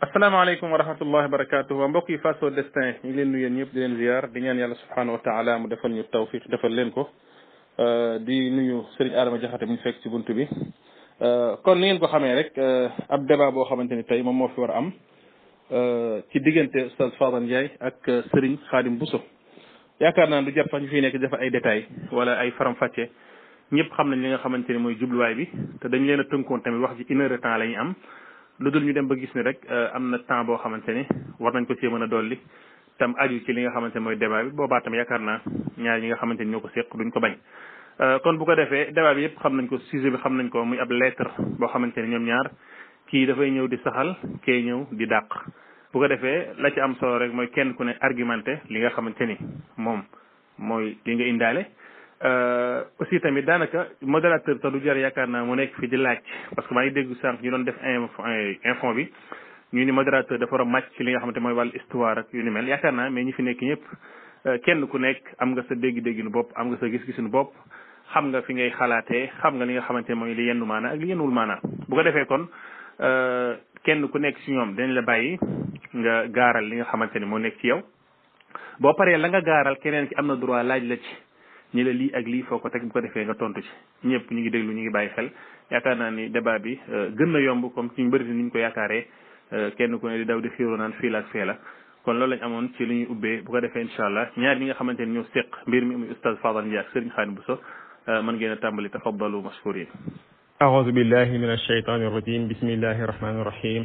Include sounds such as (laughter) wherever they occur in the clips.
asalaamaaleykum wa rahmatullahi wa barakatuhu mbokk yi Fasso Destin ñu ngi leen nuyu di leen ziar di ñaan yàlla subhanahu wa taala mu defal ñu tawfiq defal leen ko euh, di nuyu Serigne Adama Diakhaté mu ñu fekk ci bunt bi euh, kon ni ngeen ko xamee rek euh, ab débat boo xamante ni tey moom moo fi war a am ci diggante Oustaz Fadal Ndiaye ak Serigne Khadim Bousso yaakaar naa du jar sax ñu fi nekk dafa ay détails wala ay faram-fàcce ñëpp xam nañ li nga xamante ni mooy jubluwaay bi te dañ leen a tënkoon tamit wax ji une heure la ñu am lu dul ñu dem ba gis ni rek euh, am na temps boo xamante ni war nañ ko cee mën a dolli tam aju ci li nga xamante mooy débat bi boobaa tam yaakaar naa ñaar ñi nga xamante ni ñoo ko séq duñ ko bañ euh, kon bu ko defee débat bi yëpp xam nañ ko sujet bi xam nañ ko muy ab lettre boo xamante ni ñoom ñaar kii dafay ñëw di saxal kee ñëw di dàq bu ko defee la ci am solo rek mooy kenn ku ne argumenté li nga xamante ni moom mooy li nga indaale Euh, aussi tamit daanaka modérateur sax du jar yaakaar naa mu nekk fi di laaj parce que maa ngi dégg sànq ñu doon def info bi ñu ni modérateur dafa war a màcc li nga xamante mooy wàllu histoire ak yu ni mel yaakaar naa mais ñi fi nekk ñëpp euh, kenn ku nekk am nga sa dégg-dégginu bopp am nga sa gis-gisinu bopp xam nga fi ngay xalaatee xam nga li nga xamante mooy li yenn maana ak li yennuwul maana bu ko defee kon euh, kenn ku nekk si ñoom dañ la bàyyi nga gaaral li nga xamante ni moo nekk ci yow boo paree la gaaral keneen ki am na droit laaj la ñu la lii ak lii foo ko teg bu ko defee nga tontu ci ñëpp ñu ngi déglu ñu ngi bàyyi xel yaakaar naa ni debaa bi euh, gën na yomb comme ci ñu bëri ni ñu ko yaakaaree euh, kenn ku ne di daw di xiiroo naan fii la fee la kon loolu lañ amoon ci li ñuy ubbee bu ko defee incha allah ñaar ñi nga xamante ni ñu séq mbir mi muy oustaz Fadal Ndiaye ak Serigne Khane Bousso euh, mën ngeen a tàmbali tafaddalu mashkurin aoudu billahi min alshaytani arrajim bismillahi arrahmani arrahim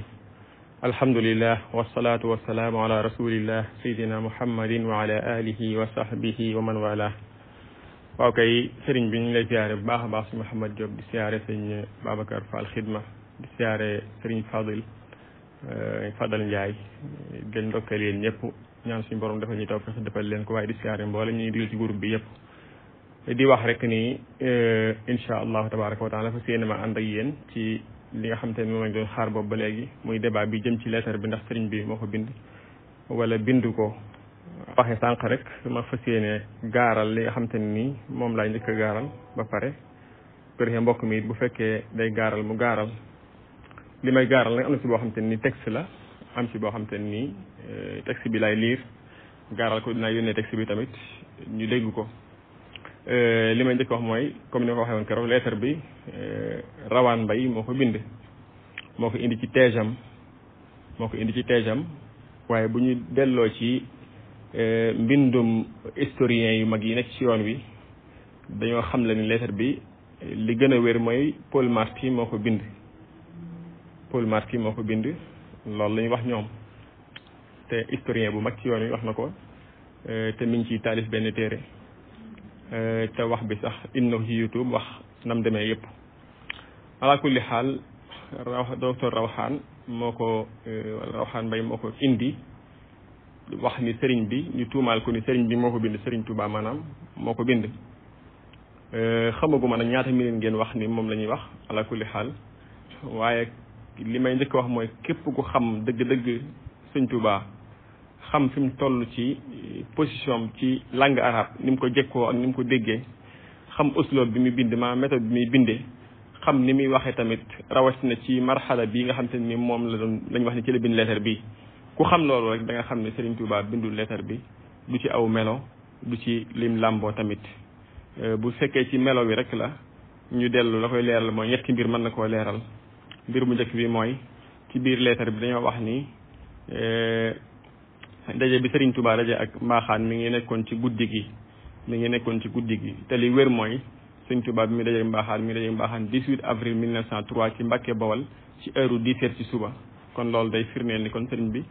alhamdulillah wassalatu wassalaamu ala rasulillah sayidina muhammadin wa ala alihi wa waaw kay sëriñ bi ñu lay siyaare bu baax a baax si Mouhamed Diop di siyaare sëñ Babacar Fall Xidma di siyaare sëriñ Fadil euh, Fadal Ndiaye di leen ndokkeel yéen ñëpp ñaan suñu borom defal ñu toog fexe defal leen ko waaye di siyaare mboole ñu ngi ci groupe bi yëpp. di wax rek ni euh, incha allahu tabaraka wa taala fa séen ma ànd ak yéen ci li nga xam te ne moom lañ doon xaar boobu ba léegi muy débat bi jëm ci lettre bi ndax sëriñ bi moo ko bind wala bind ko waxe sànq rek ma fas ne gaaral li nga xam te ne nii moom laay njëkk a gaaral ba pare su ko mbokk mi bu fekkee day gaaral mu gaaral li may gaaral nag am na si boo xam te ni nii texte la am ci boo xam te ne nii euh, texte bi lay liir gaaral ko dinaa yónnee texte bi tamit ñu dégg ko. Euh, li may njëkk wax mooy comme ni ma ko waxee woon keroog lettre bi euh, Rawane Mbaye moo ko bind moo ko indi ci teejam moo ko indi ci teejam waaye bu ñu delloo ci. Eh, mbindum historien yu mag yi nekk ci yoon wi dañoo xam la ni lettre bi li gën a wér mooy Paul Marty moo ko bind Paul Marty moo ko bind loolu la wax ñoom te historien bu mag ci yoon wi wax na ko eh, te mi ngi ciy taalif benn téere eh, te wax bi sax inno ci youtube wax nam demee yëpp ala kulli xaal raw docteur Rawxaan moo ko Rawxaan Mbay moo ko indi wax ni sëriñ bi ñu tuumaal ko ni sëriñ bi moo ko bind sëriñ Touba maanaam moo ko bind euh, xamaguma nag ñaata mi ngeen wax ni moom la ñuy wax ala kulli xaal waaye li may njëkk wax mooy képp ku xam dëgg-dëgg sëñ Touba xam fi mu toll ci euh, position ci langue arabe ni mu ko jëkkoo ak ni mu ko déggee xam usloob bi muy bind maa méthode bi muy bindee xam ni muy waxee tamit na ci marxala bii nga xam te ni moom la doon lañ wax ni ci la bind leetar bii ku xam loolu rek danga xam ne Serigne Touba bindul lettre bi du ci aw melo du ci lim làmboo tamit euh, bu fekkee ci melo wi rek la ñu dellu la koy leeral mooy ki mbir mën na koo leeral mbir mu njëkk bi mooy ci biir lettre bi dañoo wax ni euh, daje bi sëriñ Touba daje ak Mbaxaan mi ngi nekkoon ci guddi gi mu ngi nekkoon ci guddi gi te li wér mooy Serigne Touba bi mi daje Mbaxaan mi daje Mbaxaan 18 avril mil ci Mbacke Bawal ci heure 10 heures ci suba kon loolu day firndeel ni kon Serigne bi.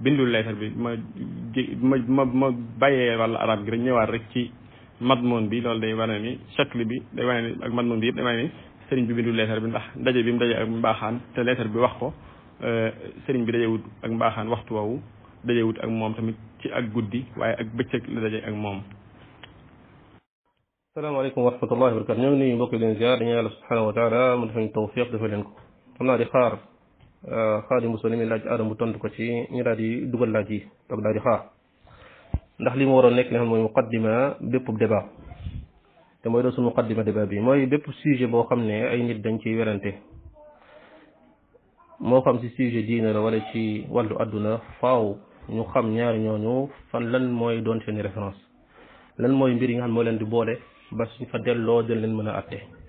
bindul leetar bi ma ma ma ma bàyyee wàllu arab gi rek ñëwaat rek ci madmoon bi loolu day wane ni shakl bi day wane ni ak madmoon bi yëpp day wane ni sëriñ bi bindul leetar bi ndax daje bi mu daje ak mbaaxaan te leetar bi wax ko euh, sëriñ bi dajewut ak mbaaxaan waxtu woowu dajewut ak moom tamit ci ak guddi waaye ak bëccëg la daje ak moom. salaamaaleykum wa wa barakatu ñoo yàlla subhanahu wa taala mu defal ñu tawfiq defal leen ko xam naa di xaar. Eh, xaadimu so li muy laaj aadama bu tontu ko ci ñu daal di dugal laaj yi toog daal di xaar ndax li mu waroon nekk li nga xam mooy muqaddima bépp débat te mooy doo su muqaddima débat bi mooy bépp sujet boo xam ne ay nit dañ ciy werante moo xam ci sujet diine la wala ci wàllu àdduna faw ñu xam ñaari ñooñu fan lan mooy doon seeni référence lan mooy mbir yi nga xam moo leen di boole ba suñ fa delloo jël leen mën a atte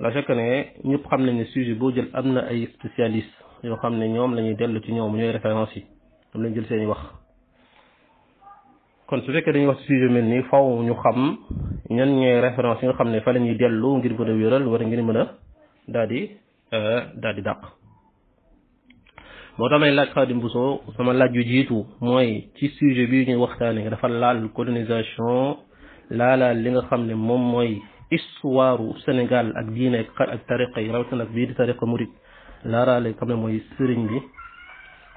la chaque ne ñëpp xam nañ ne sujet boo jël am na ay spécialiste yoo xam ne ñoom lañuy dellu ci ñoom ñooy référence yi ñoom lañ jël seeni wax kon su fekkee dañuy wax ci nii faw ñu xam ñan ñooy référence yi xam ne fa la ñuy dellu ngir mën a wéral wala ngir mën a daal di euh, daal di dàq moo tax may laaj Xaadim Bousso sama laaj yu jiitu mooy ci sujet bi ñuy waxtaanee dafa laal colonisation laalaal li nga xam ne moom mooy histoire Sénégal ak diine ak tariqa yi rawatina ak bii di tariqa murid laaraale xam ne mooy sëriñ bi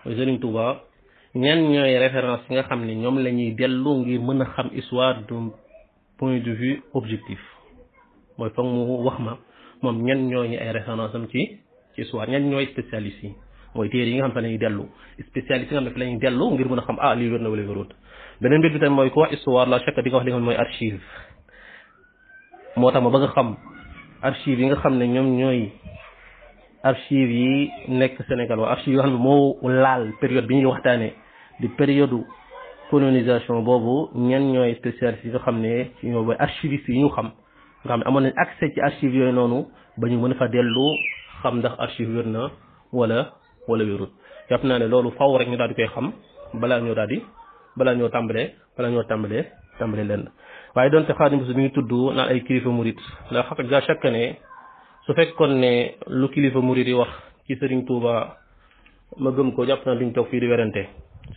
mooy sëriñ Touba ñan ñooy référence yi nga xam ne ñoom la ñuy dellu ngir mën a xam histoire d'un point de vue objectif mooy foog mu wax ma moom ñan ñooñu ay référence am ci ci histoire ñan ñooy spécialiste yi mooy téere yi nga xam ne lañuy dellu spécialiste yi nga xam ne la ñuy dellu ngir mën a xam ah lii wér na beneen mbir bi tamit mooy moo tax ma bëgg a xam archive yi nga xam ne ñoom ñooy archive yi nekk Sénégal waa archive yoo xam ne moo laal période bi ñuy waxtaanee di période colonisation boobu ñen ñooy spécialistes yi nga xam ne ci ñoo ba archiviste yi ñu xam nga xam ne amoon nañ accès ci archive yooyu noonu ba ñu mën a fa dellu xam ndax archive wér na wala wala wérut jàpp naa ne loolu faw rek ñu daal di koy xam balaa ñoo daal di balaa ñoo tàmbalee balaa ñoo tàmbalee tàmbalee lenn waaye donte Xaadim Buso mi ñu tudd naan ay kilifa murit ndax ga chaque su fekkoon ne lu kilifa murit yi wax ci Sëriñ Tuuba ma gëm ko jàpp naa duñ toog fii di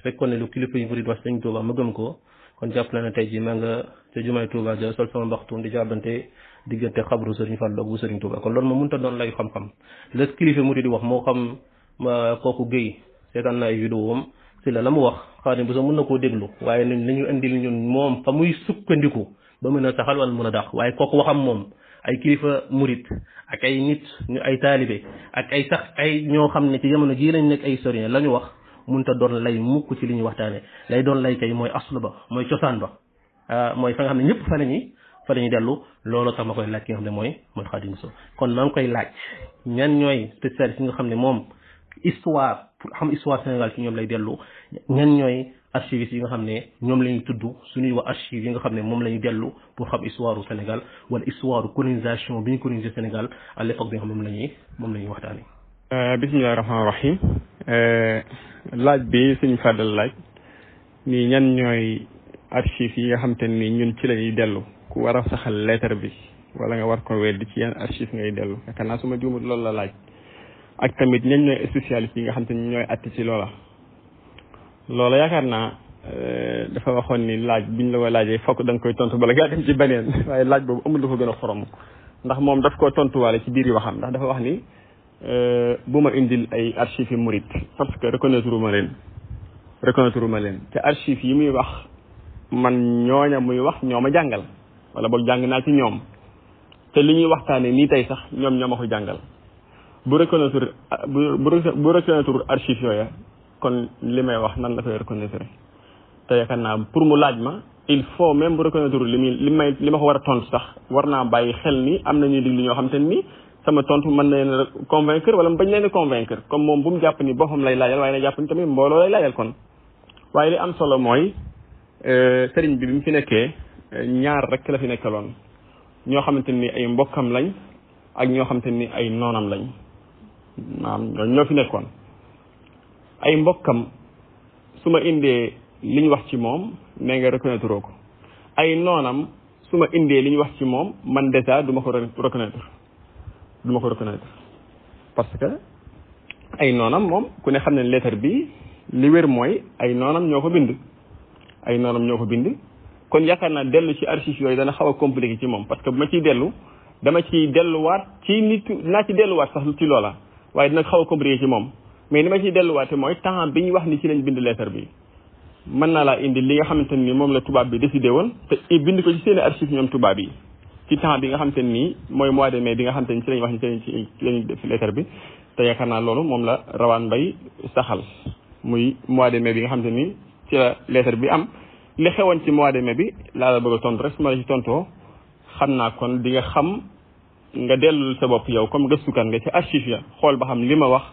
fekkoon ne lu kilifa yu murit wax Sëriñ Tuuba ma gëm ko kon jàpp naa ne tey ji maa nga ca jumaay Tuuba ja sol sama mbaxtu di jàbbante diggante xabru Sëriñ Fallu ak bu Sëriñ Tuuba kon loolu moom mënut a doon lay xam-xam la kilifa murit yi wax moo xam ah, kooku Géy seetaan naa ay vidéo si la la mu wax xaadim bu soo mën na koo déglu waaye nañ nañu indil ñun moom fa muy sukkandiku ba mën a saxal wala mën a dàq waaye kooku waxam moom ay kilifa murit ak ay nit ñu ay taalibe ak ay sax ay ñoo xam ne ci jamono jii lañ nekk ay historien lañu ñu mun munta doon lay mukk ci li ñuy waxtaane lay doon lay kay mooy aslu ba mooy cosaan ba ah, mooy fa nga xam ne ñëpp fa la ñuy fa la ñuy dellu looloo tax ma koy laaj ki mooy mooy xaadim bu soo kon nga xam ne moom histoire xam histoire Sénégal ci ñoom lay dellu ñan ñooy archivistes yi nga xam ne ñoom la ñuy tudd suñuy wax yi nga xam ne moom la ñuy dellu pour xam histoire Sénégal wala histoire colonisation bi ñu colonisé Sénégal à l'époque bi nga xam moom la ñuy moom la ñuy waxtaanee. Euh, bisimilah rahmaani rahiim euh, laaj bi suñu fàddal laaj nii ñan ñooy archives yi nga xam te ni ñun ci la ñuy dellu ku war a saxal lettre bi wala nga war ko weddi ci yan archive ngay dellu yaakaar naa su ma juumut loolu la laaj. ak tamit ñañ ñooy spécialiste yi nga xam te ñooy atti ci loola loola yaakaar naa euh, dafa waxoon ni laaj bi ñu la ko laajee fokk da koy tontu bala ngaa dem ci beneen (laughs) waaye laaj boobu amul lu ko gën a xorom ndax moom daf koo tontuwaale ci biir yi waxam ndax dafa wax ni euh, bu ma indil ay archives yu murit parce que reconnaître ma leen reconnaître ma leen te archives yi muy wax man ñooña muy wax ñoo ma jàngal wala boog jàng naa ci ñoom te li ñuy waxtaane nii tey sax ñoom ñoo ma jàngal bu reconnaître bu bu reconnaître archive yooya kon li may wax nan la koy reconnaître te yaakaar naa pour mu laaj ma il faut même bu reconnaître li muy li may li ma ko war a tontu sax war naa bàyyi xel ni am na ñuy diglu ñoo xam te ni sama tontu mën na leen convaincre wala bañ leen convaincre comme moom bu mu jàpp ni boppam lay laajal waaye na jàpp ni tamit mbooloo lay laajal kon. waaye li am solo mooy euh, sëriñ bi bi mu fi nekkee ñaar rek la fi nekkaloon ñoo xamante ni ay mbokkam lañ ak ñoo xamante ni ay noonam lañ. maam ñooñu ñoo fi nekkoon ay mbokkam su ma indee li ñu wax ci moom nee nga reconnaître ko ay noonam su ma indee li ñu wax ci moom man dèjà du ma ko reconnaître du duma ko reconnaître parce que ay noonam moom ku ne xam ne lettre bi li wér mooy ay noonam ñoo ko bind ay noonam ñoo ko bind kon yaakaar naa dellu ci archives yooyu dana xaw a compliqué ci moom parce que bu ma ciy dellu dama ciy delluwaat ci nit naa ci delluwaat sax ci loola waaye dina xaw a compliqué ci moom mais li ma ciy delluwaate mooy temps bi ñu wax ni ci lañ bind lettre bi mën naa laa indi li nga xamante ni moom la tubaab bi décidé woon te bind ko ci seen archive ñoom tubaab yi ci temps bi nga xamante nii mooy mois de mai bi nga xamante ni ci wax ni ci lañ ci bi te yaakaar naa loolu moom la rawaan mbay saxal muy mois de mai bi nga xamante ni ci la lettre bi am li xewoon ci mois de mai bi laa la bëgg a tontu rek su ma la ci tontoo naa kon di nga xam nga dellul sa bopp yow comme gëstukat nga ci archive ya xool ba xam li ma wax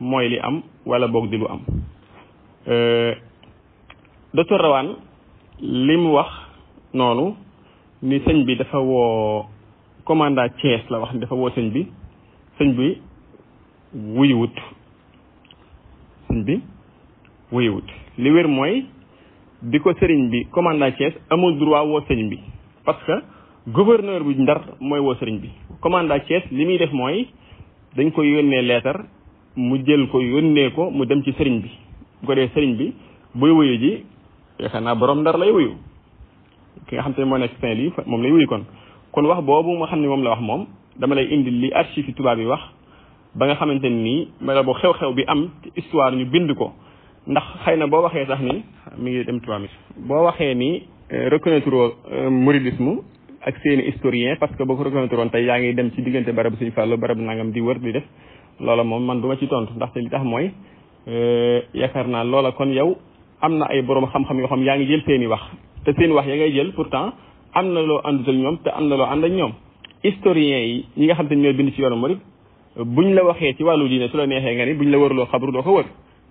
mooy li am wala boog di lu am euh, docteur rawan li mu wax noonu ni sëñ bi dafa woo commandant Thiès la wax ni dafa woo sëñ bi sëñ bi wuyuwut bi wuyuwut li wér mooy bi ko sëriñ bi commandant Thiès amul droit woo sëñ bi parce que gouverneur bi ndar mooy woo sëriñ bi commandant Thiès li muy def mooy dañ koy yónnee leetar mu jël ko yónnee ko mu dem ci sëriñ bi bu ko dee sëriñ bi buy wuyu ji yaakaar naa borom ndar lay wuyu ki nga xam te ne moo nekk Saint-Louis moom lay wuyu kon kon wax boobu nga xam ne moom la wax moom dama lay indi li archive yi tubaab yi wax ba nga xamante ne nii mala bu xew-xew bi am ci histoire ñu bind ko ndax xëy na boo waxee sax ni mi ngi dem tubaab mi boo waxee nii euh, reconnaître euh, mouridisme ak seeni historien parce que boo ko reconnaître woon tey yaa ngi dem ci diggante barabu Sëñ Fallu barabu nangam di wër di def loola moom man du ma ci tontu ndaxte li tax mooy euh, yaakaar naa loola kon yow am na ay borom xam-xam yoo xam yaa ngi jël seen wax te seen wax ya ngay jël pourtant am na loo àndut ak ñoom te am na loo ànd ak ñoom historien yi ñi nga xam te ñooy bind ci yoonu bu ñu la waxee ci wàllu diine su la neexee nga ni buñ la wërloo xabru doo ko wër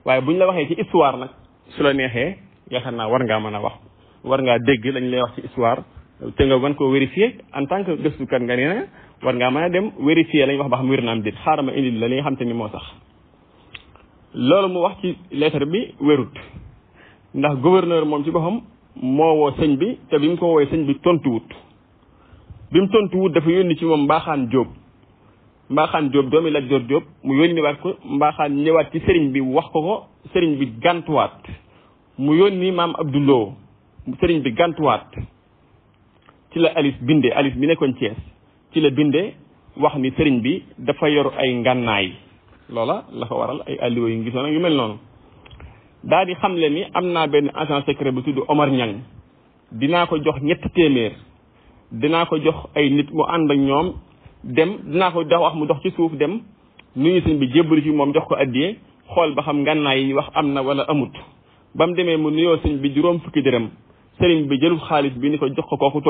waaye buñ la waxee ci histoire nag su la neexee yaakaar naa war ngaa mën a wax war ngaa dégg lañ lay wax ci histoire te nga wan koo vérifier en tant que gëstukat nga ne na war ngaa mën a dem vérifier lañu wax ba xam wér naam dit xaaral ma indil la li nga xam te ni moo sax loolu mu wax ci lettre bi wérut ndax gouverneur moom ci boppam moo woo sëñ bi te bi mu ko woowee sëñ bi tontuwut bi mu tontuwut dafa yónni ci moom mbaaxaan jóob mbaaxaan jóob doomi Lat jóob mu yónni waat ko mbaaxaan ñëwaat ci sëriñ bi wax ko ko sëriñ bi gàntuwaat mu yónni maam Abdou Lo sëriñ bi gàntuwaat ci la alif binde alis bi nekkoon Thiès ci la binde wax ni sëriñ bi dafa yor ay ngànnaay loola la fa waral ay alliwa yu gisoon ak yu mel noonu daa di xamle ni am naa benn agent secret bu tudd Omar Niang dinaa ko jox ñett téeméer dinaa ko jox ay nit mu ànd ak ñoom dem dinaa ko dox wax mu dox ci suuf dem nuyu sëñ bi jébbalu ci moom jox ko addiyee xool ba xam ngànnaay yi wax am na wala amut ba mu demee mu nuyoo sëñ bi juróom fukki dërëm sëriñ bi jëlul xaalis bi ni ko jox ko kooku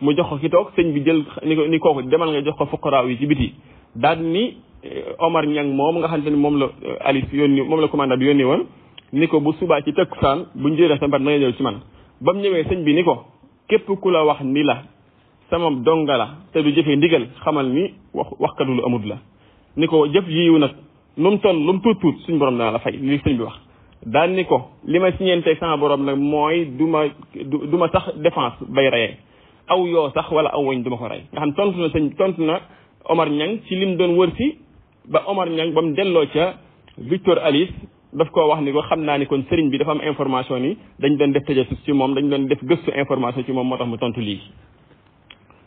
mu jox ko ki toog sëñ bi jël ni ko ni kooku demal nga jox ko raaw yi ci biti daal ni eh, Omar Ñang moom nga xamante ni moom la yoon eh, yónni moom la commandant bi yónni woon ni ko bu subaa ci takkusaan buñ jëlee sa mbar na nga ñëw ci man ba mu ñëwee sëñ bi ni ko képp ku la wax ni la sama donga la te du jëfee ndigal xamal ni wax wax lu amut la ni ko jëf yiwu nag lu mu toll lu mu tuut tuut suñ borom dana la fay li sëñ bi wax daal ni ko li ma siñeenteeg sama boroom nag mooy du ma du ma sax défense bay rayee aw yoo sax wala aw woñ duma ko rey nga xam tontu na sëñ tontu na Omar Niang ci lim doon wër si ba Omar Niang ba mu delloo ca Victor Alice daf koo wax ni ko xam naa ni kon sëriñ bi dafa am information ni dañ doon def tajasus ci moom dañ doon def gëstu information ci moom moo tax mu tontu lii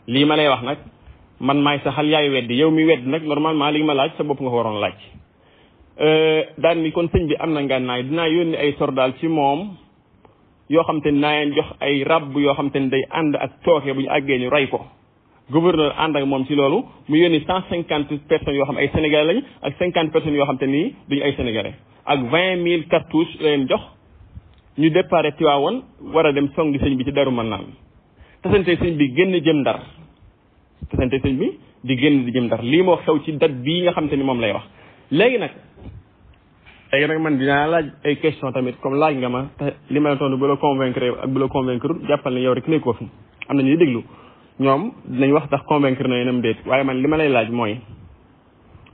lii ma lay wax nag man maay saxal yaay weddi yow mi wedd nag normalement li ma laaj sa bopp nga ko waroon laaj euh, daan ni kon sëñ bi am na ngànnaay dinaa yónni ay sordaal ci moom yoo xam te ni naa leen jox ay rab yoo xam te ni day ànd ak tooke bu ñu àggee ñu rey ko gouverneur ànd ak moom ci loolu mu yónni cent cinquante personnes yoo xam ay sénégalais lañ ak cinquante personnes yoo xam te ni duñu ay sénégalais ak vingt mille cartouches la leen jox ñu déparé Tiwaawoon war a dem songi sëñ bi ci daru mën naan tasante sëñ bi génn jëm ndar tasante sëñ bi di génn di jëm ndar lii moo xew ci date bii nga xam te ni moom lay wax léegi nag léegi nag man dinaa laaj ay question tamit comme laaj nga ma te li ma la tontu bu la convaincre ak bu la convaincre jàppal ne yow rek nekkoo fi am na ñuy déglu ñoom dinañ wax tax convaincre na yenam déet waaye man li ma lay laaj mooy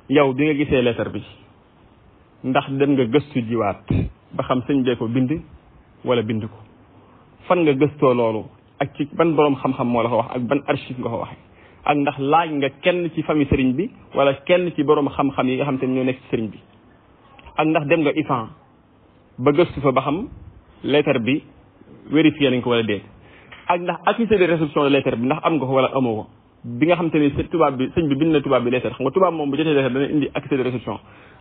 yow bi nga gisee lettre bi ndax dem nga gëstu jiwaat ba xam sëñ bee ko bind wala bind ko fan nga gëstoo loolu ak ci ban boroom xam-xam moo la ko wax ak ban archive nga ko waxee ak ndax laaj nga kenn ci famille sëriñ bi wala kenn ci boroom xam yi nga xam te ne ñoo nekk ci sëriñ bi ak ndax dem nga IFAN ba gëstu fa ba xam lettre bi vérifié nañ ko wala déet ak ndax accusé de réception de lettre bi ndax am nga ko wala amoo ko bi nga xam ne si tubaab bi sëñ bi bind na tubaab bi lettre xam nga tubaab moom bu jotee lettre dana indi accusé de réception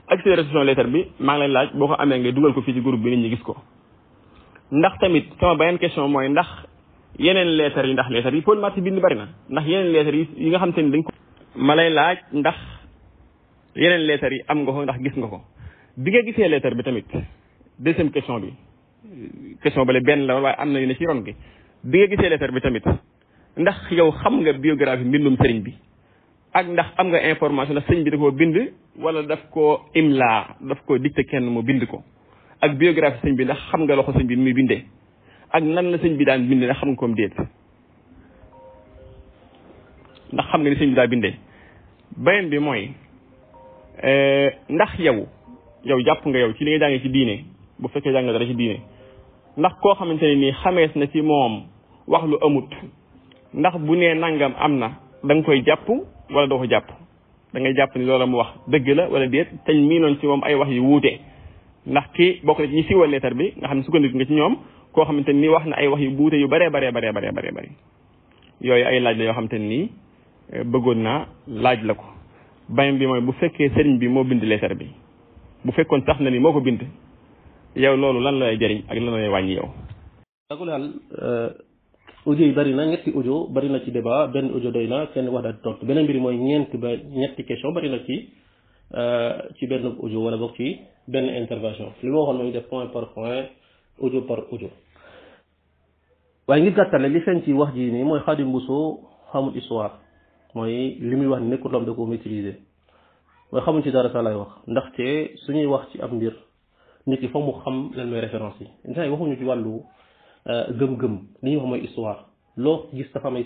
accusé de réception maa ngi laaj boo ko amee nga dugal ko fii ci groupe gis ko ndax tamit sama beneen question mooy ndax yeneen lettre yi ndax lettre yi Paul Marty bind bari na ndax yeneen lettre yi yi nga xam te dañ ko ma laaj ndax yeneen lettre yi am nga ko ndax gis nga ko bi nga gisee lettre bi tamit deuxième question bi question bale benn la waaye am na yu ne ci ron gi bi nga gisee lettre bi tamit ndax yow xam nga biographie mbindum sëriñ bi ak ndax am nga information ndax sëriñ bi da koo bind wala daf ko imla daf ko dicté kenn mu bind ko ak biographie sëriñ bi ndax xam nga loxo sëriñ bi muy bindee ak nan la sëriñ bi daan bind ndax xam nga koom déet ndax xam nga ni sëriñ bi daa bindee beneen bi mooy euh, ndax yow yow jàpp nga yow ci li nga jàngee ci diine bu fekkee jàng dara ci diine ndax koo xamante ne nii xamees na ci moom wax lu amut ndax bu nee nangam am na da koy jàpp wala doo ko jàpp da ngay jàpp ni loola mu wax dëgg la wala déet tañ miinoon ci moom ay wax yu wuute ndax kii bokk na ci ñi siiwal leetar bi nga xam ne sukkandiku nga ci ñoom koo xamante ni wax na ay wax yu wuute yu baree baree bare bare baree yooyu ay laaj la yoo xamante nii eh, bëggoon naa laaj la ko beneen bi mooy bu fekkee sëriñ bi moo bind leetar bi bu fekkoon tax na ni moo ko bind yow loolu lan lay jëriñ ak lan lay wàññi yow. dagul daal euh, audio yi bari na ñetti audio bari na ci débat benn audio doy na kenn wax daal tontu beneen mbir mooy ñeent ba ñetti question bari na ci euh, ci benn audio wala boog ci benn intervention li ma waxoon mooy def point par point audio par audio. waaye ngir gàttale li feeñ ci wax ji nii mooy Khadim Bousso xamul histoire mooy li muy wax nekkul lom da ko maîtriser. mooy xamuñ ci dara sax lay wax ndaxte suñuy wax ci ab mbir nit ki fa mu xam lan mooy référence yi gens yi waxuñu ci wàllu euh, gëm-gëm li ñuy wax mooy histoire loo gis dafa am ay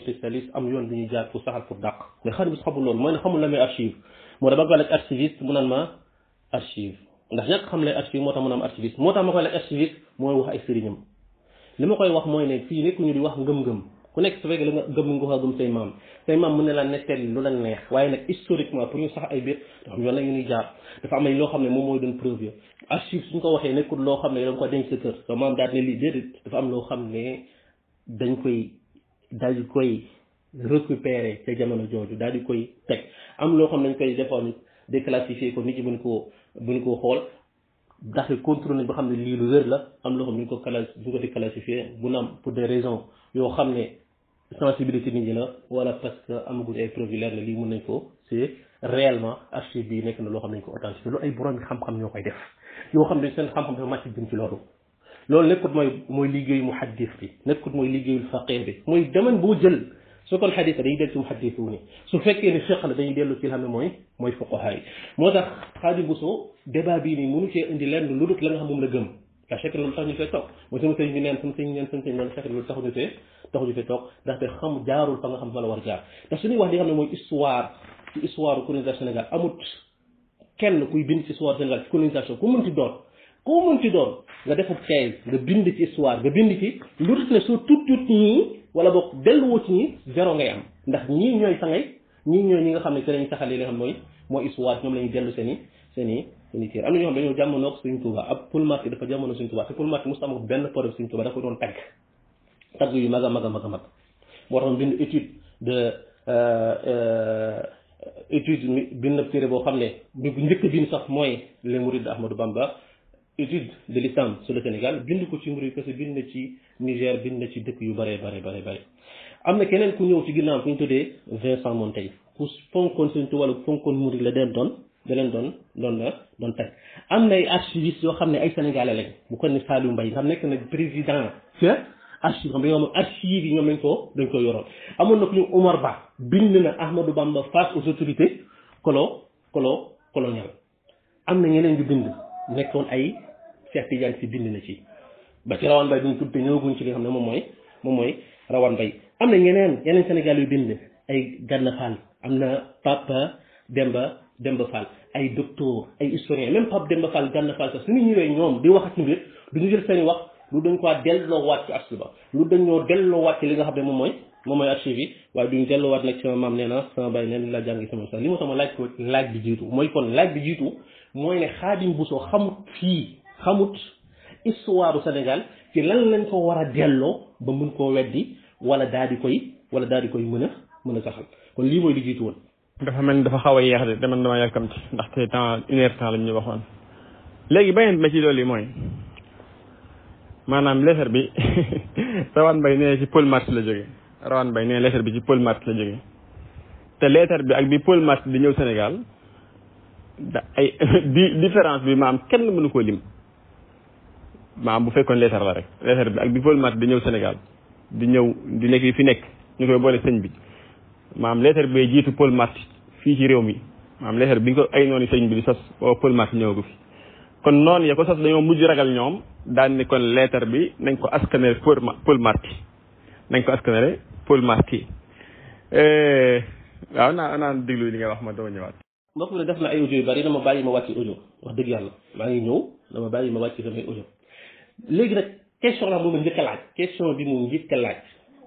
am yoon bi ñuy jaar pour saxal pour dàq mais xarit bi xamul loolu mooy ne xamul lan mooy archive moo tax ba ko laaj archiviste mu naan ma archive ndax ñàkk xam lay archive moo tax mu naan moo tax ma koy laaj mooy wax ay sëriñam li ma koy wax mooy ne fii nekkuñu di wax ngëm-ngëm ku nekk su fekkee la nga gëm nga ko gëm say maam say maam mën na laa nettali lu la neex waaye nag historiquement pour ñu sax ay biir dafa am yoon la ñuy jaar dafa am loo xam ne moom mooy ko loo xam ne da nga ko denc am loo xam ne dañ koy daal di koy récupérer ca jamono jooju daal di koy teg am loo xam ne dañ koy defoon déclassifier ko nit ñi buñ ko buñ ko xool ndax contrôle nañ ba xam ne lii lu wér la am loo xam ne ñu ko cala ñu ko déclassifier bu na pour de raisons yoo xam ne sensibilité nit ñi la wala parce que amaguñ ay preuve leer na lii mën nañ ko c'est réellement archive bi nekk na loo xam ne ñu ko authentifié loolu ay borom xam-xam ñoo koy def yoo xam ne seen xam-xam dafa màcc jëm ci loolu loolu nekkut mooy mooy liggéeyu muhaddis bi nekkut mooy liggéeyu faqih bi mooy domaine boo jël su kon xadis dañuy dellu ci muhaddis wu ni su fekkee ne fiqh la dañuy dellu ci xam ne mooy mooy fuqaha moo tax xaaju bu soo débat bii nii mënu cee indi lenn lu dul la nga xam moom la gëm la chèque loolu tax ñu neen sama sëñ neen sama sëñ neen chèque loolu xam jaarul fa nga xam fa wax li nga xam ne mooy histoire kenn kuy bind ci histoire Sénégal ci colonisation ku mënti doon ku mënti doon nga defub thèse nga bind ci histoire nga bind ci lu dul ne soo tut tut ñii wala boog delluwoo ci ñii zéro ngay am ndax ñii ñooy sa ngay ñii ñooy ñi nga xam ne ci lañ saxal li nga xam mooy mooy histoire ñoom la ñu dellu seen i suñu am na ñoo xam dañoo jamonoog Sëriñ Tuuba ab Paul Marty dafa jamono Sëriñ Tuuba te Paul Marty mosut am benn problème Sëriñ Tuuba da ko doon tagg tagg yu mag a mag a mag a mag moo tax bind étude de euh, euh, étude bind téere boo xam ne bi njëkk bind sax mooy les mourides de Ahmadou Bamba étude de l'islam sur bind ko ci murid parce que bind na ci Niger bind na ci dëkk yu bare bare bare bare am na keneen ku ñëw ci ginnaaw ku ñu tuddee Vincent Monteil ku fonkoon Sëriñ Tuuba wala ku fonkoon murid la den da leen doon loolu la doon teg am na ay archivistes yoo xam ne ay sénégalais lañ bu ko ne Saliou Mbaye xam nekk na président ca archive xam dañoo am archive ñoom lañ ko dañ ko yoroon amoon na ku ñu Omar Ba bind na Ahmadou Bamba face aux autorités colo colo colonial am na ñeneen ñu bind nekkoon ay Cheikh Tidiane si bind na ci ba ci rawan bay duñ tudd te ñëwaguñ ci li xam ne moom mooy moom mooy rawan bay am na ñeneen yeneen Sénégal yu bind ay Gana Fall am na Papa Demba Demba Fall ay docteur ay historien même Pape Demba Fall Gana Fall sax suñu ñëwee ñoom di wax ak mbir duñu jël seen wax lu dañ ko delloowaat ci archive ba lu dañoo delloowaat ci li nga xam ne moom mooy moom mooy archive yi waaye duñu delloowaat na sama bàyyi na laa jàngi sama sax li ma sama laaj ko laaj bi jiitu mooy kon laaj bi jiitu mooy ne Khadim Bousso xamut fii xamut histoire Sénégal ci lan lañ ko war a delloo ba mun koo weddi wala daal di koy wala daal di koy mën a mën a saxal kon lii mooy li jiitu woon dafa mel ni dafa xaw a yeex de dama dama yàkkamti ndaxte temps une heure temps lañ ñu waxoon léegi beneen bi ma ci dolli mooy maanaam lettre bi (laughs) rawaan bay nee ci Paul Marx la jóge rawaan bay nee lettre bi ci Paul Marx la jóge te lettre bi ak bi Paul Marx di ñëw Sénégal da ay (laughs) di différence bi maam kenn mënu ko lim maam bu fekkoon lettre la rek lettre bi ak bi Paul Marx di ñëw Sénégal di ñëw di nekk fi nekk ñu koy boole sëñ bi maam leetar bi jiitu Paul Marty fii ci réew mi maam leetar bi ñu ko ay noonu sëriñ bi di sos boo Paul Marty ñëwagu kon noonu ya ko sos dañoo mujj ragal ñoom daan ni kon leetar bi nañ ko askanere Paul Marty nañ ko askanere Paul Marty eh, waaw naa naan déglu li nga wax ma dama ñëwaat mbokk na ay audio yu bari dama bàyyi ma wàcc dëgg yàlla maa ngi ñëw dama ma wàcc samay audio léegi nag question la bu mu a laaj question bi mu njëkk laaj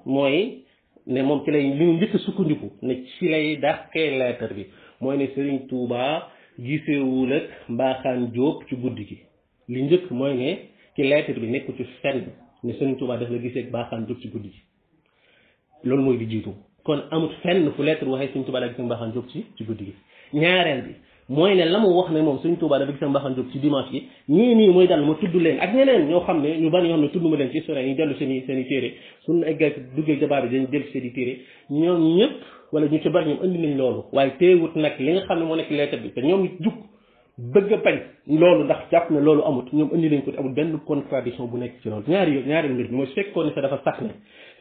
mooy ne moom ci lay li njëkk sukkandiku ne ci lay dàqee lettre bi mooy ne Serigne tuubaa gisewul ak mbaaxaan Jóob ci guddi gi li njëkk mooy ne ci lettre bi nekku ci fenn ne Serigne Touba daf la gise ak mbaaxaan Jóob ci guddi gi loolu mooy gi jiitu kon amut fenn fu lettre waxee Serigne Touba la gisee ak mbaaxaan Jóob ci ci guddi gi ñaareel bi mooy ne la mu wax ne moom suñ Tuubaa dafa gis Mbaxane Diop ci dimanche bi ñii nii mooy dal ma tudd leen ak ñeneen ñoo xam ne ñu bari ñoo xam ne tudd ma leen ci historien yi dellu seen dañ dellu seen i ñoom ñëpp wala ñu ci bari ñoom indi nañ loolu waaye wut nag li nga xam ne moo nekk lettre bi te ñoom jug bëgg a bañ loolu ndax jàpp ne loolu amut ñoom indi nañ ko amul benn contradiction bu nekk ci loolu ñaari yo ñaari mbir bi mooy fekkoon ne dafa sax ne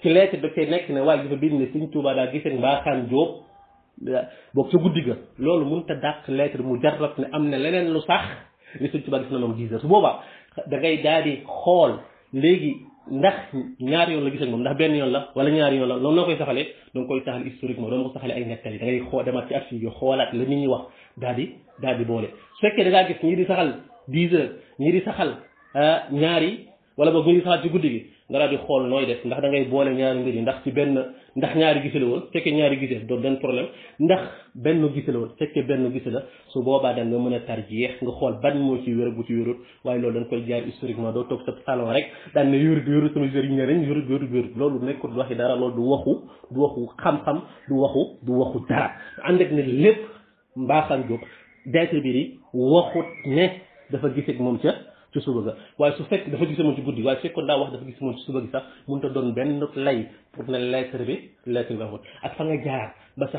ci lettre bi te nekk ne waaye dafa bind suñu suñ Tuubaa daa gisee Mbaxane Diop boobu ca guddi ga loolu mënut a dàq lettre mu jarrat ne am na leneen lu sax li suñ tubaab gis na moom dix heures su booba da ngay daal di xool léegi ndax ñaari yoon la gis ak moom ndax benn yoon la wala ñaari yoon la loolu noo koy saxalee da nga koy saxal historiquement doo ko saxalee ay nettali da ngay xoo demaat ci archive yi xoolaat la nit ñi wax daal di daal di boole su fekkee da ngaa gis ñii di saxal dix heures ñii di saxal ah, ñaari wala boog ñii di saxal ci guddi gi nga daal di xool nooy def ndax da ngay boole ñaari mbir yi ndax ci benn ndax ñaari gise la woon fekkee ñaari gise doo benn problème ndax benn gise la woon fekkee benn gise la su boobaa daan nga mën a tarjeex nga xool ban moo ci wér bu ci wérut waaye loolu dañ koy jaar historiquement doo toog sa salon rek daan ne wérut wérut sama jëriñ ne nañ wérut wérut wérut loolu nekkul waxi dara loolu du waxu du waxu xam-xam du waxu du waxu dara ànd ak ne lépp mbaaxaan jóg dayta bi di waxut ne dafa giseeg moom ca ci suba ga waaye su fekk dafa gis moom ci guddi waaye su fekkoon daa wax dafa gis moom ci suba gi sax mënut a doon benn lay pour ne lettre bi lettre bi amul ak ñu wax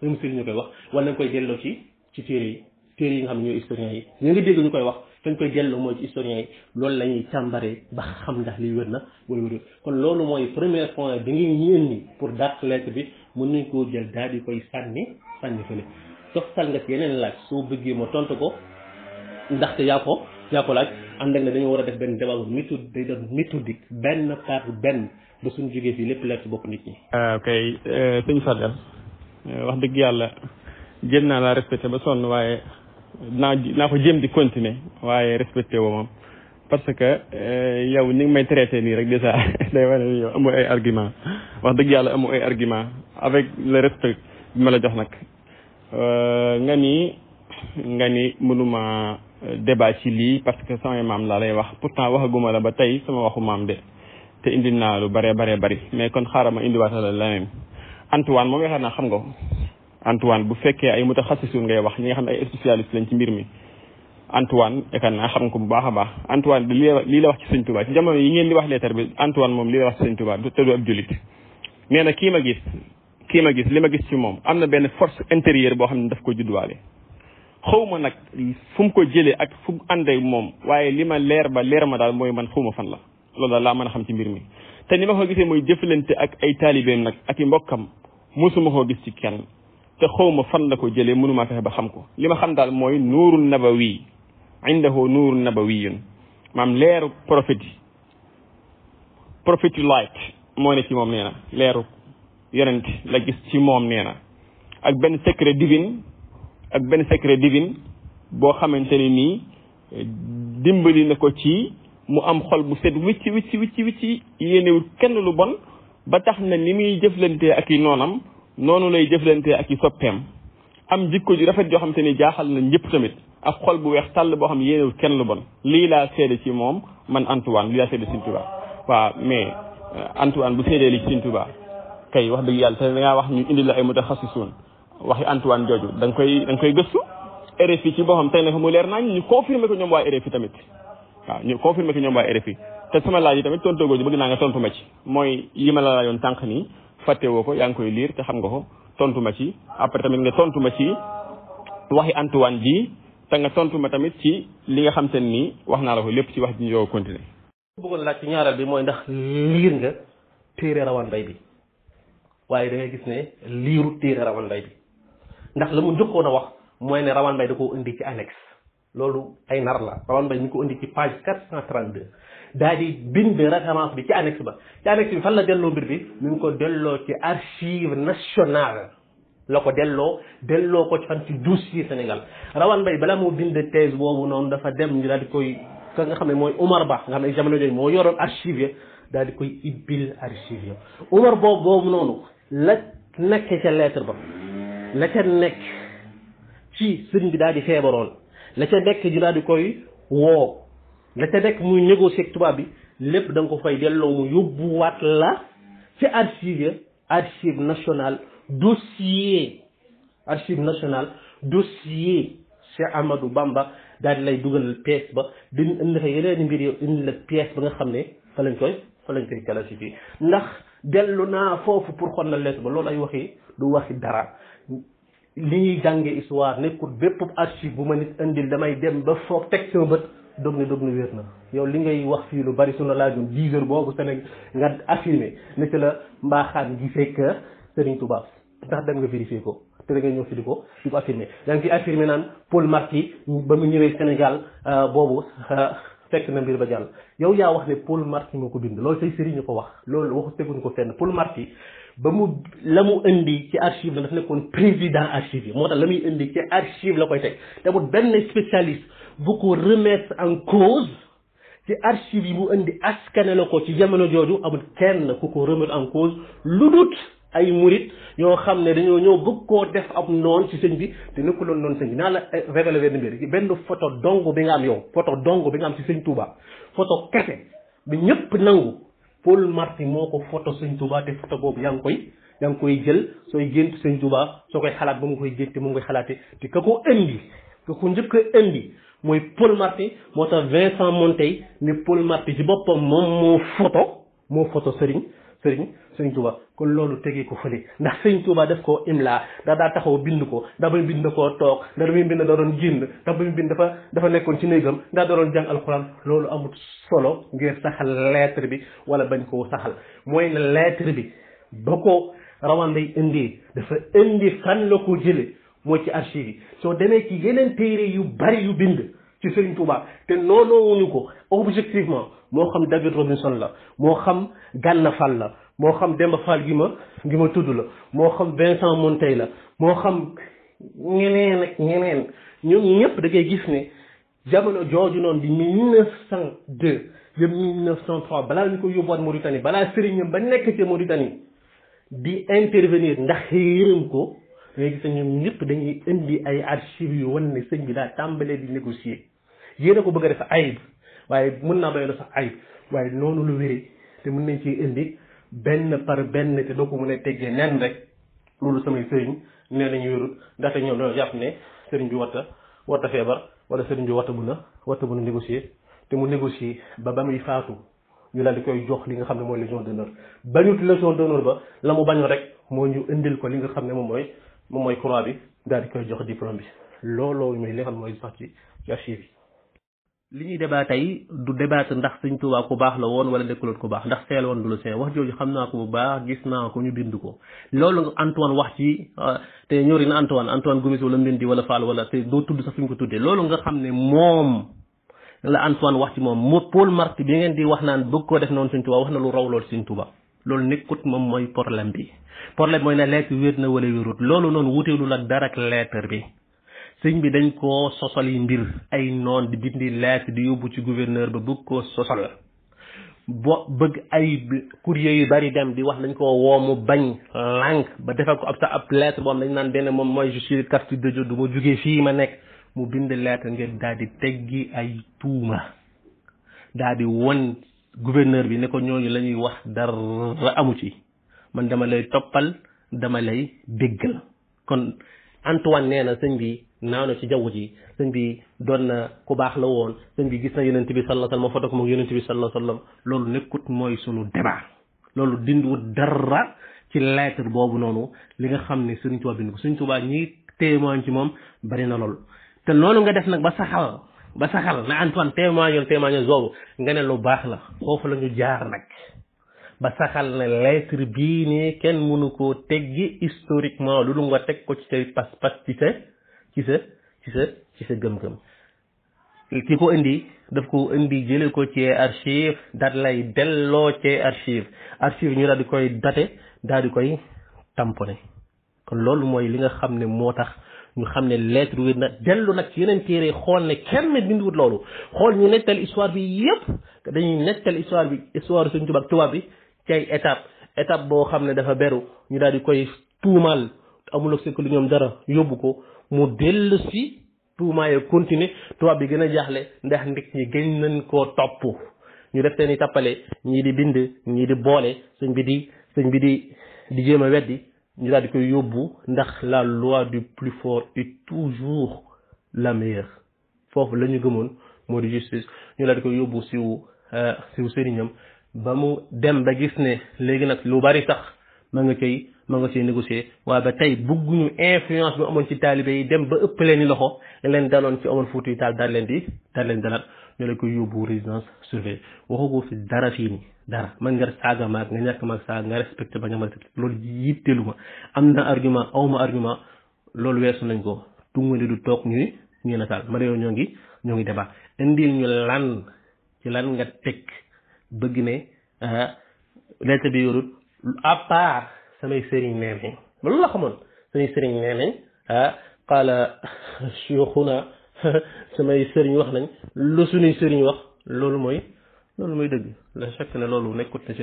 suñu musil koy wax wala nañ koy delloo ci ci téere xam ne ñooy yi ñu ngi dégg wax fañ koy delloo mooy ci historiens loolu la ñuy càmbaree ba xam ndax liy wér na wala kon loolu mooy premier point bi ngi ñu indi pour dàq lettre bi mën nañ koo jël daal di koy sànni sànni fële toftal nga ci yeneen laaj soo bëggee ma tontu ko ndaxte yaa ko yaa ko laaj ànd ak ne dañoo war a def benn débat méthode day méthodique benn par benn ba suñu fii lépp leer ci bopp nit ñi. Ah, ok euh, sëñ Fadel euh, wax dëgg yàlla jéem naa laa respecté ba sonn waaye naa naa ko jéem di continuer waaye respecté woo moom parce que euh, yow ni nga may traité nii rek déjà (laughs) day wane ni yow amoo ay argument wax dëgg yàlla amoo ay argument avec le respect bi ma la jox nag nga ni nga ni mënuma débat ci lii parce que samay maam laa lay wax pourtant waxaguma la ba tey sama waxu maam de te indi naa lu bare bare bari mais kon xaaral ma indiwaat la leneen Antoine moom yaakaar naa xam nga ko Antoine bu fekkee ay mutaxassisun ngay wax ñi nga xam ne ay spécialiste lañ ci mbir mi Antoine yaakaar naa xam ko bu baax a baax bi lii la wax ci sëñ Touba jamono yi ngeen di wax lettre bi Antoine moom lii la wax ci sëñ Touba te du ab na kii ma gis kii ma gis li ma gis ci moom am na benn force intérieure boo xam ne daf ko juddwaale xawma nag fu mu ko jëlee ak fu mu moom waaye li ma leer ba leer ma daal mooy man xawma fan la loolu daal laa mën a xam ci mbir mi te ni ma ko gisee mooy jëflante ak ay taalibeem nag ak i mbokkam mosuma koo gis ci kenn te xawma fan la ko jëlee mënuma fexe ba xam ko li ma xam daal mooy nuurul nabawi nuur nuurul nabawiyun maam leeru prophète yi prophète light moo ci moom nee na leeru yonent la gis ci moom nee na ak benn secret divine ak benn secret divin boo xamante ne nii dimbali na ko ci mu am xol bu set wicci wicci wicci wicci yéenewul kenn lu bon ba tax na ni muy jëflantee ak yi noonam noonu lay jëflantee ak i soppeem am jikko ji rafet joo xam te ni jaaxal na ñëpp tamit ak xol bu weex tàll boo xam yéenewul kenn lu bon lii laa seede ci moom man Antoine lii laa seede Sëriñ Tuubaa waaw mais euh, Antoine bu seedee li ci Sëriñ Tuubaa kay wax dëgg yàlla te dangaa wax ñu indi la ay mutaxassisuun waxi Antoine jooju da nga koy da nga koy gëstu RFI ci boo xam tey fa mu leer naa ñu confirmer ko ñoom waa RFI tamit waaw ñu confirmer ko ñoom waa RFI te sama laaj yi tamit tontu googu bëgg naa nga tontu ma ci mooy yi ma la laajoon tànq nii fàttewoo ko yaa koy liir te xam nga ko tontu ma ci après tamit nga tontu ma ci waxi Antoine ji te nga tontu ma tamit ci li nga xam te nii wax naa la ko lépp ci wax ji yow continuer. bëggoon laaj ci ñaareel bi mooy ndax liir nga téere rawan day bi waaye da gis ne liiru téere rawan day bi. ndax la mu njëkkoon a wax mooy ne rawan Mbaye da ko indi ci annexe loolu ay nar la Rawane Mbaye ñu ko indi ci page 432 daal di bind référence bi ci annexe ba ci fan la delloo mbir bi mi ngi ko delloo ci archive nationale la ko delloo delloo ko fan ci dossier Sénégal Rawane Mbaye bala moo bind thèse boobu noonu dafa dem ñu daal di koy ka nga xam ne mooy Omar Ba nga xam ne jamono jooju moo yoroon archive daal di koy ibbil archive Omar boobu boobu noonu la nekk ca lettre ba la ca nekk ci sëriñ bi daal di feebaroon la ca nekk ñu daal di koy woo la ca nekk muy négocier ak tubaab bi lépp danga nga ko fay delloo mu yóbbuwaat la ci archive archive nationale dossier archive nationale dossier Cheikh Amadou Bamba daal lay dugalal pièce ba di indi fa yeneen mbir yow indi la pièce ba nga xam ne fa lañ koy fa lañ koy classifié ndax dellu naa foofu pour xon na lettre ba loolu ay waxi du waxi dara li ñuy jànge histoire nekkul bépp archive bu ma nit indil damay dem ba foog teg sama bët dog ni dog ni wér na yow li ngay wax fii lu bari su na laajoon dix heures boobu Sénégal nga affirmé ne ci la mbaaxaan gi fekk Serigne Touba ndax dem nga vérifié ko te da nga ñëw fi di ko di ko affirmé da nga fi affirmé naan Paul Marty ba mu ñëwee Sénégal euh, boobu euh, fekk na mbir ba jàll yow yaa wax ne Paul Marty moo ko bind lool say sëriñ ñu ko wax loolu waxu teguñu ko fenn Paul Marty ba mu la mu indi ci archive la dafa nekkoon président archive yi moo tax la muy indi ci archive la koy teg te mu benn spécialiste bu ko remettre en cause ci archive yi mu indi askane la ko ci jamono jooju amul kenn ku ko remettre en cause lu dut ay murit yoo xam ne dañoo ñëw bëgg koo def ab noon ci sëñ bi te nekkuloon noonu sëñ bi naa la eh, révélé benn mbir benn photo dong bi nga am yow photo dong bi nga am ci sëñ Touba photo kese bi ñëpp nangu. Paul Marty moo ko photo sëñ Touba te photo boobu yaa ngi koy yaa ngi koy jël sooy gént sëñ Touba soo koy xalaat ba mu koy génte mu ngi koy xalaatee te ka ko indi ka ko njëkk a mooy Paul Marty moo tax Vincent Monteil ne Paul Marty ci boppam moom moo photo moo photo sëriñ sëriñ sëriñ Touba kon loolu tegee ko fële ndax sëriñ Touba def koo imla ndax daa taxaw bind ko ndax ba mu bind da koo toog ndax ba muy bind da doon génn ndax ba dafa nekkoon ci néegam ndax da doon jàng alxuraan loolu amut solo ngir saxal lettre bi wala bañ koo saxal mooy ne lettre bi ba ko rawanday indi dafa indi fan la ko jële moo ci archive yi soo demee ci yeneen téere yu bari yu bind ci Serigne Touba te noonoowuñu ko objectivement moo xam David Robinson la moo xam Gana Fall la moo xam Demba gi ma gi ma tudd la moo xam Vincent Montey la moo xam ñeneen ak ñeneen ñoom ñëpp da ngay gis ne jamono jooju noonu di mille neuf cent deux ba mille neuf balaa ñu ko yóbbuwaat Mauritanie balaa sëriñam ba nekk ci Mauritanie di intervenir ndax yërëm ko léegi sax ñoom ñëpp dañuy indi ay archives yu wan ne sëñ bi daa tàmbalee di négocier yéen a ko bëgg a defa ayib waaye mën naa doy la sax ayib waaye noonu lu wéri te mun nañ ci indi benn par benn te doo ko mu ne teggee nen rek loolu samay sëriñ nee ñu wérul ndaxte ñoom dañoo jàpp ne sëriñ bi warta warta feebar wala sëriñ bi warta bu a warta bu a négocier te mu négocier ba ba muy faatu ñu daal di koy jox li nga xam ne mooy légion d'honneur bañut légion d'honneur ba la mu bañu rek moo ñu indil ko li nga xam ne moom mooy moom mooy croix bi daal di koy jox diplôme bi looloo muy li mooy sax ci archive li ñuy débat tey du debaat ndax sëñ Tuubaa bu baax la woon wala nekkuloon ko baax ndax seel woon du lu seen wax jooju xam naa ko bu baax gis naa ko ñu bind ko loolu Antoine wax ci euh, te ñori na Antoine Antoine Gomis wala Mendy wala Fall wala te doo tudd sax fi ñu ko tuddee loolu nga xam ne moom la Antoine wax ci moom moo Paul bi ngeen di wax naan bëgg ko def noonu sëñ Tuubaa wax na lu raw loolu sëñ Tuubaa loolu nekkut moom mooy problème bi problème mooy na lettre wér na wala wérut loolu noonu wuteelul ak dara ak lettre bi sëñ bi dañ koo sosal yi mbir ay noon di bindi lettre di yóbbu ci gouverneur ba bëgg koo sosal bo bëgg ay courrier yu bari dem di wax dañ koo woo mu bañ lànk ba defal ko ab sa ab lettre boo xam dañ naan benn moom mooy je suis carte du ma jugee fii ma nekk mu bind lettre ngir daal di teggi ay tuuma daal won gouverneur bi ne ko ñooñu la ñuy wax dara amu ci man dama lay toppal dama lay déggal kon Antoine nee na sëñ bi naaw na ci jaww ji sëñ bi doon na ku baax la woon sëñ bi gis na yonent bi sallallahu alayhi wasallam moo fa toog moom yonent bi sallallahu alayhi wasallam loolu nekkut mooy sunu débat loolu dindiwut dara ci lettre boobu noonu li nga xam ne sëñ Tuubaa bind ko sëñ Tuubaa ñi témoin ci moom bari na lool te loolu nga def nag ba saxal ba saxal na Antoine témoignol témoignol boobu nga ne lu baax la foofu lañu jaar nag ba saxal ne lettre bii nii kenn mënu koo teggi historiquement lu lu nga teg ko ci ci sa ci sa ci sa ci sa gëm-gëm ki ko indi daf ko indi jële ko ci archive daat lay delloo ci archive archive ñu daal di koy date daal di koy tamponné kon loolu mooy li nga xam ne moo tax ñu xam ne lettre wi nag dellu nag ci yeneen téere xool ne kenn dindiwut loolu xool ñu nettal histoire bi yépp dañuy nettal histoire bi histoire suñ tubaab tubaab bi ci ay étape étape boo xam ne dafa beru ñu daal di koy tuumaal amul ak sekk lu ñoom dara yóbbu ko mu dellu si tuumaayee continuer tubaab bi gën a jaaxle ndax nit ñi gën nañ koo topp ñu def seen ni tappale ñii di bind ñii di boole sëñ bi di sëñ bi di di jéem a weddi ñu daal di koy yóbbu ndax la loi du plus fort est toujours la meilleure foofu la ñu gëmoon moo di justice ñu daal di koy yóbbu siw euh, siw sëriñam ba mu dem ba gis ne léegi nag lu bari sax ma nga cay ma nga cay négocier waaye ba tey bugguñu influence bi amoon ci taalibe yi dem ba ëpp leen loxo leen daloon ci Omar Fuuti Taal daal leen di daal leen dalaat ñu la koy man nga saaga maag nga ñàkk maag ma am na argument aw loolu weesu nañ ko tungale du toog ñuy ñuy nataal ma réew ñoo ngi ñoo ngi débat indil ñu lan ci lan nga teg bëgg ne ah lettre bi yorut à samay sëriñ nee nañ loolu la xamoon samay sëriñ nee nañ ah qaala shuyuxuna samay sëriñ wax nañ lu suñuy sëriñ wax loolu mooy loolu mooy dëgg la chaque ne loolu nekkut na ci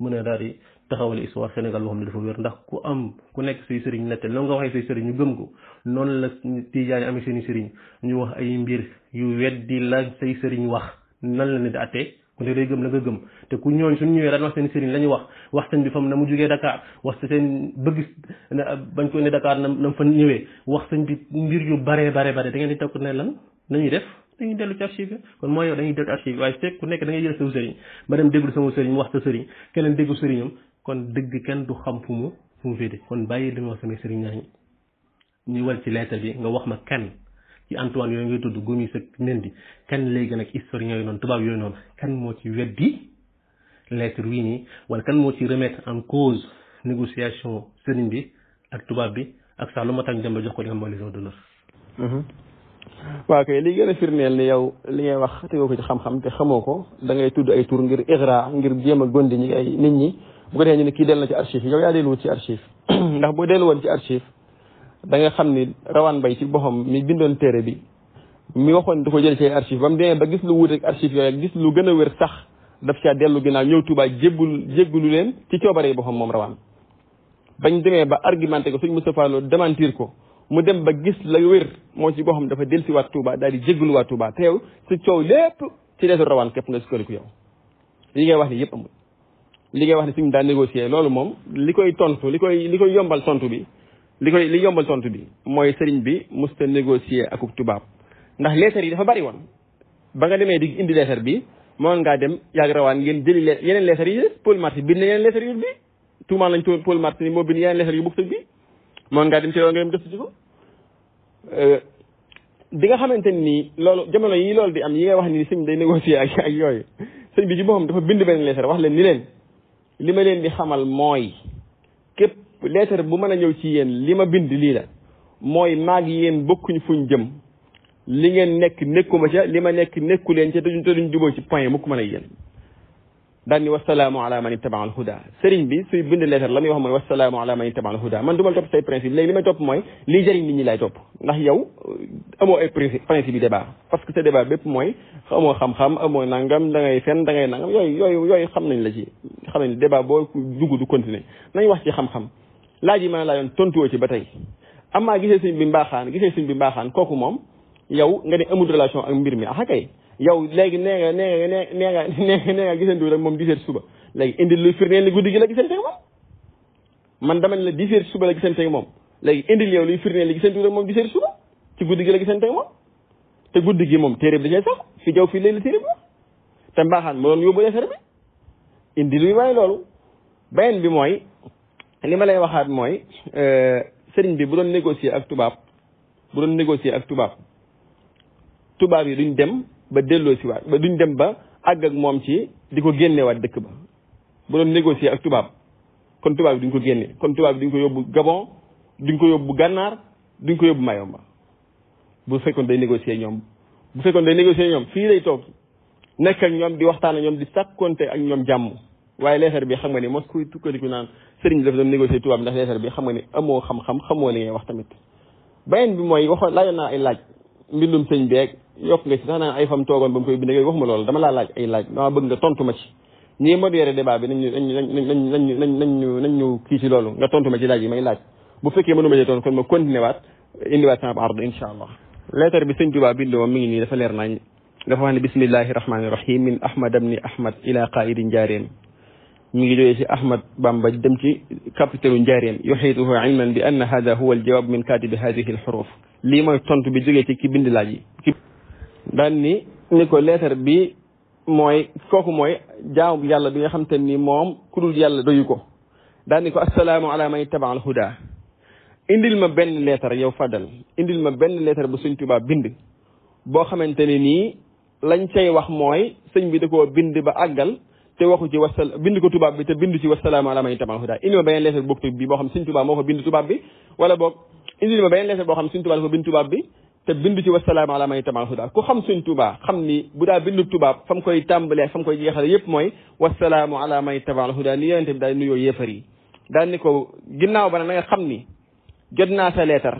mën a daal di taxawal histoire Sénégal boo ndax ku am ku nekk say sëriñ nettal loolu nga waxee say sëriñ ñu gëm ko noonu la tiijaan amee suñuy sëriñ ñu wax ay mbir yu weddi la say sëriñ wax nan la ne di attee ku ne day gëm na nga gëm te ku ñooñ suñ ñëwee daan wax seen sëriñ la ñu wax wax sëñ bi fam na mu jugee Dakar wax seen bëgg bañ ko ne Dakar na nam fa ñëwee wax sëñ bi mbir yu bare bare bare da ngeen di toog ne lan nañuy def dañuy dellu ci archive kon moo yow dañuy dellu archive waaye fekk ku nekk da ngay jël sama sëriñ ba dem déglu sama sëriñ mu wax sa sëriñ keneen déglu sëriñam kon dëgg kenn du xam fu mu fu mu féete kon bàyyi li ma wax sama sëriñ ñaar ñi ñu ci lettre bi nga wax ma kenn ci Antoine yooyu ngay tudd Gomis ak Mendy kenn léegi nag historien yooyu noonu tubaab yooyu noonu kan moo ci bi lettre wii nii wala kan moo ci remettre en cause négociation sëriñ bi ak tubaab bi ak sax lu ma tax ñu dem ba jox ko li nga xam mooy légion d'honneur. Mhm. waaw kay li yow li ngay wax tegoo ko ci xam te xamoo ko da ngay tudd ay tur ngir IGRA ngir jéem a gondi ñi ay nit ñi bu ko defee ñu ne kii dell na ci archive yow yaa delluwut ci archive (clears throat) ndax boo delluwoon ci archive da nga xam ni rawaan bay ci boppam mi bindoon téere bi mi waxoon dafa jël ci archive ba mu demee ba gis lu wuuteeg archive yooyu ak gis lu gën a wér sax daf caa dellu ginnaaw ñëw Tuubaa jébbul jéggalu leen ci coobaree boppam moom rawaan bañ demee ba argumenté ko suñ Moustapha Lo démentir ko mu dem ba gis la wér moo ci boppam dafa delsi waat Tuubaa daal di jéggalu waat Tuubaa te yow si coow lépp ci deetu rawaan képp nga sukkandiku yow li ngay wax ni yëpp amul li ngay wax ni suñu daa négocier loolu moom li koy tontu li koy li koy yombal tontu bi li koy li yombal tontu bi mooy sëriñ bi musta négocier akuk tubaab ndax leetar yi dafa bari woon ba nga demee digg indi leetar bi mënoon ngaa dem yàgg rawaan ngeen jëli le yeneen leetar yi Paul Marty bind na yeneen leetar yu bi tuumaan lañ t Paul Marty ni moo bind yeneen leetar yu bukk bi mënoon ngaa dem ci loolu nga dem def ci ko euh, bi nga xamante ni loolu jamono yi loolu di am yi ngay wax ni sëñ day négocier ak ak yooyu sëñ bi ci boppam dafa bind benn leetar wax leen ni leen li ma leen di xamal mooy képp leetar bu mën a ñëw ci yéen li ma bind lii la mooy maag yéen bokkuñ ñu jëm li ngeen nekk nekkuma ca li ma nekk nekku leen ca te ñu juboo ci point mukk mën a yéen daan ni wasalaamu ala man ittabaa al huda sëriñ bi suy bind leetar la muy wax mooy wax ala man ittabaa al huda man du ma topp say principe léegi li may topp mooy liy jëriñ nit ñi laay topp ndax yow euh, amoo ay principe bi débat parce que sa débat bépp mooy amoo xam-xam amoo nangam da ngay fen da yooyu yooyu yooyu xam nañ la ci xam nañ débat boo dugg du continuer nañ wax ci xam laaj yi ma laa yoon tontuwoo ci ba tey amaa gisee sëñ bi mbaaxaan gisee sëñ bi mbaaxaan kooku moom yow nga ne amul relation ak mbir mi ah kay yow léegi nee nga nee nga nee nga nee nga gisantu rek moom dix heures suba léegi indi lu firndeel guddi gi la gisante ak moom man dama ne la dix suba la gisante ak moom léegi indil yow luy firndeel ne gisantu rek moom dix heures suba ci guddi gi la gisante ak moom te guddi gi moom téere bi da cee sax fi jaw fii léegi téere bi te mbaaxaan moo doon yóbbu affaire bi indi luy waaye loolu beneen bi mooy li ma lay waxaat mooy euh, sëriñ bi bu doon négocier ak tubaab bu doon négocier ak tubaab tubaab yi duñ dem ba delloo si waat ba duñ dem ba àgg ak moom ci di ko génnewaat dëkk ba bu doon négocier ak tubaab kon tubaab yi duñ ko génne kon tubaab yi duñ ko yóbbu Gabon duñ ko yóbbu Gànnaar duñ ko yóbbu Mayomba bu fekkoon day négocier ñoom bu fekkoon day négocier ñoom fii lay toog nekk ak ñoom di waxtaan ak ñoom di sàkkonte ak ñoom jàmm waaye leetar bi xam nga ni mos kuy tukkaliku naan sëriñ bi dafa doon négocier bi xam nga ni amoo xam-xam xamoo wax tamit beneen bi mooy waxoon laajoon naa ay laaj mbindum sëñ beeg yokk nga ci sax naan ay fam toogoon ba mu koy bind yooyu loolu dama laa laaj ay laaj dama bëgg nga tontu ma ci ñii modéré débat bi nañ ñu nañ ñu kii ci loolu nga tontu ma ci laaj yi may laaj bu fekkee mënuma ci tontu kon ma continué waat indiwaat sama ardu insha allah leetar bi sëñ Tuubaa bind moom mi ngi nii dafa leer nañ dafa wax ne bismillahi rahmani rahim min ahmad ibni ahmad ila qaidin jaarin mi ngi jógee ci ahmad bamba dem ci capitalu njaareem yuxiituhu ilman bi anna hada huwa aljawaab min kaatibi hadihi alxuruf lii mooy tontu bi jógee ci ki bind laaj yi daan ni ni ko leetar bi mooy kooku mooy jaamu yàlla bi nga xam te ni moom ku dul yàlla doyu ko daan ni ko assalaamu ala man ittaba al huda indil ma benn leetar yow fadal indil ma benn leetar bi suñ Tuubaa bind boo xamante ne nii lañ cay wax mooy sëñ bi da koo bind ba àggal te waxu ci wasal bind ko tubaab bi te bind ci wasalaamu ala man ittabaal hudaa indi ma beneen leetar boo xam suñ tubaab moo ko bind bi wala boog indi ma beneen leetar boo xam suñ tubaab ko bind tubaab bi te bind ci wasalaamu ala man ittabaal ku xam suñ tubaab xam ni bu daa bind tubaab fa koy tàmbalee fa mu koy jeexale yëpp mooy wasalaamu ala man ittabaal hudaa ni yonente bi daal nuyoo yéefar yi daal ni ko ginnaaw ba na nga xam ni jot naa sa leetar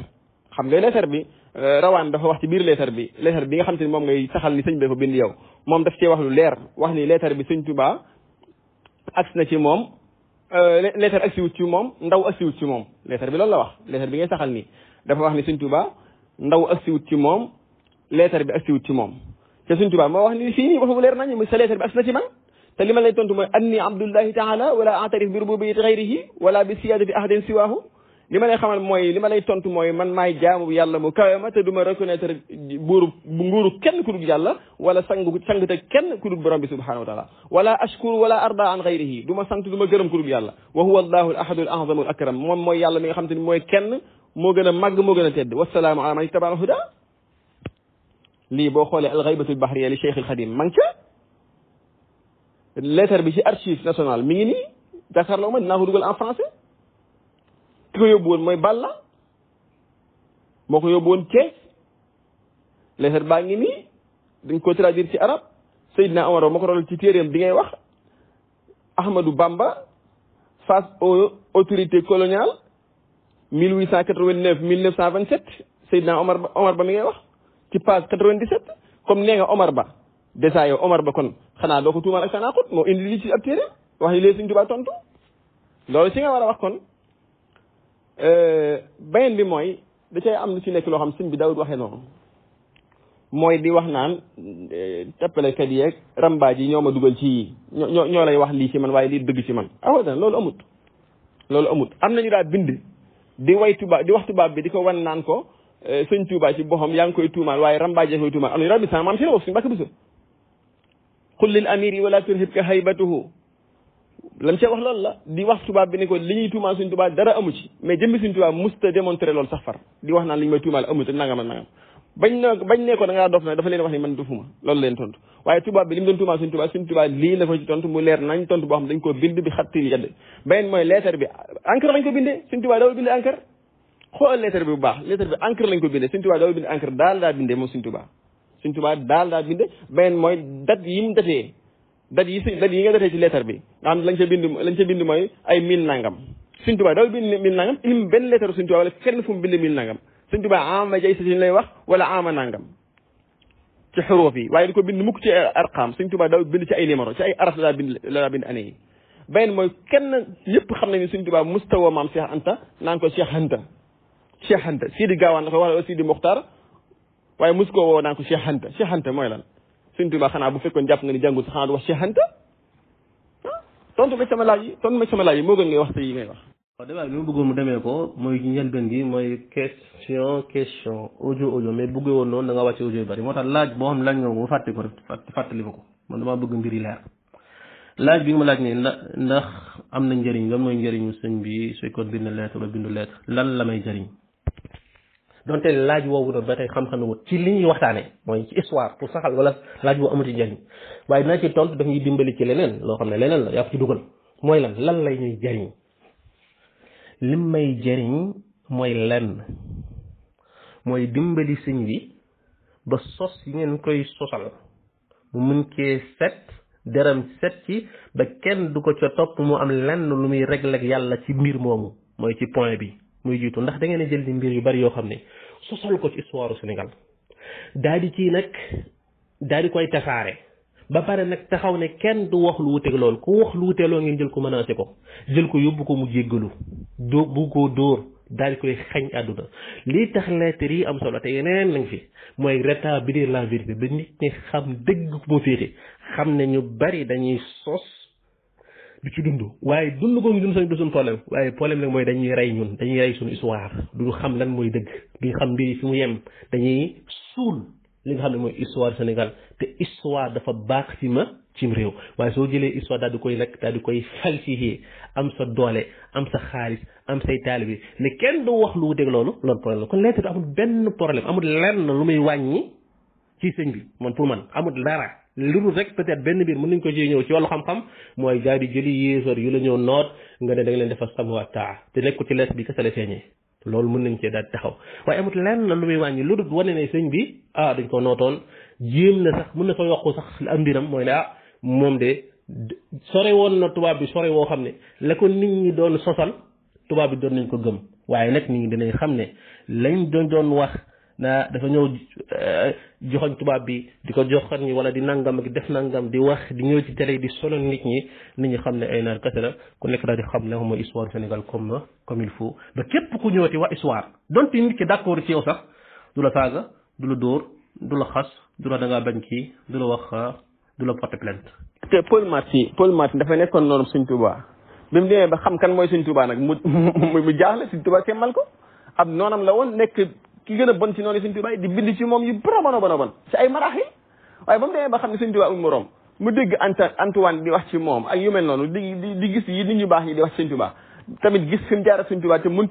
xam nga leetar bi euh, rawaan dafa wax ci biir leetar bi leetar bi nga xam te ni moom ngay saxal ni sëñ bi ko bind yow moom daf cee wax lu leer wax ni leetar bi sëñ Tuubaa agsi na ci moom euh, leetar agsiwut ci moom ndaw agsiwut ci moom leetar bi loolu la wax leetar bi ngay saxal ni dafa wax ni sëñ Tuubaa ndaw agsiwut ci moom leetar bi agsiwut ci moom te sëñ Tuubaa moo wax ni fii nii wax bu leer nañu mu sa leetar bi agsi na ci man te li ma lay tontu mooy anni abdullahi taala wala atarif bi rububiyyati xayrihi wala bi siyaadati ahadin siwaahu li ma lay xamal mooy li ma lay tontu mooy man maay jaamu yàlla mu kawe ma te du ma reconnaître buuru nguuru kenn ku dul yàlla wala sang sang te kenn ku dul borom bi subhanahu wa taala wala ashkuru wala arda an gayrihi du ma sant du ma gërëm ku dul yàlla wa huwa allahu al ahadu al azamu al akram moom mooy yàlla mi nga xam te ni mooy kenn moo gën a màgg moo gën a tedd wasalaamu ala man ittaba al huda lii boo xoolee al gaybatu al bahriya li cheikh al xadim mang ca lettre bi ci archive nationale mi ngi nii jàkkaarloo ma dinaa ko dugal en français ki ko yóbbu woon mooy Balla moo ko yóbbu woon Thiès leetar baa ngi nii dañ ko traduire ci arab Seydina Omar moo ko rolal ci téeréem bi ngay wax Ahmadou Bamba face aux autorités coloniales mille huit cent quatre vingt Omar ba Omar ba mi ngay wax ci page quatre-vingt-dix-sept comme nee nga Omar ba dèjà Omar ba kon xanaa doo ko tuumaal ak sa naaqut moo indi li ci ab téeréem wax yi léegi suñ tubaa tontu loolu si nga war a wax kon Euh, beneen bi mooy da cay am lu ci nekk loo xam sëñ bi daawut waxee noonu mooy di wax naan euh, tappalekat yeeg rambaaj yi ñoo ma dugal ci ñoo ñoo lay wax lii ci man waaye lii dëgg ci man a loolu amut loolu amut am nañu daa bind di way tubaab di wax tubaab bi di ko wan naan ko euh, sëñ Tuubaa ci boppam yaa ngi koy tuumaal waaye rambaajee koy tuumaal am nañu daa bind sama maam si la bokk suñu mbàkk bisu qul lil amiri wala turhibka lam ca wax loolu la di wax tubaab bi ne ko li ñuy tuumaal suñ tubaab dara amu ci mais jëmbi suñ tubaab musta démontré loolu sax far di wax naan li ñu may tuumaal amu ci nangam ak leen wax ni man dofuma loolu leen tontu waaye tubaab bi li mu doon tuumaal suñ tubaab suñ tubaab lii la ko ci tontu mu leer nañ encre lañ ko bi bu baax daal daa bindee moom suñ tubaab suñ tubaab daal daa bindee beneen mooy date yi datee dat yi si dat yi nga ci lettre bi nga xam lañ ca bind lañ ca bind mooy ay mille nangam Sëñ Tuubaa daw bind mille nangam ilim benn lettre Sëñ wala kenn fu mu bind mille nangam Sëñ Tuubaa ama jay lay wax wala ama nangam ci xuruuf yi waaye du ko bind mukk ci arqaam Sëñ Tuubaa daw bind ci ay numéro ci ay araf la daa bind la daa bind année yi beneen mooy kenn ñëpp xam nañu ne Sëñ Tuubaa mustawa maam Cheikh Anta naan ko Cheikh Anta Cheikh Anta Sidi Gaawaan da koy wax Sidi Muxtaar waaye mus ko woo naan ko Cheikh Anta mooy lan Sëñ Tuubaa xanaa bu fekkoon jàpp nga ni jàngul sax xanaa du wax Cheikh Anta ah, tontu nga sama ma sama laaj yi moo gën ngay wax te yi ngay wax. mu demee ko mooy njëlbeen gi mooy question question audio audio mais bëggee woon noonu da wax wàcce audio yu bëri moo tax laaj boo xam ne laaj nga ko fàtte ko fàttali ma ko man damaa bëgg mbir yi laaj bi nga ma laaj ne ndax am na njëriñ lan mooy njëriñu sëñ bi su fekkoon bind lettre wala bindu lettre lan la may jëriñ donte laaj woowu doon ba tey xam-xam wut ci li ñuy waxtaane mooy ci histoire pour saxal wala laaj woo amul ci njëriñ waaye dinaa ci tontu daf ñuy dimbali ci leneen loo xam ne leneen la yaa ko ci dugal mooy lan lan lay ñuy jëriñ lim may jëriñ mooy lenn mooy dimbali sëñ bi ba sos yi ngeen koy sosal mu mën cee set deram set ci ba kenn du ko ca topp mu am lenn lu muy régler ak yàlla ci mbir moomu mooy ci point bi muy jiitu ndax da ngeen a jël di mbir yu bari yoo xam ne sosal ko ci histoire Sénégal daal di ci nag daal di koy tasaare ba pare nag taxaw ne kenn du wax lu wuteeg loolu ku wax lu wuteeg loolu ngeen jël ko menacé ko jël ko yóbbu ko mu jéggalu doo bu ko dóor daal di koy xañ àdduna lii tax lettre yi am solo te yeneen lañ fi mooy bi rétablir la vérité ba nit ñi xam dëgg moo féete xam ne ñu bari dañuy sos. di ci dund waaye dund ko ngi dund sañ du suñ problème waaye problème nag mooy dañuy rey ñun dañuy rey suñu histoire duñu xam lan mooy dëgg duñu xam mbir yi fi mu yem dañuy suul li nga xam ne mooy histoire Sénégal te histoire dafa baax fi ma cim réew waaye soo jëlee histoire daal di koy nag di koy falsifié am sa doole am sa xaalis am say taalibi ne kenn du wax lu wuteeg loolu loolu problème la kon lettre amul benn problème amul lenn lu muy wàññi ci sëñ bi man pour man lu dul rek peut-être benn biir mën nañ ko ci ñëw ci wàllu xam-xam mooy gaa di jëli yéefar yu la ñëw noot nga ne da nga leen defal samwa taa te nekku ci lees bi kese la feeñee loolu mën nañ cee daal taxaw waaye amut lenn la lu muy wàññi lu dul wane ne sëñ bi ah dañ ko nootoon jéem na sax mën na fa yokku sax am mbiram mooy ne ah moom de sore woon na tubaab bi sore woo xam ne la ko nit ñi doon sosal tubaab bi doon nañ ko gëm waaye nag nit ñi dinañ xam ne lañ doon doon wax na dafa ñëw eh, joxoñ tubaab bi di ko joxoon ñi wala di nangam def nangam di wax di ñëw ci télé di solo nit ñi nit ñi xam ne ay naar kese la ko nekk daal di xam ne moom mooy histoire Sénégal comme comme il faut ba képp ku ñëwati wax histoire donte nit ki d'accord ci yow sax du la saaga du la dóor du la xas du la da ngaa bañ kii du la wax du la porter plainte. te Paul Marty dafay nekkoon noonu suñ Touba bi mu demee ba xam kan mooy suñ Touba nag mu (laughs) mu mu jaaxle suñ Touba semmal ko ab noonam la woon nekk. ki gën a bon ci noonu Sëñ Tuubaa di bind ci moom yu bon a bon ci ay maraax yi waaye ba mu demee ba xam ne Sëñ Tuubaa amul morom mu dégg Anta Antoine di wax ci moom ak yu mu jaar ak Sëñ te moo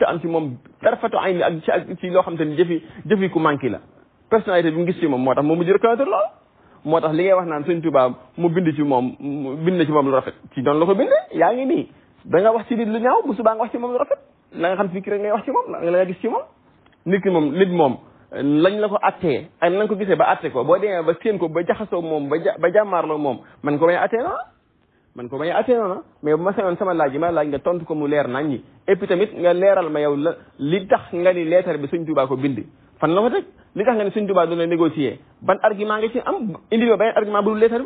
tax moom mujj reconnaître loolu moo tax li ngay wax naan Sëñ Tuubaa mu bind ci moom lu rafet ci doon la ko yaa ngi nii da wax ci lu ñaaw bu subaa nga wax ci moom lu rafet la nga xam fikir ngay wax ci moom la nga gis ci moom nit ki moom nit moom lañ la ko attee ak ko gisee ba atte ko boo demee ba séen ko ba jaxasoo moom ba ba jàmmaarloo moom man ko may attee na man ko may attee na mais bu ma sama laaj yi ma laaj nga tontu ko mu leer nañ ñi et tamit nga leeral ma yow la li tax nga ni leetar bi Sëñ Tuubaa ko bind fan la ko teg li tax nga ne Sëñ Tuubaa doon la négocier ban argument nga ci am indil ma beneen argument bu dul leetar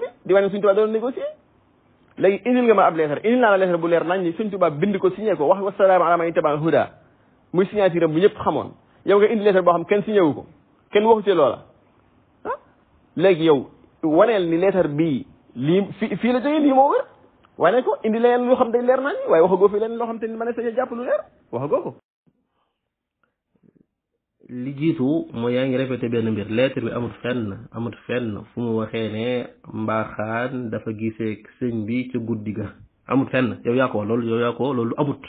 nga ma ab leetar indil naa la leetar bu leer nañ ñi Sëñ Tuubaa bind ko signé ko wax wasalaama ala man ittaba huda muy signature bu ñëpp xamoon yow nga indi lettre boo xam kenn si wu ko kenn waxu ci loola ah. léegi yow waneel ni lettre bi lii fii fii la jógee lii moo wér wane ko indi leen loo xam day leer naa ni waaye waxagoo fi leen loo xam te ni ma ne sañ jàpp lu leer waxagoo ko li jiitu mooy yaa ngi répété benn mbir lettre bi amul fenn amul fenn fu mu waxee ne mbaaxaan dafa gisee sëñ bi ca guddi ga amul fenn yow yaa ko loolu yow yaa ko amut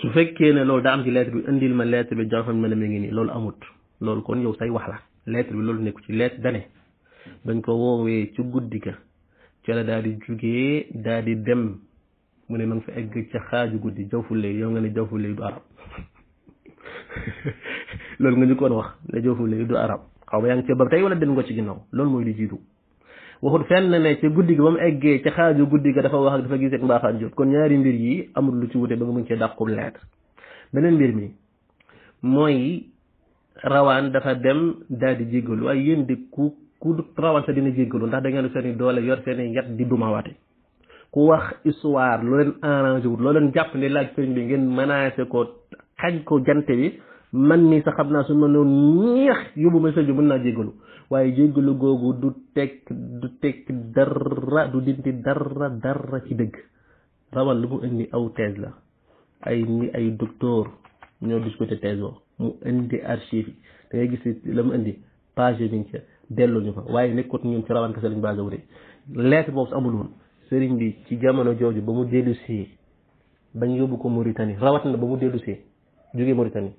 su fekkee ne loolu daa am ci lettre bi indil ma lettre bi jànxam ma ne mi ngi nii loolu amut loolu kon yow say wax la lettre bi loolu nekku ci lettre dane bañ ko woowee ci guddi ga ca la daal di jugee daal di dem mu ne ma nga fa egg ca xaaju guddi jawfulee yow nga ne jawfulee du arab (laughs) loolu nga ñu koon wax ne jawfulee du arab xaw ma yaa ci ba tey wala den nga ci ginnaaw loolu mooy di jiitu waxut fenn ne ci guddi gi ba mu eggee ca xaaju guddi ga dafa wax ak dafa gisee ak mbaaxaan jóob kon ñaari mbir yi amul lu ci wute ba nga mun cee dàqul lettre beneen mbir mi mooy rawaan dafa dem daal di jéggalu waaye yéen di ku ku rawaan sax dina jéggalu ndax da ngeen seen doole yor seen i yat di dumawaate ku wax histoire loo leen arrangé loo leen jàpp ne laaj sëriñ bi ngeen menacé ko xañ ko jante bi man mii sax xam naa su ma noonu ñeex yóbbu message bi mën naa jéggalu waaye jéggalu googu du tekk du tekk dara du dindi dara dara ci dëgg rawal lu mu indi aw thèse la ay ni ay docteur ñoo discuté thèse boobu mu indi archive yi da ngay gis la mu indi page yi ñu ca delloo ñu fa waaye nekkut ñun ci rawaan kese lañ basé wu de leet boobu su amul woon sëriñ bi ci jamono jooju ba mu dellusee bañ yóbbu ko Mauritanie rawat na ba mu dellu dellusee jógee Mauritanie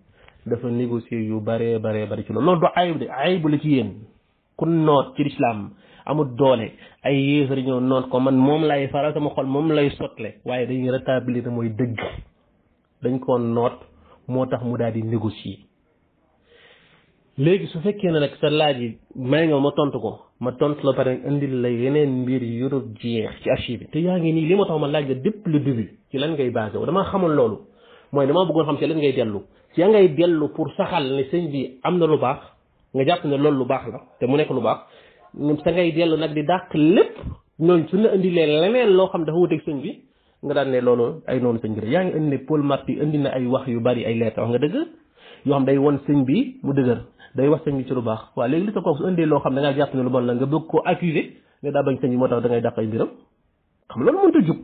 dafa négocier yu bare bare bare ci loolu loolu du ayib de ayib la ci yéen ku noot ci lislaam amul doole ay yéefar ñoo noot ko man moom lay faral sama xol moom lay sotle waaye dañuy rétablir mooy dëgg dañ ko noot moo tax mu daal di négocier léegi su fekkee ne nag sa laaj yi may nga ma tontu ko ma tontu la pare indil la yeneen mbir yu dul jeex ci archive bi te yaa ngi nii li ma tax ma laaj la depuis le début ci lan ngay basé wu damaa xamoon loolu mooy damaa bëggoon xam ci lañ ngay dellu yaa ngay dellu pour saxal ne sëñ bi am na lu baax nga jàpp ne loolu lu baax la te mu nekk lu baax te ngay dellu nag di dàq lépp ñooñu su la indilee leneen loo xam dafa wuteeg sëñ bi nga daan ne loolu ay noonu sëñ bi yaa ngi indi ne Paul Marty indi na ay wax yu bari ay leerta wax nga dëgg yoo xam day won sëñ bi mu dëgër day wax sëñ bi ci lu baax waaw léegi li sa kooku su indee loo xam da ngaa jàpp ne lu bon la nga bëgg ko accuser nga daa bañ sëñ bi moo tax da ngay dàq ay mbiram xam loolu mënut a jub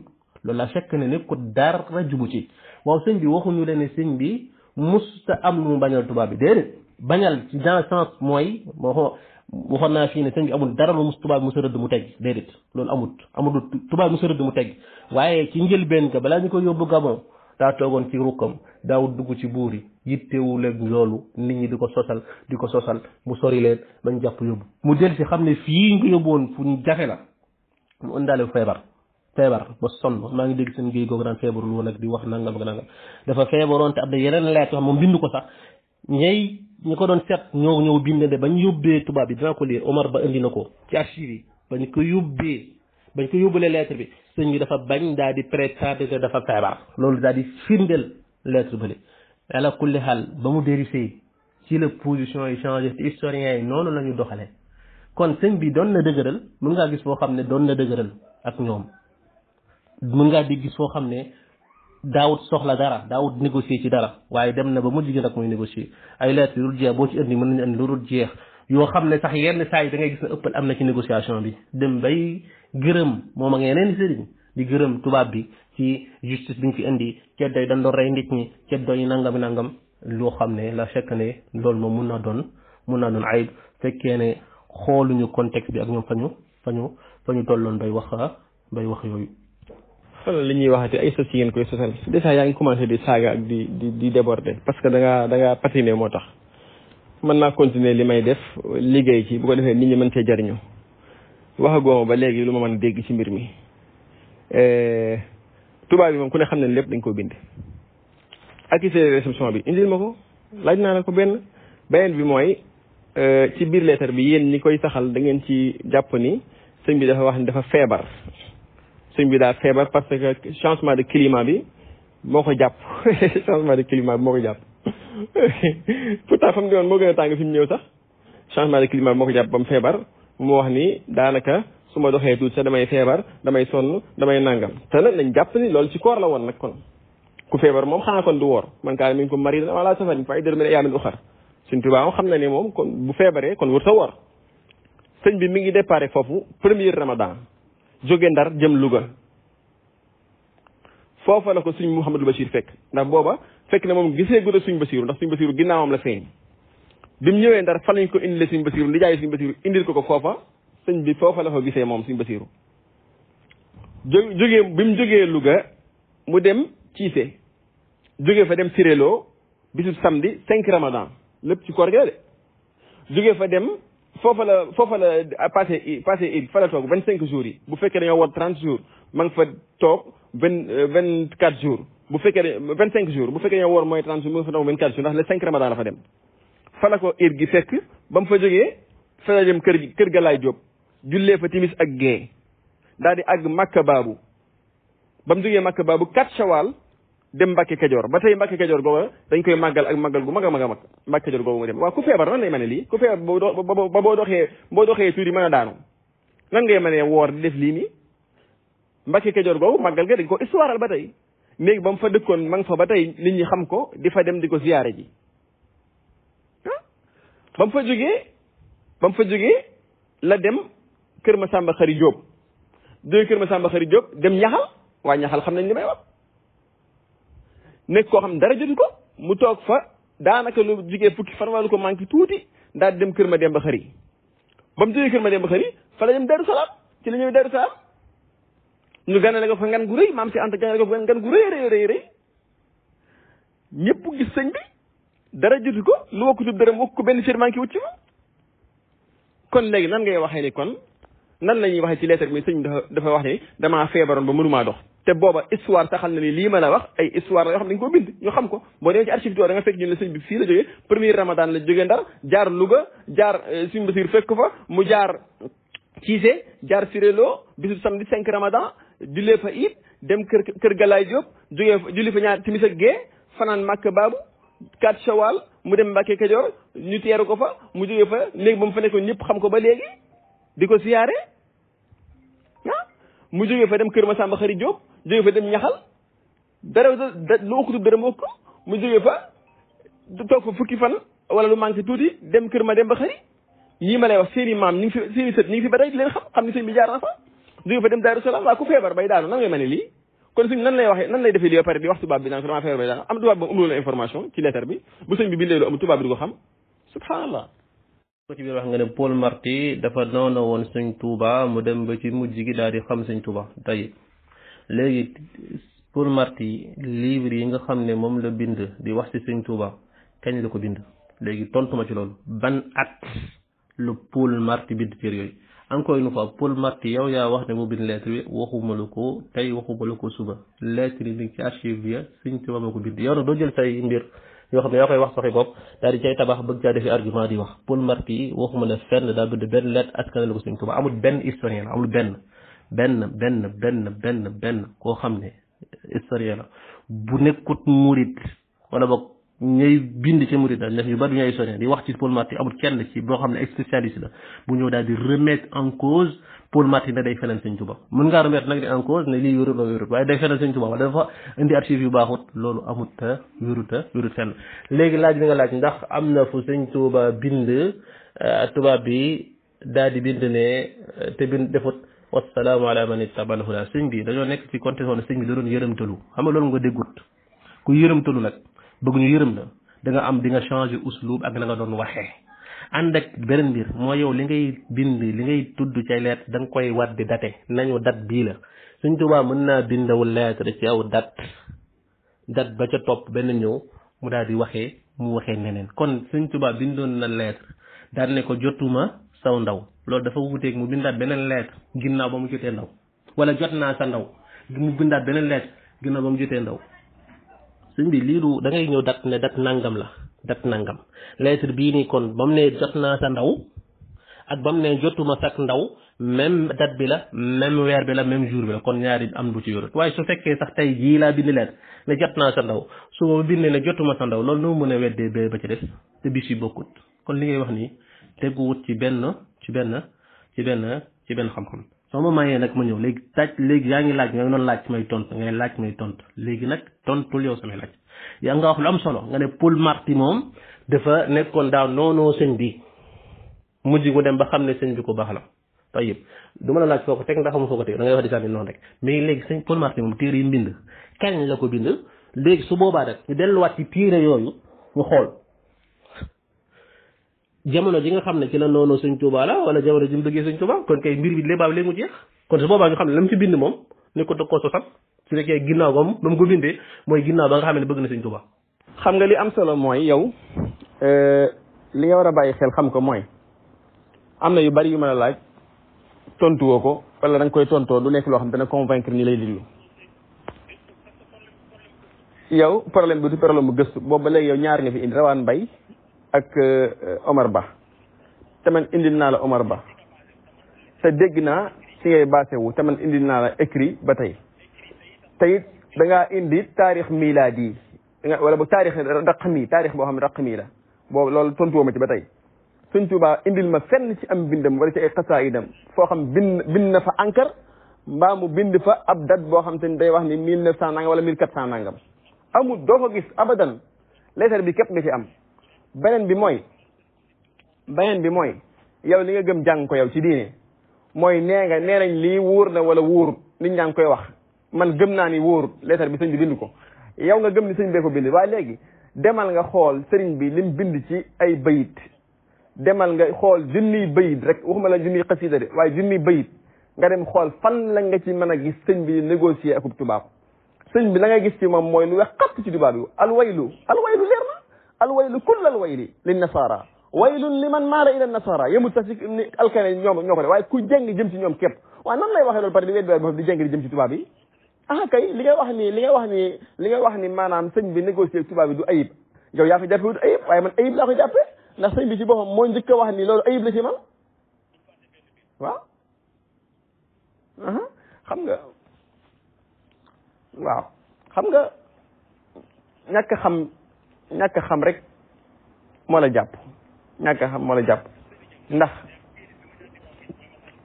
loolu laa fekk ne lépp ko dara jubu ci waaw sëñ bi waxuñu leen ne sëñ bi musta am lu mu bañal tubaab bi déedéet bañal ci dans le sens mooy waxoo waxoon naa fii ne sëñ bi amul dara lu mus tubaab musa rëdd mu tegg déedéet loolu amut amul tubaab musa rëdd mu teg waaye ci njëlbeen ka balaa ñu ko yóbbu Gabon daa toogoon ci rukkam daawut dugg ci buur yi yittewuleeg loolu nit ñi di ko sosal di ko sosal mu sori leen bañ jàpp yóbbu mu del si xam ne fii ñu yóbbu woon fu ñu jafe la mu ëndaale feebar feebar ba sonn maa ngi dégg seen géej googu naan feebarul woon ak di wax nangam ak dafa feebaroon te yeneen lettre yoo moom bind ko sax ñey ñu ko doon seet ñoo ñëw bind ne bañ yóbbee tubaab yi dinaa ko lire Omar ba indi na ko ci archive bañ ko yóbbee bañ ko yóbbulee lettre bi sëñ bi dafa bañ daal di prétendre que dafa feebar loolu daal di firndeel lettre bële ala kulli xaal ba mu dérissé ci la position yi changé ci historiens yi noonu la ñu kon sëñ bi doon na dëgëral mën ngaa gis foo xam ne doon na dëgëral ak ñoom mën ngaa di gis foo xam ne daawut soxla dara daawut négocier ci dara waaye dem na ba mujj gi nag muy négocier ay lettre lu dul jeex boo ci indi mën nañu indi lu dul jeex yoo xam ne sax yenn saa yi dangay gis ne ëppal am na ci négociation bi dem bay gërëm moom ak yeneen sëriñ di gërëm tubaab bi ci justice bi ñu fi indi ceddo yi dañ doon rey nit ñi ceddo yi nangam nangam loo xam ne la fekk ne loolu moom mun naa doon mun naa doon ayib fekkee ne xooluñu contexte bi ak ñoom fa ñu fa ñu fa ñu tolloon bay bay wax wala li ñuy waxati ay sos yi ngeen koy sosal dèjà yaa ngi commencé di saaga ak di di di parce que da ngaa da ngaa patiner moo tax mën naa continuer li may def liggéey ci bu ko defee nit ñi mën cee jariñu wax ba léegi lu ma man dégg ci mbir mi eh, tubaab bi moom ku ne xam ne lépp dañ ko bind accusé de réception bi indi ma ko laaj naa la ko benn beneen bi mooy eh, ci biir lettre bi yéen ñi koy saxal da ngeen ci jàpp ni sëñ bi dafa wax ni dafa feebar suñ bi daa feebar parce que changement de climat bi moo ko jàpp (laughs) changement de climat bi moo ko jàpp (laughs) pourtant fa mu doon moo gën a tàng fi mu ñëw moo ko jàpp ba mu feebar mu wax ni daanaka su ma doxee tuuti sax damay feebar damay sonn damay nangam te nag jàpp loolu ci koor la woon nag kon ku feebar moom xanaa du woor man kaa min ko mari dana wala safarin fa iddatu xam na ne moom kon bu feebaree kon wër sa woor sëñ bi mi ngi déparé foofu premier ramadan jóge ndar jëm Louga foofa la ko suñ Mouhamadul Bachir fekk ndax booba fekk na moom gisee gudda suñ Bachir ndax suñ Bachir ginnaawam la feeñ bi mu ñëwee ndar fan lañ ko indi indilee suñ Bachir li jaay suñ Bachir indil ko ko foofa sëñ bi foofa la ko gisee moom suñ Bachir jó jógee bi mu jógee luga mu dem Cissé jóge fa dem Sirélo bisub samedi 5 Ramadan lépp ci koor gi de jógee fa dem. foofa la foofa la passé passé il fa la toog vingt cinq jours yi bu fekkee dañoo war trente jours ma ngi fa toog vingt euh, vingt quatre jours bu fekkee ne vingt cinq jours bu fekkee dañoo war mooy trente jours ma ngi fa toog vingt quatre jours ndax le cinq ramadan la fa dem fa la ko ir gi fekk ba mu fa jógee fa la dem kër ga Galaay Jóob jullee fa timis ak gée daal di àgg Makka baabu ba mu jógee Makka baabu quatre shawal dem Mbàkke Kajoor ba tey Mbàkke Kajoor googa dañ koy màggal ak màggal gu mag a mag mag Mbàkke Kajoor googa nga dem waaw ku feebar nan lay mane lii ku feebar ba boo doxee boo doxee tuuti mën a daanu nan ngay woor di def lii nii Mbàkke Kajoor googu màggal ga dañ ko istuwaaral ba tey néegi ba mu fa dëkkoon ma nga fa ba tey nit ñi xam ko di fa dem di ko ziyaare ji ba mu fa jógee ba mu fa jógee la dem Kër ma Xari Jóob jógee Kër Masamba Xari Jóob dem ñaxal waa ñaxal xam nañ li may wax nekk koo xam ne dara jotu ko mu toog fa daanaka lu jigee fukki fan ko manqué tuuti daal di dem kër ma dem ba xëri ba mu jógee kër ma dem ba xëri fa la dem Daaru Salaam ci la ñëwee Daaru Salaam ñu ganale ko fa ngan gu rëy maam si Anta ganale ko fa ngan gu rëy rëy rëy rëy ñëpp gis sëñ bi dara jotu ko lu wakku tub dërëm wakk ko benn séer manqué wut ci ma kon léegi nan ngay waxee ni kon nan la ñuy waxee ci leetar mi sëñ dafa wax ne damaa feebaroon ba mënumaa dox te booba histoire saxal na ni lii mën na wax ay histoire la yoo xam ne dañ ko bind ñu xam ko boo demee ci archive ne sëñ la jógee premier ramadan la jógee Ndar jaar Louga jaar euh, suñu basir fekk fa mu jaar Cissé jaar Sirelo bisu samedi 5 fa dem kër kër Galaay Diop jógee fa julli fanaan Màkka Baabu 4 Shawal mu dem Mbàkke Kajoor ñu ko fa mu jógee fa léegi fa nekkoon ñëpp xam ko ba léegi ko siyaare ah mu jógee fa dem kër Masamba Xari Diop jóge fa dem ñaxal dara lu ëkkutu dara mu ëkk mu jóge fa toog fa fukki fan wala lu manqué tuuti dem kër ma dem ba xëri yii ma lay wax seeni maam ñi ngi fi seeni sët ba tey di leen xam xam ni sëñ bi jaar na fa jóge fa dem Daaru Salaam ku feebar bay daanu nan ngay mane lii kon suñ nan lay waxee nan lay defee lii ba pare di wax tubaab bi naan ko dama feebar bay daanu am tubaab bi amul woon information ci lettre bi bu sëñ bi bindee lu amul tubaab bi du ko xam wax nga ne Paul Marty dafa noona woon sëñ Touba mu dem ba ci mujj gi daal di xam sëñ Touba tey léegi pour marti livre yi nga xam ne moom la bind di wax ci sëñ Touba kañ la ko bind léegi tontuma ci loolu ban at lu Paul Marty bind téere yooyu encore nu fois Paul Marty yow yaa wax ne mu bind lettre bi waxuma la ko tey waxuma la ko suba lettre yi ci archive ya sëñ Touba ma ko bind yow nag doo jël say mbir yoo xam ne yaa koy wax saxi bopp daal di cay tabax bëgg caa defi argument di wax Paul Marty waxuma la fenn daa bind benn lettre ko sëñ amul benn historien amul benn benn benn benn benn benn koo xam ne historien la bu nekkut murit wala boog ñay bind ci murit daal def yu bari ñooy historien di wax ci Paul Marty amul kenn ci boo xam ne spécialiste la bu ñëw daal di remettre en cause Paul Marty ne day feneen Sëñ Tuubaa mën ngaa remettre nag di en cause ne lii wérut la wérut waaye day feneen Sëñ Tuubaa wala dafa indi archive yu baaxut loolu amut ta wérut a wérut fenn léegi laaj bi nga laaj ndax am na fu Sëñ Tuubaa bind euh, tubaab bi daal di bind ne wassalaamu ala man ittabal huda sëñ bi dañoo nekk ci condition ne sëñ bi da doon yërëmtalu xam nga loolu nga déggut ku yërëmtalu nag bëgg ñu yërëm la da nga am di nga changer uslub ak na nga doon waxee ànd ak beneen mbir moo yow li ngay bind li ngay tudd ci lettre da nga koy war di date nañu date bii la Sëñ Tuubaa mën naa bindawul lettre ci aw date date ba ca topp benn ñëw mu daal di waxee mu waxee neneen kon Sëñ Tuubaa bindoon na lettre daal ne ko jotuma saw ndaw loolu dafa wuuteeg mu bindaat beneen lettre ginnaaw ba mu jotee ndaw wala jot naa sa ndaw mu bindaat beneen lettre ginnaaw ba mu jotee ndaw sëñ bi lii du da ngay ñëw dat ne dat nangam la dat nangam lettre bii nii kon ba mu ne jot naa sa ndaw ak ba mu ne jotuma sak ndaw même date bi la même weer bi la même jour bi la kon ñaari am bu ci yorut waaye su fekkee sax tey jii laa bind leen ne jot naa sa ndaw su ma bindee ne jotuma sa ndaw loolu noo mën a weddee ba ba ci des te bis yi kon li ngay wax nii teguwut ci benn ci benn ci benn ci benn xam-xam soo ma mayee nag ma ñëw léegi taaj léegi yaa ngi laaj nga noonu laaj may tontu ngay laaj may tont léegi nag tontul yow samay laaj yaa nga wax lu am solo nga ne Paul Marty moom dafa nekkoon daaw noonoo sëñ bi mujj mu dem ba xam ne sëñ bi ko baax la tayib du ma la laaj foo ko teg ndax amu foo ko teg da ngay wax di sànni noonu rek mais léegi sëñ Paul Marty moom téere yi mbind kañ la ko bind léegi su boobaa rek ñu delluwaat yi téere yooyu ñu xool jamono ji nga xam ne ci la noonu suñ Tuubaa la wala jamono ji mu duggee suñ Tuubaa kon kay mbir bi lébaab léegi mu jeex kon xam ne la mu ci bind moom ni ko da koo sosal su fekkee ba ko bindee mooy ginnaaw ba nga xam ne bëgg na suñ xam nga li am solo mooy yow euh, nga war a bàyyi xel xam ko mooy am na yu bari yu ma a laaj tontuwoo ko wala da nga koy tontoo du nekk loo xam ne dana convaincre ni lay déglu yow problème bi du problème mu gëstu boobu ba léegi yow ñaar nga fi indi rawaan mbay ak euh, Omar Ba te man indil naa la Omar Ba te dégg naa ci ngay baase wu te indil naa la écrit ba tey te it da ngaa indi taarix milaadi yi wala bu taarix raqmi taarix boo xam ne raqmi la boobu loolu tontuwoo ma ci ba tey Sëñ Tuubaa indil ma fenn ci am bindam wala ci ay xasaayidam foo xam bind bind na fa ankar mbaa mu bind fa ab date boo xam te ni day wax ni mille neuf cent wala mille quatre cent nangam amul doo ko gis bi képp nga ci am beneen bi mooy beneen bi mooy yow li nga gëm jàng ko yow ci diine mooy nee nga nee nañ lii wóor na wala wóor nit ñaa koy wax man gëm naa ni wóor leetar bi sëñ bi bind ko yow nga gëm ni sëñ bee ko bind waaye léegi demal nga xool sëriñ bi lim bind ci ay bayit demal nga xool junniy bayit rek waxuma la junniy xasida de waaye junniy bayit nga dem xool fan la nga ci mën a gis sëñ bi négocier akub tubaab sëñ bi la nga gis ci moom mooy lu wex xatt ci tubaab bi alwaylu alwaylu kulle alwayli linnasaara waylun liman maala ila nasaara yemul sax si ni alkane ñoom ñoo ko de waaye ku jeng jëm ci ñoom képp waaw nan lay waxee loolu parce que wéet boo xam di jeng di jëm ci ah kay li ngay wax ni li ngay wax ni li ngay wax ni maanaam sëñ bi négocier tubaab yi du ayib yow yaa ko jàppe du ayib waaye man ayib laa ko jàppe ndax sëñ bi ci boppam moo njëkk a wax ni loolu ayib la ci man waaw uh-huh. xam nga waaw xam nga ñàkk xam ñàkk xam rek moo la jàpp ñàkk xam moo la jàpp ndax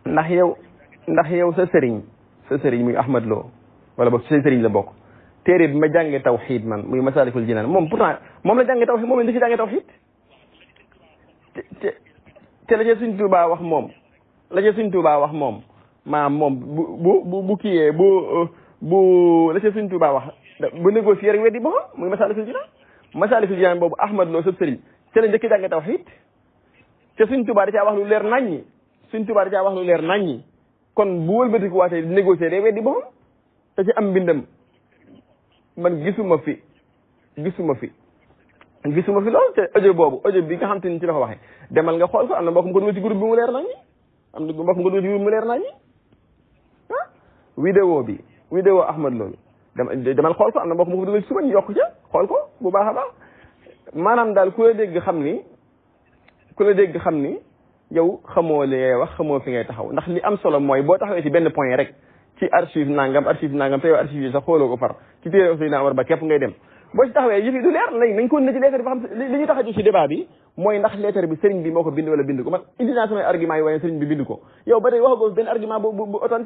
ndax yow ndax yow sa sëriñ sa sëriñ muy Ahmad Lo wala boog sa sëriñ la bokk téere bi ma jàngee tawxiid man muy masalikul jinaan moom pourtant moom la jàngee tawxiid moom la si jàngee tawxiid te la ca suñ Tuubaa wax moom la ca suñ Tuubaa wax moom maam moom bu bu bu kiyee bu bu la ca suñ Tuubaa wax bu négocier rek weddi boppam muy masalikul jinaan Masaalikul Jinaan boobu Ahmad Lo sëb sëriñ ci la njëkk jàng tawhid te Sëriñ Tuubaa da caa wax lu leer naññi yi Tuubaa da caa wax lu leer yi kon bu wëlbatiku waatee di négocier day weddi boppam ta ci am mbindam man gisuma fi gisuma fi gisuma fi loolu boobu audio bi nga xam te ni ci la ko demal nga xool ko am na mbokk mu ko dugal ci groupe mu leer naññi am na mu ko dugal ci groupe bi mu ah, bi vidéo Ahmad loolu demal xool ko am na mbokk mu ko dugal ci suba ñu yokk ca xool ko bu baax a baax maanaam daal ku la dégg xam ni ku la dégg xam ni yow xamoo li ngay wax xamoo fi ngay taxaw ndax li am solo mooy boo taxawee ci benn point rek ci archive nangam archive nangam te yow archive yi sax xooloo ko far ci téere Seydina Omar ba képp ngay dem boo ci taxawee yëf yi du leer léegi nañ ko na ci lettre bi xam bi mooy ndax lettre bi sëriñ bi moo ko bind wala bind ko man indi naa samay argument yi waaye sëriñ bi bind ko yow ba tey waxagoo benn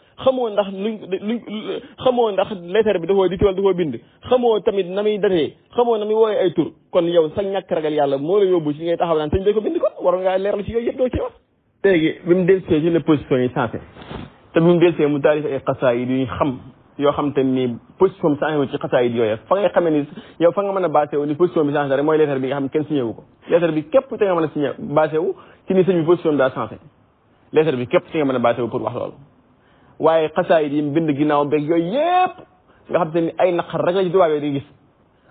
xamoo ndax luñ luñ xamoo ndax lettre bi dafoo di ci wala dafoo bind xamoo tamit na muy datee xamoo na muy woowee ay tur kon yow sa ñàkk ragal yàlla moo la yóbbu ci ngay taxaw naan sëñ bi ko bind kon waroon ngaa ci yooyu yëpp doo ci wax léegi bi mu delsee ci la position yi sensé te bi mu delsee mu taalif ay xasaayid xam yoo xam te ni position bi changé wu ci xasaayid yooyu fa ngay xamee ni nga mën a basé wu ni mooy lettre bi nga kenn si wu ko lettre bi képp te nga mën a signé basé wu ci ni sëñ bi position bi daa changé lettre bi képp te nga mën a basé wu pour wax loolu waaye xasaayit yi mu bind ginnaaw beeg yooyu yëpp nga xam te ni ay naqar rek la ci tubaab yi di gis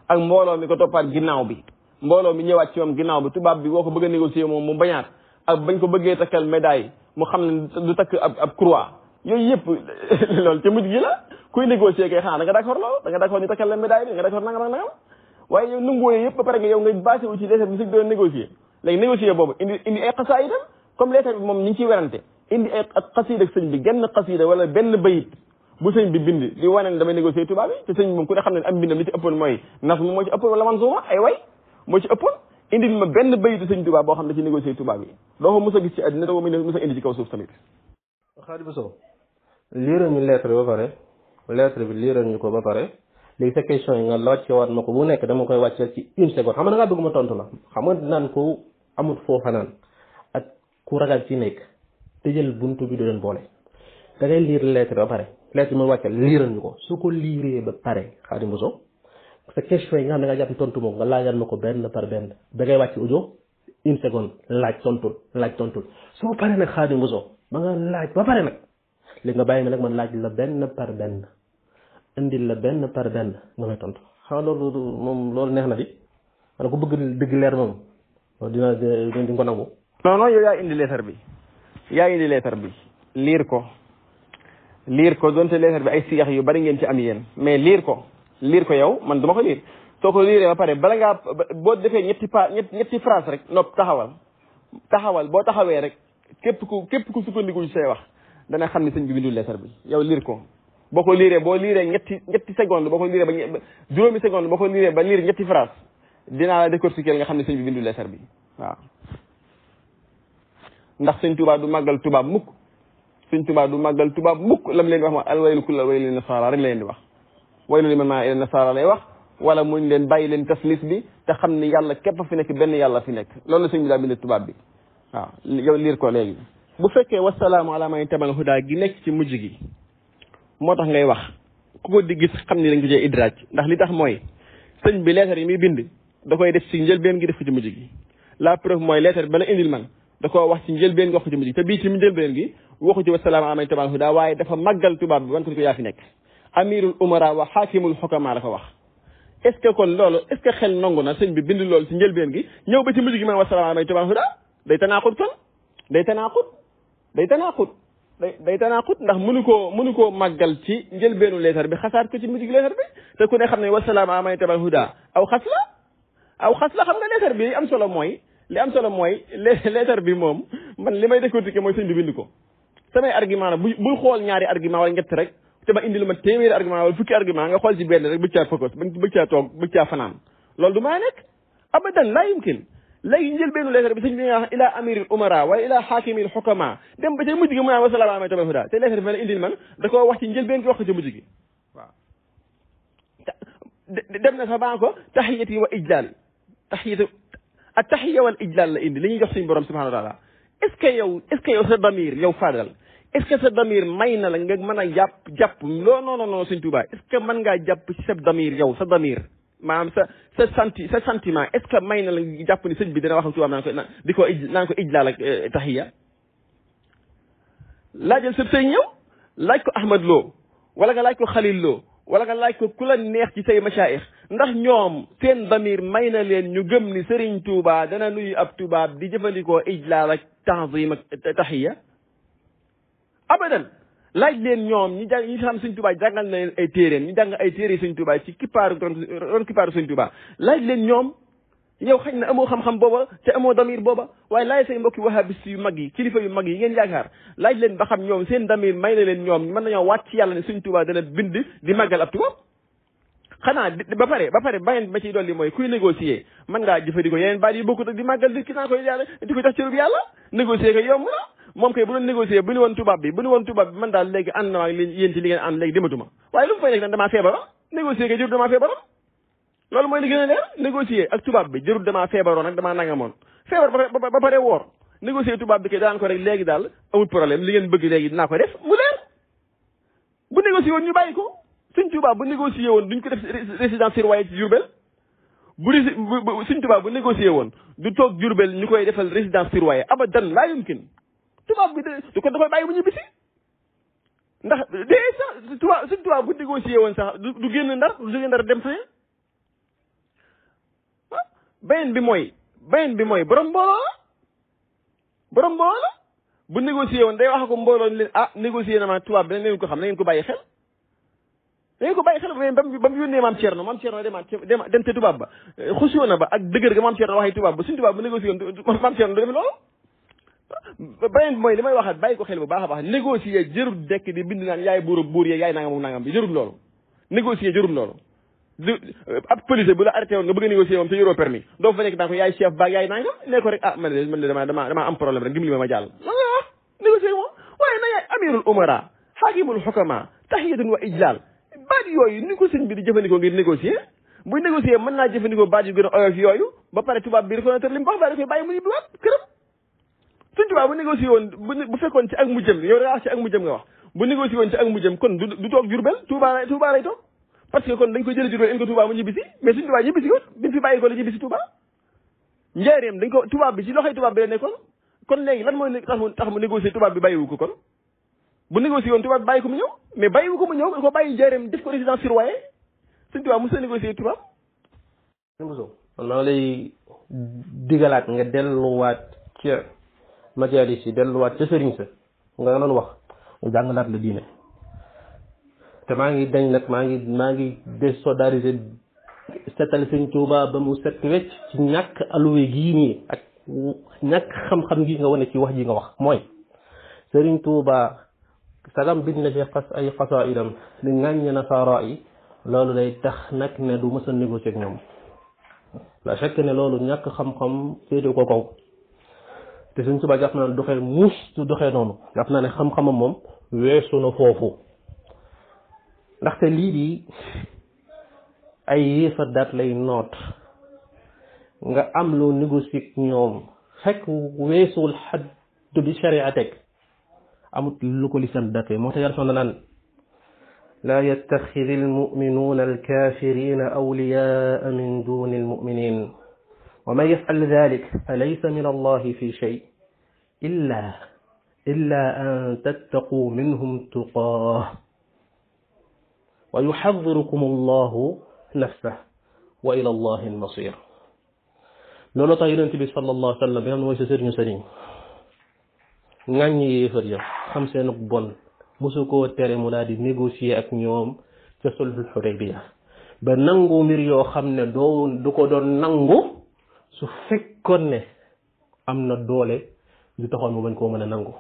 ak mbooloo mi ko toppaat ginnaaw bi mbooloo mi ñëwaat ci moom ginnaaw bi tubaab bi woo ko bëgg a négocier moom mu bañaat ak bañ ko bëggee takkal médaille mu xam ne du takk ab ab croix yooyu yëpp (laughs) loolu ci mujj gi la kuy négocier kay xanaa da nga d'accord loolu da nga bi da nga d'accord nangam ak nangam waaye yow nunguwooyee yëpp ba pare nga yow nga basé wu ci lettre bi si doon négocier moom ñi ngi indi ay xasiida ak sëñ bi genn xasiida wala benn bayit bu sëñ bi bind di wane ne damay négocier tubaab bi te sëñ bi moom ku ne xam ne am bindam li ci ëppoon mooy nasmu moo ci ëppoon wala mansuuma ay way moo ci indi ma benn bayitu sëñ tubaab boo xam ne ci négocier tubaab yi doo ko mos a gis ci àddina doo ko mos a indi ci kaw suuf tamit xaadi bi sow liiral ñu lettre bi ba pare lettre bi ñu ko ba pare léegi sa question yi nga waat ma ko bu nekk dama koy wàcce ci une seconde xam nga da ngaa tontu la xam nga naan ko amut foo fanaan ak ku ragal ci nekk jël buntu bi du leen boole da ngay lire ba pare lettre bi mu wàcce liiral ñu ko su ko liiree ba pare Xaadim Buso sa question yi nga xam ne nga jàpp tontu moom nga laajal ma ko benn par benn da ngay wàcc audio une seconde laaj tontul laaj tontul soo pare nag Xaadim Buso ba nga laaj ba pare nag léegi nga bàyyi ma nag man laaj la benn par benn indil la benn par benn nga may tontu xam loolu moom loolu neex na di man ko bëgg dëgg leer moom dina dina ko nangu. non non yow indi lettre bi. yaa indi leetar bi liir ko liir ko donte leetar bi ay siyax yu bari ngeen ci am yéen mais liir ko liir ko yow man duma ko liir soo ko liiree ba pare bala ngaa boo defee ñetti pa ñetti phrase rek nopp taxawal taxawal boo taxawee rek képp ku képp ku sukkandiku ci say wax dana xam ne sëñ bi bindul leetar bi yow liir ko boo ko liiree boo liiree ñetti ñetti seconde boo ko liiree ba juróomi seconde boo ko liiree ba liir ñetti phrase dinaa la décortiquer nga xam ne sëñ bi bindul bi waaw ndax sëñ tubaab du màggal tubaab mukk sëñ Tuubaa du màggal tubaab mukk lam leen wax ma alwaylu kulla wayli nasaara rek la leen di wax waylu li man maa ila nasaara lay wax wala muñ leen bàyyi leen taslis bi te xam ni yàlla képp fi nekk benn yàlla fi nekk loolu la sëñ bi daa bind tubaab bi waaw yow liir ko léegi bu fekkee wasalaamu ala man tamal hudaa gi nekk ci mujj gi moo tax ngay wax ku ko di gis xam ni dañ ko cee idraaj ndax li tax mooy bi leetar yi muy bind da def si njëlbeen gi def ko ci mujj gi la preuve mooy leetar bala indil man da koo wax ci njëlbeen wax ko ci mujj te bii ci njëlbeen gi waxu ci wasalaam amay tabaal huda waaye dafa màggal tubaab bi wan ko ko yaa nekk amirul umara wa xaakimul xukama la ko wax est ce que kon loolu est ce xel nangu na sëñ bi bind lool ci njëlbeen gi ñëw ba ci mujj gi man wasalaam amay tabaal huda day tanaaqut kon day tanaaqut day tanaaqut day day tanaaqut ndax mënu koo mënu koo màggal ci njëlbeenu leetar bi xasaat ko ci mujj gi leetar bi te ku ne xam ne wasalaam amay tabaal huda aw xas la aw xas am solo mooy li am solo mooy lettre bi moom man li may décortiquer mooy sëñ bi bind ko samay argument la bu bul xool ñaari argument wala ñett rek te ma indi lu ma téeméeri argument wala fukki xool ci benn rek bëgg caa focus bëgg caa toog bëgg caa fanaan loolu du maa nekk abadan laa yumkin léegi njël bennu lettre bi sëñ bi nga wax wala ila hakimil hukama dem ba ca mujj gi mu naan wasalaama indil man da koo wax ci njël benn ki wax ko ca mujj gi waaw na sax baa ko taxiyati wa ijlal taxiyati attahiya wal ijlal la indi li ñuy jox suñu borom subhanahu wa taala est ce que yow est ce que yow sa damir yow Fadal est sa damir may na la nga mën a jàpp jàpp loo non non non suñ Tuubaa est ce jàpp ci sa damir yow sa damir maanaam sa sa senti sa sentiment est ce may na la nga jàpp ni sëñ bi dina wax ak tubaab naan ko di ko ij naan ko ijlal ak euh, tahiya laajal sëb ñëw laaj ko Ahmad Lo wala nga laaj ko Xalil Lo wala nga laaj ko ku la neex ci say machaayix ndax ñoom seen damir may na leen ñu gëm ni Serigne Touba dana nuyu ab tubaab di jëfandikoo ijlaal ak tanzim ak taxiya abadan laaj leen ñoom ñu jàng ñu xam suñ Touba jàngal na leen ay téereen ñu jàng ay tere suñ Touba ci kippaaru ron kippaaru Serigne Touba laaj leen ñoom yow xëy na amoo xam-xam booba te amoo damir booba waaye laaj say mbokki wahabis yu mag yi kilifa yu mag yi ngeen yaakaar laaj leen ba xam ñoom seen damir may na leen ñoom mën nañoo ci yàlla ne Serigne Touba dana bind di màggal ab tubaab xanaa ba pare ba pare bangeen ba ciy dolli mooy kuy négocier mën ngaa jëfandikoo yeneen baat yi bokkut ak di màggal di ki naa koy yàlla di ko jox ci rub yàlla négocier ko yomb na moom kay bu doon négocier bu ñu woon tubaab bi bu ñu woon tubaab bi man daal léegi ànd naa ak yéen ci li ngeen ànd léegi dematuma waaye lu mu fay nekk nag damaa feebaroon négocier kay jërul damaa feebaroon loolu mooy li gën a leer négocier ak tubaab bi jërul damaa feebaroon ak damaa nangamoon feebar ba pare woor négocier tubaab bi kay daan ko rek léegi daal amul problème li ngeen bëgg léegi dinaa ko def mu leer bu négocier woon ñu bàyyi ko Sëñ Tuubaa bu négocié woon duñ ko def résidence surveillée ci Diourbel bu risi bu Sëñ ba bu négocié woon du toog Diourbel ñu koy defal résidence surveillée abadan laa yumkin tubaab bi de kon da koy bàyyi bu ñibbisi ndax de sax tubaab Sëñ Tuubaa bu négocié woon sax du génn ndar du génn ndar dem feneen ah, beneen bi mooy beneen bi mooy borom mbooloo la borom mbooloo la bu négocié woon day wax ko mbooloo leen ah négocié na ma tubaab bi na ngeen ko xam na ngeen ko bàyyi xel dañu ko bàyyi xel ba mu ba mu yónnee maam Thierno maam Thierno demaat dem te tubaab ba xusoo na ba ak dëgër ga maam Thierno waxee tubaab ba suñu tubaab ba négocié woon maam Thierno du def loolu beneen mooy li may waxaat bàyyi ko naan yaay buur buur yeeg nangam nangam bi jërul loolu négocier jërul loolu du police bu la nga bëgg a négocier moom te yoroo permis doo fa nekk ko yaay chef baag yaay nangam ne ko rek ah man de dama dama dama rek dimbali ma ma jàll lan nga na yaay amirul umara xaakimul xukama tahiyatun yooyu ni ko sëñ bi di jëfandikoo ngir négocier buy négocier mën naa jëfandikoo baat yu gën a oyof yooyu ba pare tubaab bi reconnaître li mu wax ba dafay bàyyi mu ñibbiwaat këram sëñ tubaab bu négocier woon bu fekkoon ci ak mujjëm yow da nga wax ci ak mujjëm nga wax bu négocier woon ci ak mujjëm kon du toog jurbel tuubaa tuubaa lay toog parce que kon dañ ko jële jurbel in ko tuubaa mu ñibbisi mais sëñ tubaab ñibbisi woon bi fi bàyyi ko la ñibbisi tuubaa njaareem dañ ko tubaab bi bu négocié woon tubaab bàyyi ko mu ñëw mais bàyyiwu ko mu ñëw da ko bàyyi njëriñam def ko résidence surveillée sëñ tubaab mos a négocié tubaab. loolu lay digalaat nga delluwaat ca matérialiste yi delluwaat ca sëriñ sa nga doon wax nga jàngalaat la diine te maa ngi dañ nag maa ngi maa ngi désolidarisé setal sëñ Tuuba ba mu set wecc ci ñàkk alluwe gii nii ak ñàkk xam-xam gi nga wane ci wax ji nga wax mooy sëriñ Tuuba. sagam bind na ci xas ay xasaayidam di ŋàññe nasaara yi loolu day tax nag ne du mës a négocier ñoom la fekk ne loolu ñàkk xam-xam féete ko kaw te suñ suba jàpp naa ne doxee muus su doxee noonu jàpp naa ne xam a moom weesu na foofu ndaxte lii di ay yéefa daat lay noot nga am loo négocier ak ñoom fekk weesuwul xadd bi sharia amut lu ko lislam dàkkee moo tax yàlla sonal naan laa yattaxidi almuminuuna alkafirina awliyaa min duni almuminin wa man yafal dalik fa laysa min allahi fi shay illa illa an tattaquu minhum tuqaa wa yuxadirukum allahu nafsah wa ila allahi almasir loolu tax yonent bi sallallahu alayhi wa sallam bi xam ne mooy sa sëriñu sëriñ ŋàññi yéefar ya xam seen bon mosu koo tere mu daal di négocier ak ñoom ca bi Hudaybiya ba nangu mbir yoo xam ne doo du ko doon nangu su fekkoon ne am na doole du taxoon mu bañ koo mën a nangu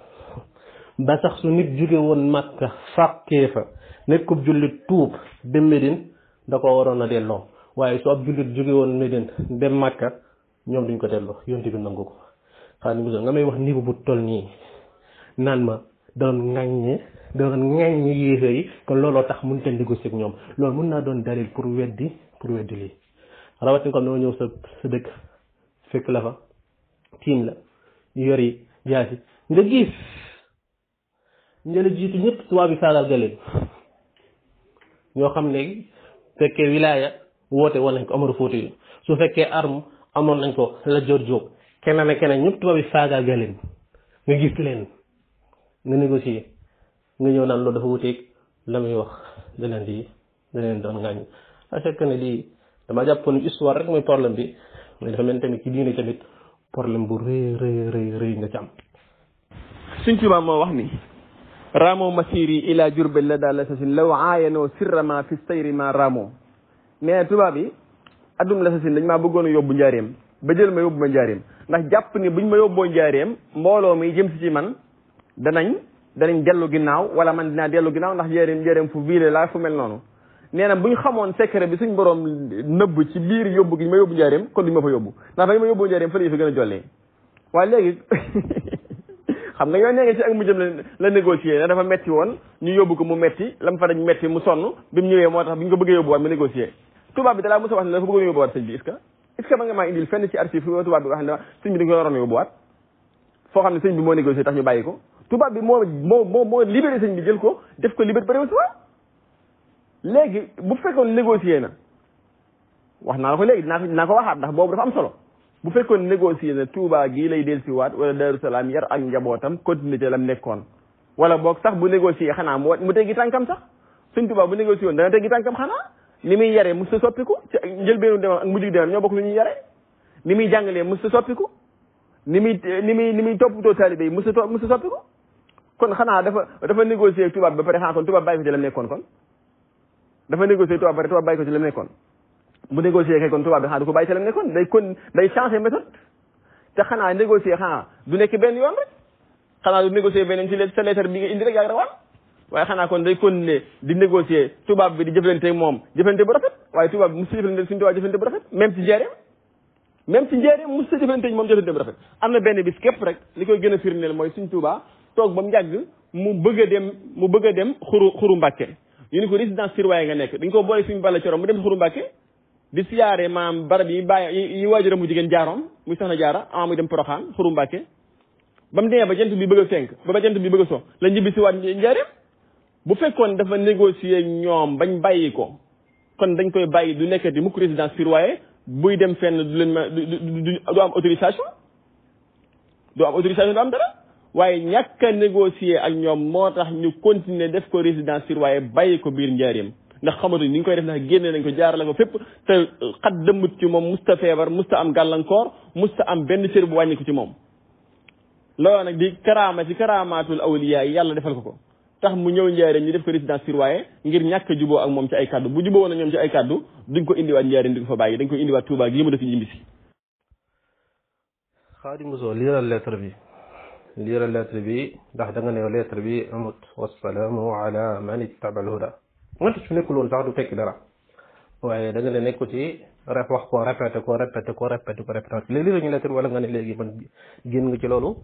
ba sax su nit jóge woon Makka fàkkee fa nekkub jullit tuub da ko waroon a delloo waaye su ab jullit jóge woon Médine dem Makka ñoom duñ ko delloo yonte bi nangu ko xaaral nga may wax niveau bu toll nii naan ma doon ŋaññe doon ŋaññe yéefar yi kon looloo tax mun te négocier ak ñoom loolu mun naa doon dalil pour weddi pour weddi lii rawatina comme dama ñëw sa la fa tiim la yi nga gis njëla jiitu ñëpp tubaab bi saagal galeen ñoo xam ne fekkee wilaaya woote woon nañ ko Omar Fouta yi su fekkee arm amoon nañ ko la Joor Jóob keneen ak keneen ñëpp tubaab bi saagal galeen nga gis leen nga négocier nga ñëw naan loolu dafa wuteeg la muy wax da leen di da leen doon ngaañ à chaque ne lii damaa jàppoon ni mooy problème bi mais dafa mel tamit ci bu rëy moo wax ni raamoo masiri ila jurbel la daal la sasin law aayanoo sirrama fi ma na tubaab yi addum la dañ maa bëggoon yóbbu njaareem ba jël ma ndax jàpp buñ ma yóbboo njaareem mbooloo mi jëm ci man danañ danañ dellu ginnaaw wala man dinaa dellu ginnaaw ndax njëriñ njëriñ fu viile laa fu mel noonu nee na bu ñu xamoon secret bi suñ borom nëbb ci biir yóbbu gi ñu ma yóbbu njëriñ kon duñ ma fa yóbbu ndax fa ñu ma yóbbu njëriñ fa la fi gën a jollee waaye léegi (laughs) xam nga yooyu nee nga ci ak mu jëm la négocier na dafa metti woon ñu yóbbu ko mu metti lam fa dañ metti mu sonn bi ñëwee moo tax bi ñu ko bëggee yóbbuwaat mu négocier tubaab bi dalaa mos a wax ne dafa bëggoon yóbbuwaat bi est-ce que fenn ci archive tubaab bi wax ne sëñ bi dañ yóbbuwaat foo xam ne sëñ bi moo négocier tax ñu bàyyi ko tubaab bi moo moo moo moo libéré sëñ bi jël ko def ko libéré ba tubaab léegi bu fekkoon négocier na wax naa la ko léegi dinaa ko dinaa ko waxaat ndax boobu dafa am solo bu fekkoon négocier na Touba gii lay dellusiwaat wala Darou Salaam yar ak njabootam continuité lam nekkoon wala boog sax bu négocier xanaa mu mu teggi tànkam sax sëñ Touba bu négocier woon dana teggi tànkam xanaa ni muy yaree mos a soppiku ci njëlbeenu demam ak mujj demam ñoo bokk lu ñuy yaree ni muy jàngalee mos a soppiku ni muy ni muy ni muy toppatoo taalibe yi mos a mos kon xanaa dafa dafa négocier tubaab ba pare xanaa ah, kon tubaab bàyyi ko ci la mu nekkoon kon dafa négocier tubaab ba pare tubaab bàyyi ko ci la mu nekkoon bu négocier kay kon tubaab bi xanaa ah, du ko bàyyi ci la mu nekkoon day kon day changé méthode te xanaa négocier xanaa ah, nekk benn yoon rek xanaa du négocier benn ci sa lettre bi nga indi rek yaa ngi rawaan waaye xanaa kon day continuer di négocier tubaab bi di jëflante moom jëflante bu rafet waaye tubaab bi mu si jëflante suñu tubaab jëflante bu rafet même ci njëriñ même ci njëriñ mu si jëflante moom jëflante bu rafet am na benn bis képp rek li koy gën a mooy suñ tubaab toog ba mu yàgg mu bëgg dem mu bëgg a dem xuru xuru mbàkke ñu ni ko résidence surveillée nga nekk dañ ko boole suñu balla coro mu dem xuru mbàkke di siyaare maam barab yi bàyyi yi waajuram mu jigéen jaaroon muy soxna jaara ama muy dem poroxaan xuru mbàkke ba mu ba jant bi bëgg a ba ba jant bi bëgg a so la ñibbi si waat njaareem bu fekkoon dafa négocier ñoom bañ bàyyi ko kon dañ koy bàyyi du nekk di mukk résidence surveillée buy dem fenn du leen ma du am autorisation du am autorisation du am dara waaye ñàkk a négocier ak ñoom moo tax ñu continuer def ko résidence sur waaye bàyyi ko biir njaarim ndax xamatuñ ni ñu koy def ndax génne nañ ko jaarale ko fépp te xat dëmbut ci moom musta feebar musta am gàllankoor musta am benn cër bu wàññi ci moom loolu nag di karaama ci karaamaatul awliya yi yàlla defal ko ko tax mu ñëw njaareem ñu def ko résidence surveillée ngir ñàkk a ak moom ci ay kaddu bu juboo woon ak ñoom ci ay kaddu duñ ko indiwaat njaareem di ko bàyyi dañ ko indiwaat Tuubaa gi mu def ci njimbi si xaadimu soo lii la lettre liira lettre bi ndax da nga ne lettre bi amut wasalaamu ala man ittabal huda wante su nekkul woon sax du tekki dara waaye da nga ne nekku ci ref wax ko répété ko répété ko répété ko répété léegi liira ñu lettre bi ne léegi man génn nga ci loolu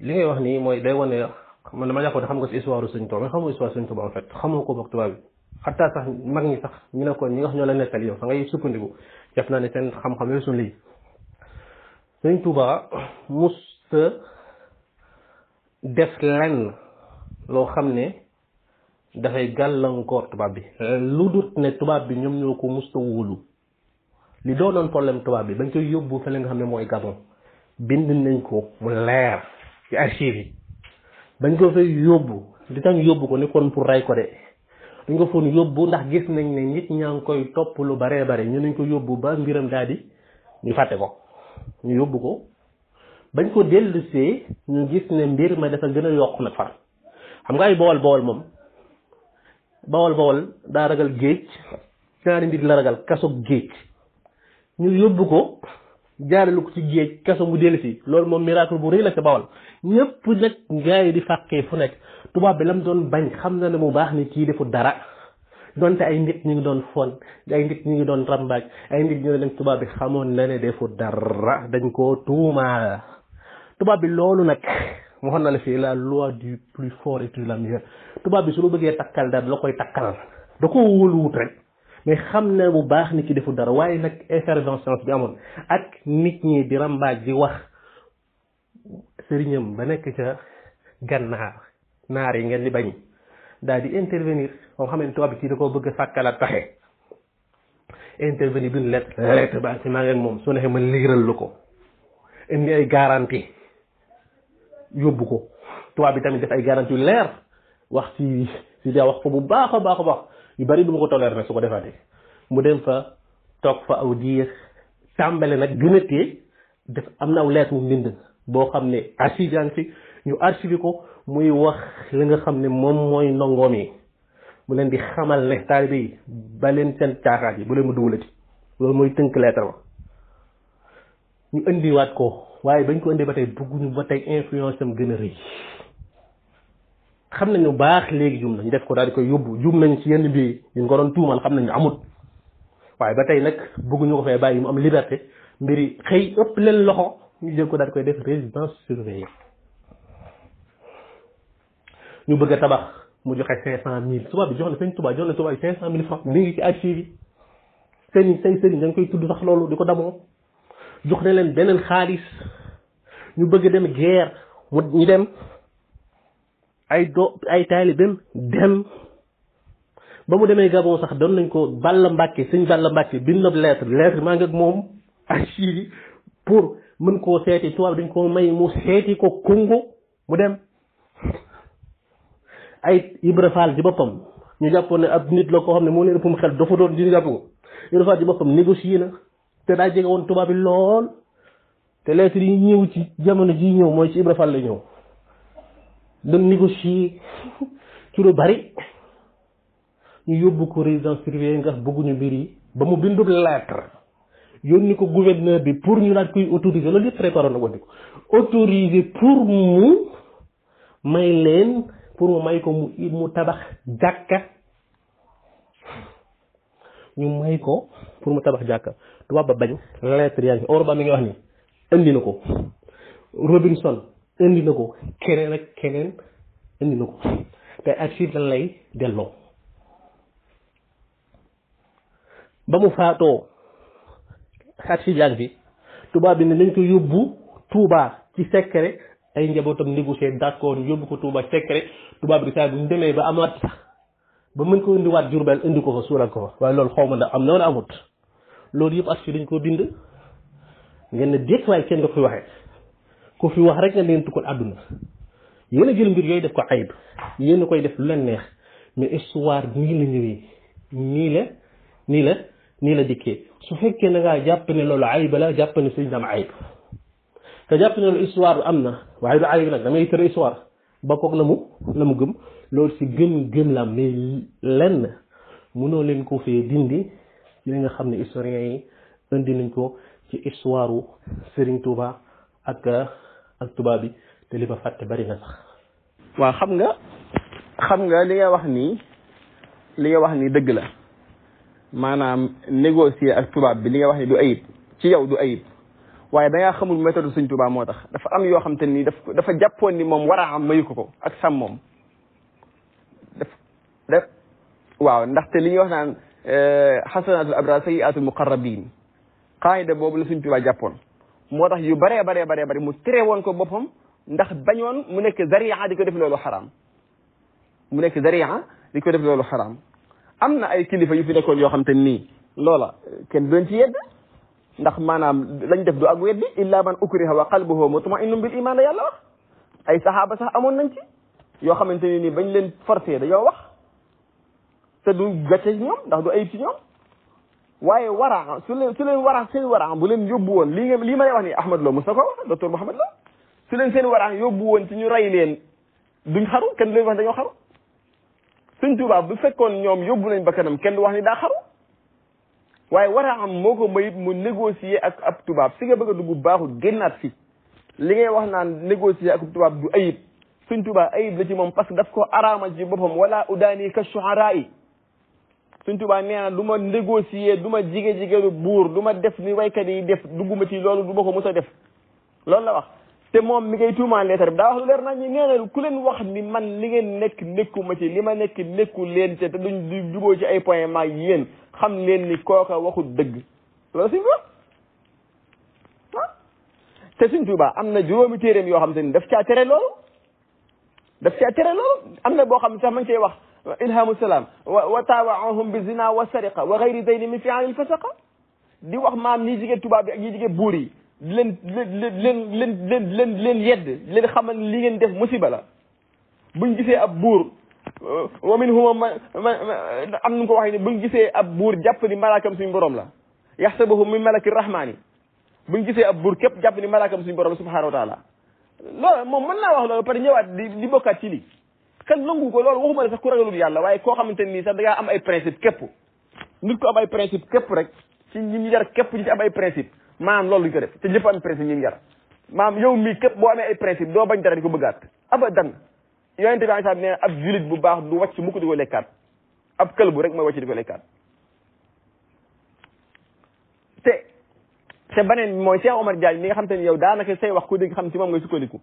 li ngay wax nii mooy day wane man dama jàppoon xam nga si histoire sëñ Tuubaa mais xamoo histoire sëñ Tuubaa en fait xamoo ko boog tubaab bi xataa sax ñu ne ko ñi nga xam la nekkal yow fa ngay sukkandiku jàpp naa ne seen xam-xam yooyu suñ lii sëñ Tuubaa musta def lenn loo xam ne dafay gàllankoor tubaab bi lu dut ne tubaab bi ñoom ñoo ko musta wóolu li doonoon problème tubaab bi bañ koy yóbbu fële nga xam ne mooy Gabon bind nañ ko mu leer ci archive yi bañ ko fay yóbbu di tax yóbbu ko nekkoon pour rey ko de dañ ko foon yóbbu ndax gis nañ ne nit ñaa ngi koy topp lu baree bare ñu nañ ko yóbbu ba mbiram daal di ñu fàtte ko ñu yóbbu ko bañ ko dellusee ñu gis ne mbir ma dafa gën a yokk nag far xam nga ay bawol bawol moom bawol bawol daa ragal géej ñaari mbir la ragal kaso géej ñu yóbbu ko jaarale ko ci géej kaso mu dellusi loolu moom miracle bu rëy la ca bawol ñëpp nag gars yi di fàqee fu nekk tubaab bi lam doon bañ xam na ne bu baax ni kii defu dara donte ay nit ñu ngi doon fon ay nit ñu ngi doon rambaaj ay nit ñu ne leen tubaab bi xamoon na ne defu dara dañ koo tuumaal tubaab bi loolu nag waxoon na la fii la loi du plus fort et la meilleure tubaab bi su la bëggee takkal dara la koy takkal da ko wóoluwut rek mais xam na bu baax ni ki defu dara waaye nag intervention bi amoon ak nit ñi di rambaaj di wax sëriñam ba nekk ca gannaar naar yi ngeen di bañ daal di intervenir moom xam ne tubaab bi kii da koo bëgg a sàkkalaat taxe intervenir bi ñu lettre lettre ba si maa ngeen moom su neexee ma liiral lu ko indi ay garantie yóbbu ko tubaab bi tamit def ay garantie yu leer wax ci si daa wax ko bu baax a baax a baax yu bari du ma ko tolère nag su ko defaatee mu dem fa toog fa aw diir tàmbale nag gën a tee am na aw lettre mu mbind boo xam ne archive fi ñu archivé ko muy wax li nga xam ne moom mooy ndongoom yi mu leen di xamal ne taalibe ba leen seen caaxaat yi bu leen mu dugalati loolu mooy tënk lettre ma ñu indiwaat ko waaye bañ ko indee ba tey bëgguñu ba tey influence am gën a rëy xam nañu baax léegi jum nañu def ko daal di koy yóbbu jum nañu ci yenn bi ñu ko doon tuumal xam nañu amut waaye ba tey nag bëgguñu ko fee bàyyi mu am liberté mbiri xëy ëpp leen loxo ñu jël ko daal di koy def résidence surveillée ñu bëgg a tabax mu joxe cinq cent mille tubaab bi jox na sëñ tubaab jox na tubaab cinq cent mille francs mi ngi ci archive yi seen i say sëriñ koy tudd sax loolu di ko damoo jox na leen beneen xaalis ñu bëgg dem guerre mu ñu dem ay do ay taalibeem dem ba mu demee Gabon sax doon nañ ko Balla Mbàkke sëñ Balla Mbàkke bind na lettre lettre maa ngi ak moom ak Chili pour mën koo seeti tubaab dañ ko may mu seeti ko Congo mu dem ay Ibra Fall ci boppam ñu jàppoon ab nit la koo xam ne moo leen a mu xel dafa doon di jàpp ko Ibra Fall ci boppam négocier na te daa jege woon tubaab bi lool te lettres yi ñëw ci jamono ji ñëw mooy ci Ibra Fall la ñëw doon négocier (laughs) ci lu bari ñu yóbbu ko résidence surveillée nga bëgguñu mbir yi ba mu bindu lettre yónni ko gouverneur bi pour ñu daal koy autoriser loolu yëpp préparé na ko di ko autoriser pour mu may leen pour mu may ko mu mu tabax jàkka ñu may ko pour mu tabax jàkka tubaab ba bañ lettre yaa ngi Orban mi ngi wax ni indi na Robinson indi na ko keneen ak keneen indi na ko te archive lan lay delloo ba mu faatoo archive yaa ngi fi tubaab bi ne nañ ko yóbbu Touba ci secret ay njabootam négocier d'accord yóbbu ko Touba secret tubaab bi saa bu ñu demee ba amaat ba mën ko indiwaat Jurbel indi ko fa suural ko fa waaye loolu xaw ma a am na wala amut loolu yëpp archive dañ koo dind ngeen ne déet waaye kenn nga koy waxee ku fi wax rek nga leen tukkal àdduna yéen a jël mbir yooyu def ko ayib yéen a koy def lu leen neex mais histoire nii la ñëwee nii la nii la nii la dikkee su fekkee na ngaa jàpp ne loolu ayib la jàpp suñ dam ayib te jàpp ne loolu histoire am na waaye du ayib nag damay tër histoire ba koog la mu la mu gëm loolu si gëm gëm la mais lenn mënoo leen ko fee dindi ci li nga xam ne historiens yi indi nañ ko ci histoire wu Serigne Touba ak euh, ak tubaab bi te li ma fàtte bari na sax. waaw xam nga xam nga li nga wax ni li nga wax nii dëgg la maanaam négocier ak tubaab bi li nga wax nii du ayib ci yow du ayib waaye da ngaa xamul méthode Serigne Touba moo tax dafa am yoo xam te ni daf dafa jàppoon ni moom war a am mayu ko ko ak sàmm moom daf daf waaw li ñuy wax naan. xasanaatul eh, abrar sayyiaatul muqarrabin qaayida boobu la suñ tubaa jàppoon moo tax yu baree baree baree bari mu tere woon ko boppam ndax bañoon mu nekk zariya di ko def loolu xaraam mu nekk zariya di ko def loolu xaraam am na ay kilifa yu fi nekkoon yoo xam te nii loola kenn doon ci yedd ndax maanaam lañ def du ak weddi illa man ukriha wa qalbuhu mutma'innun bil iman la yàlla wax ay saxaaba sax amoon nañ ci yoo xamante ni nii bañ leen forcé dañoo wax te du gàcce ñoom ndax du ayib ci ñoom waaye waraa su leen su leen waraa seen waraa bu leen yóbbu woon lii nga lii ma lay wax nii Ahmad Lo mos na ko wax docteur Mouhamed Lo su leen seen waraa yóbbu woon ci ñu rey leen duñ xaru kenn du leen wax dañoo bu fekkoon ñoom yóbbu nañ bakkanam kenn du wax ni daa xaru waaye waraa am moo ko mayit mu négocier ak ab tubaab si nga bëgg a dugg baaxul génnaat fi li ngay wax naan négocier ak tubaab du ayib Sëñ Tuubaa ayib la ci moom parce que daf ko araama ci boppam wala udaani ka shuaraa yi suñ tubaa nee na du ma négocier du ma jige-jigelu buur du ma def ni waykat yi def dugguma ci loolu du ma ko mos a def loolu la wax te moom mi ngay tuumaan leetar bi daa wax lu leer nañ ñi nee ku leen wax ni man li ngeen nekk nekkuma ci li ma nekk nekku leen te te duñ di juboo ci ay point maag yéen xam leen ni kooka waxul dëgg loolu suñ ko suñ tubaa am na juróomi téeréem yoo xam te ni daf caa tere loolu daf caa tere loolu am na boo xam ne sax mañ ngi wax ilhamu salaam wa taawaahum bi zina wa sariqa wa gayri dayni min fi'alil fasaqa di wax maam ñii jigéen tubaab bi ak ñii jigéen buur yi di leen leen leen leen leen leen yedd leen xamal li ngeen def musiba la buñ gisee ab buur wa minhum man am nu ko waxee ne buñ gisee ab buur jàpp ni malaakam suñ borom la yaxsabuhu min malaki rahmaani buñ gisee ab buur képp jàpp ni malaakam suñ borom la subhanahu wa taala loolu moom mën naa wax loolu pare ñëwaat di di bokkaat ci lii xel nangu ko loolu waxuma ne sax ku ragalul yàlla waaye koo xamante nii sax da ngaa am ay principe képp nit ko am ay principe képp rek ci ñi mu yar képp ñi ci am ay principe maanaam loolu duñu ko def te ñëpp am principe ñi yow mii képp boo amee ay principe doo bañ dara di ko bëggaat abadan yonente bi alayhi salaam nee na ab julit bu baax du wàcc mukk di ko lekkaat ab kël bu rek mooy wàcc di ko lekkaat te te beneen mooy Cheikh Omar Diagne mi nga xam te ni yow daanaka say wax ku dégg xam ci moom ngay sukkandiku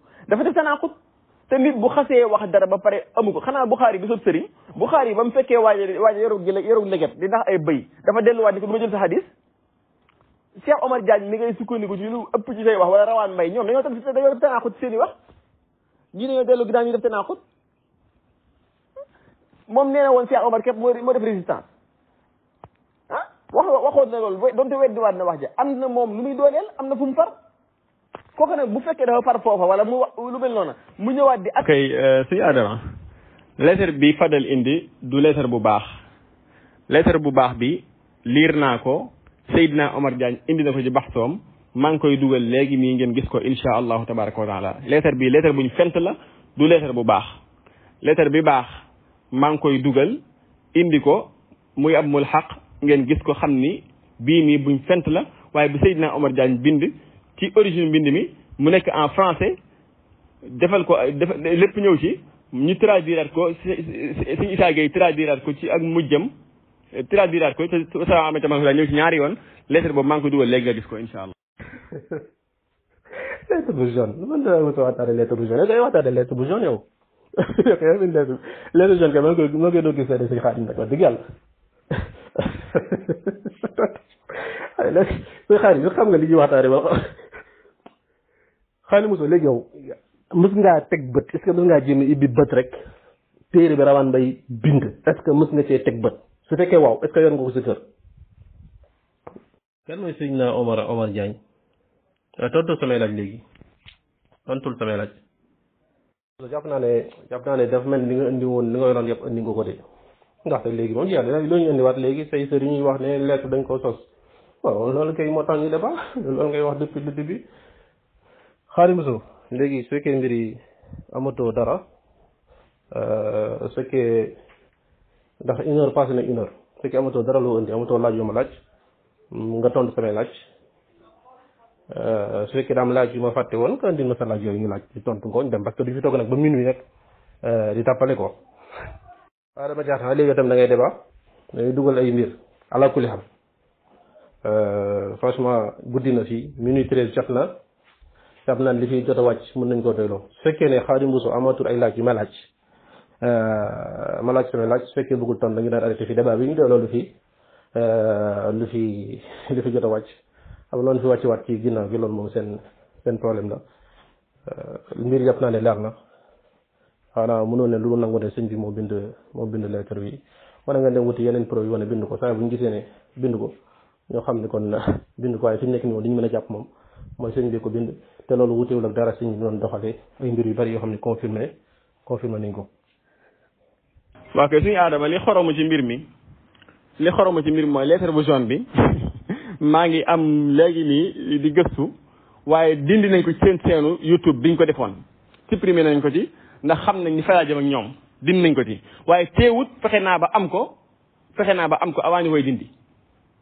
te nit bu xasee wax dara ba pare amu ko xanaa Buxaari bi sot sëriñ Buxaari ba mu fekkee waaje waaje yorug yorug leget di ndax ay bëy dafa delluwaat ni ko du ma jël sa hadis Cheikh Omar Diagne ni ngay sukkandiku ci lu app ji say wax wala rawaan mbay ñoom dañoo tam dañoo def tanaaxut seen i wax ñii dañoo def tanaaxut moom nee na woon Cheikh Omar képp moo def résistance ah waxoon na loolu donte weddiwaat na wax ja am na moom lu muy dooleel am na fu mu far kooku nag bu fekkee dafa far foofa wala mu lu mel noonu mu ñëwaat di. ok euh, suñu adhérent lettre bi Fadel indi du lettre bu baax lettre bu baax bi liir naa ko Seydina Omar Diagne indi na ko ci baxtoom maa ngi koy dugal léegi mii ngeen gis ko insha allahu tabaraka wa taala lettre bi lettre buñ fent la du lettre bu baax lettre bi baax maa ngi koy dugal indi ko muy ab mu xaq ngeen gis ko xam ni bii nii buñ fent la waaye bi Seydina Omar Diagne bind ci origine mbind mi mu nekk en français defal ko defal lépp ñëw ci ñu traduiraat ko suñu Issa Gueye traduiraat ko ci ak mu traduiraat ko te Assalaamy Ameth Mansour ci ñaari yoon lettre boobu maa ngi ko dugal léegi nga gis ko incha allah. (laughs) lettre bu jaune man dinaa mos a bu jaune yow da ngay waxtaanee lettre bu jaune yow yow mii (laughs) lettre lettre jaune kay maa ngi koy maa ngi koy doon gis seen suñu xaatim nag wax dëgg yàlla. suñu (laughs) xaatim li ñuy waxtaanee xaaral mos léegi yow mës ngaa teg bët est-ce que mës ngaa jéem bët rek téere bi rawaan bay bind est-ce mës nga cee teg bët su fekkee waaw est-ce que yor nga ko si kër. kan mooy sëñ naa Omar Omar Diagne ah, tontu samay laaj léegi tontul samay laaj. jàpp naa ne jàpp naa ne dafa mel ni nga indi woon li nga yoroon yëpp indi nga ko de ndaxte léegi moom yàlla loo ñu indiwaat léegi say sëriñ ñuy wax ne lettre dañ ko sos loolu kay moo tax xaarim suuf léegi su fekkee mbir amatoo dara euh, su fekkee ndax une heure na une heure su fekkee amatoo dara loo indi amatoo laaj yu ma laaj nga tontu samay laaj euh, su fekkee daam laaj yu ma fàtte woon nga indi ma sa laaj yooyu ñu laaj di tontu ko ñu dem parce que du fi toog nag ba minuit rek euh, di tàppale ko. waaw dama jaaxal léegi itam da ngay débat da ngay dugal ay mbir ala kulli xam franchement guddi na si minuit treize jot na. xam naa li fi jot a wàcc mën nañ koo doyloo su fekkee ne Xaadim Buso amatul ay laaj yu ma laaj euh, ma laaj sama laaj su fekkee bëggul ton dañu daan arrêté fi débat bi ñu doyloo euh, lu fi lu (laughs) fi lu fi jot a wàcc am loolu fi wàcc waat ci ginnaaw gi loolu seen seen problème la euh, mbir jàpp naa ne leer na xanaa mënoon ne lu nangu ne sëñ bi moo bind moo bind lettre bi na nga dem wuti yeneen preuve yi wane bind ko saa bu ñu gisee ne bind ko ñoo xam ne kon (laughs) bind ko waaye fi nekk nii moom li ñu mën a jàpp moom mooy sëñ bi ko bind te loolu wutewul ak dara si ñu doon doxalee ay mbir yu bari yoo xam ne confirmé confirmé nañ ko. waaw kay suñu aadama li xoromu ci mbir mi li xoromu ci mbir mi mooy lettre bu jaune bi (laughs) maa ngi am léegi nii di gëstu waaye dindi nañ ko seen seenu YouTube biñ ko defoon supprimé nañ ko ci ndax xam nañ ni fa laa ñoom dindi nañ ko ci waaye teewut fexe naa ba am ko fexe naa ba am ko avant ñu koy dindi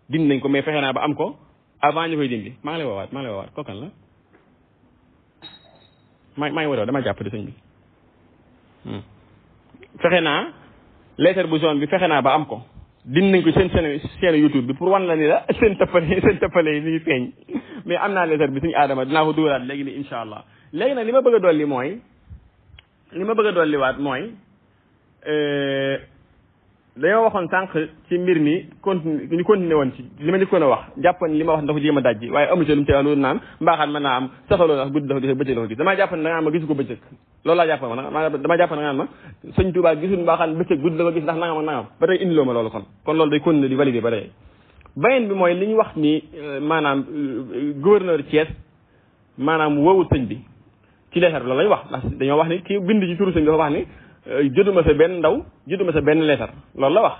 dindi nañ ko mais fexe naa ba am ko avant ñu koy dindi maa ngi lay woowaat maa ngi la. maa maa ngi war dama jàpp di sëñ bi hmm. fexe naa lettre bu zone bi fexe naa ba am ko din nañ ko seen seen seen YouTube bi pour wan la ni la (laughs) seen tappale seen tappale yi ñuy mais am naa lettre bi suñu aadama dinaa ko dugalaat léegi ni incha allah léegi nag li ma bëgg a dolli mooy li ma bëgg a dolliwaat mooy euh, dañoo waxoon sànq ci mbir mi continu ñu continué woon ci li ma njëkkoon a wax jàppoon li ma wax dafa jéem a dajji waaye amu ci lu mu teewal naan mbaaxaan naa am saxaloo ndax guddi dafa gis bëccëg jàpp ne da nga am ma ko bëccëg loolu laa jàppoon ma damaa jàpp ne da nga am ma sëñ Tuubaa gisul mbaaxaan bëccëg ko nangam ba tey indiloo ma loolu kon kon loolu day continué di validé ba tey beneen bi mooy li ñu wax nii euh, maanaam euh, gouverneur Thiès maanaam wowul sëñ bi ci leetar bi loolu lañ wax ndax dañoo wax ni kii bind ci turu sëñ bi dafa wax ni Euh, jotuma sa benn ndaw jotuma sa benn leetar loolu la wax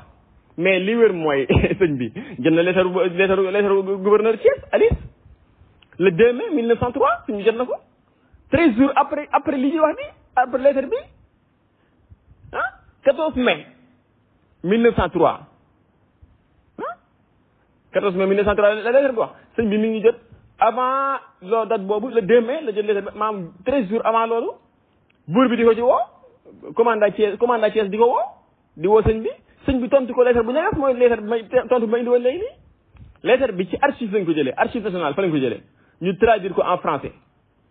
mais li wér mooy (laughs) sëñ bi jot na leetar leetar leetar gu Thiès Alice le 2 mai 1903 suñu jot na ko 13 jours après après li ñuy wax bi après leetar bi ah 14 mai 1903 ah 14 mai 1903 la leetar bi wax sëñ bi mi ngi jot avant loolu date boobu le 2 mai la jot leetar bi maanaam 13 jours avant loolu buur bi di ko ci woo. commanda Thiès commanda Thiès di ko woo di woo sëñ bi sëñ bi tontu ko lettre bu ñagas mooy lettre bi may tontu bi ma indi woon nii lettre bi ci archive lañ ko jëlee archive nationale fa lañ ko jëlee ñu traduire ko en français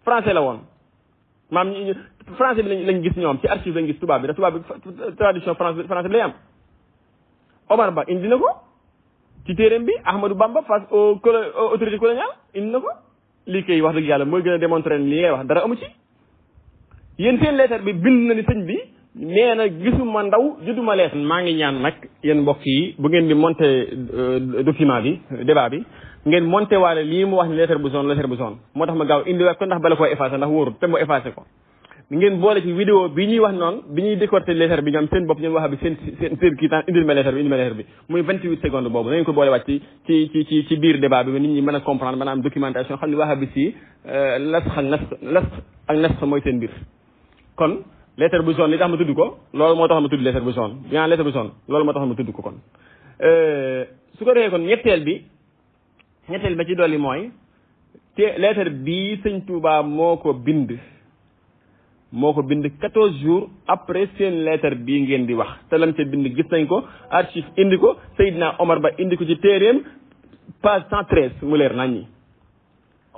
français la woon maam ñu français bi lañ gis ñoom ci archive lañ gis tubaab bi ndax tubaab bi traduction français bi lay am Omar Ba indi na ko ci téeréem bi Ahmadou Bamba face au autorité coloniale indi na ko wax dëgg yàlla mooy gën a démontrer li ngay wax dara amu ci yéen seen leetar bi bind na ni sëñ bi nee na gisuma ndaw juduma lees maa ngi ñaan nag yéen mbokk yi bu ngeen di monté euh, document bi débat bi ngeen monté waale lii mu wax ni leetar bu zone leetar bu zone moo tax ma gaaw indiwaat ko ndax bala koo effacé ndax wóorul te mu effacé ko ngeen boole ci vidéo bi ñuy wax noonu bi ñuy décorté lettre bi ñoom seen bopp ñoom wax bi seen seen seen kii taan indil ma bi muy vingt huit secondes boobu nañu ko boole wàcc ci ci ci ci biir débat bi nit ñi mën a comprendre mën a am documentation xam ne wax bi si euh, las mooy seen biir kon lettre bu jaune li tax ma tudd ko loolu moo tax ma tudd lettre bu jaune bi nga lettre bu jaune loolu moo tax ma tudd ko kon euh, su ko defee kon ñetteel bi ñetteel ba ci dolli mooy te lettre bii sëñ Touba moo ko bind moo ko bind quatorze jours après seen lettre bii ngeen di wax te lañ ca bind gis nañ ko archive indi ko Seydina Omar Ba indi ko ci téeréem page cent treize mu leer nañ yi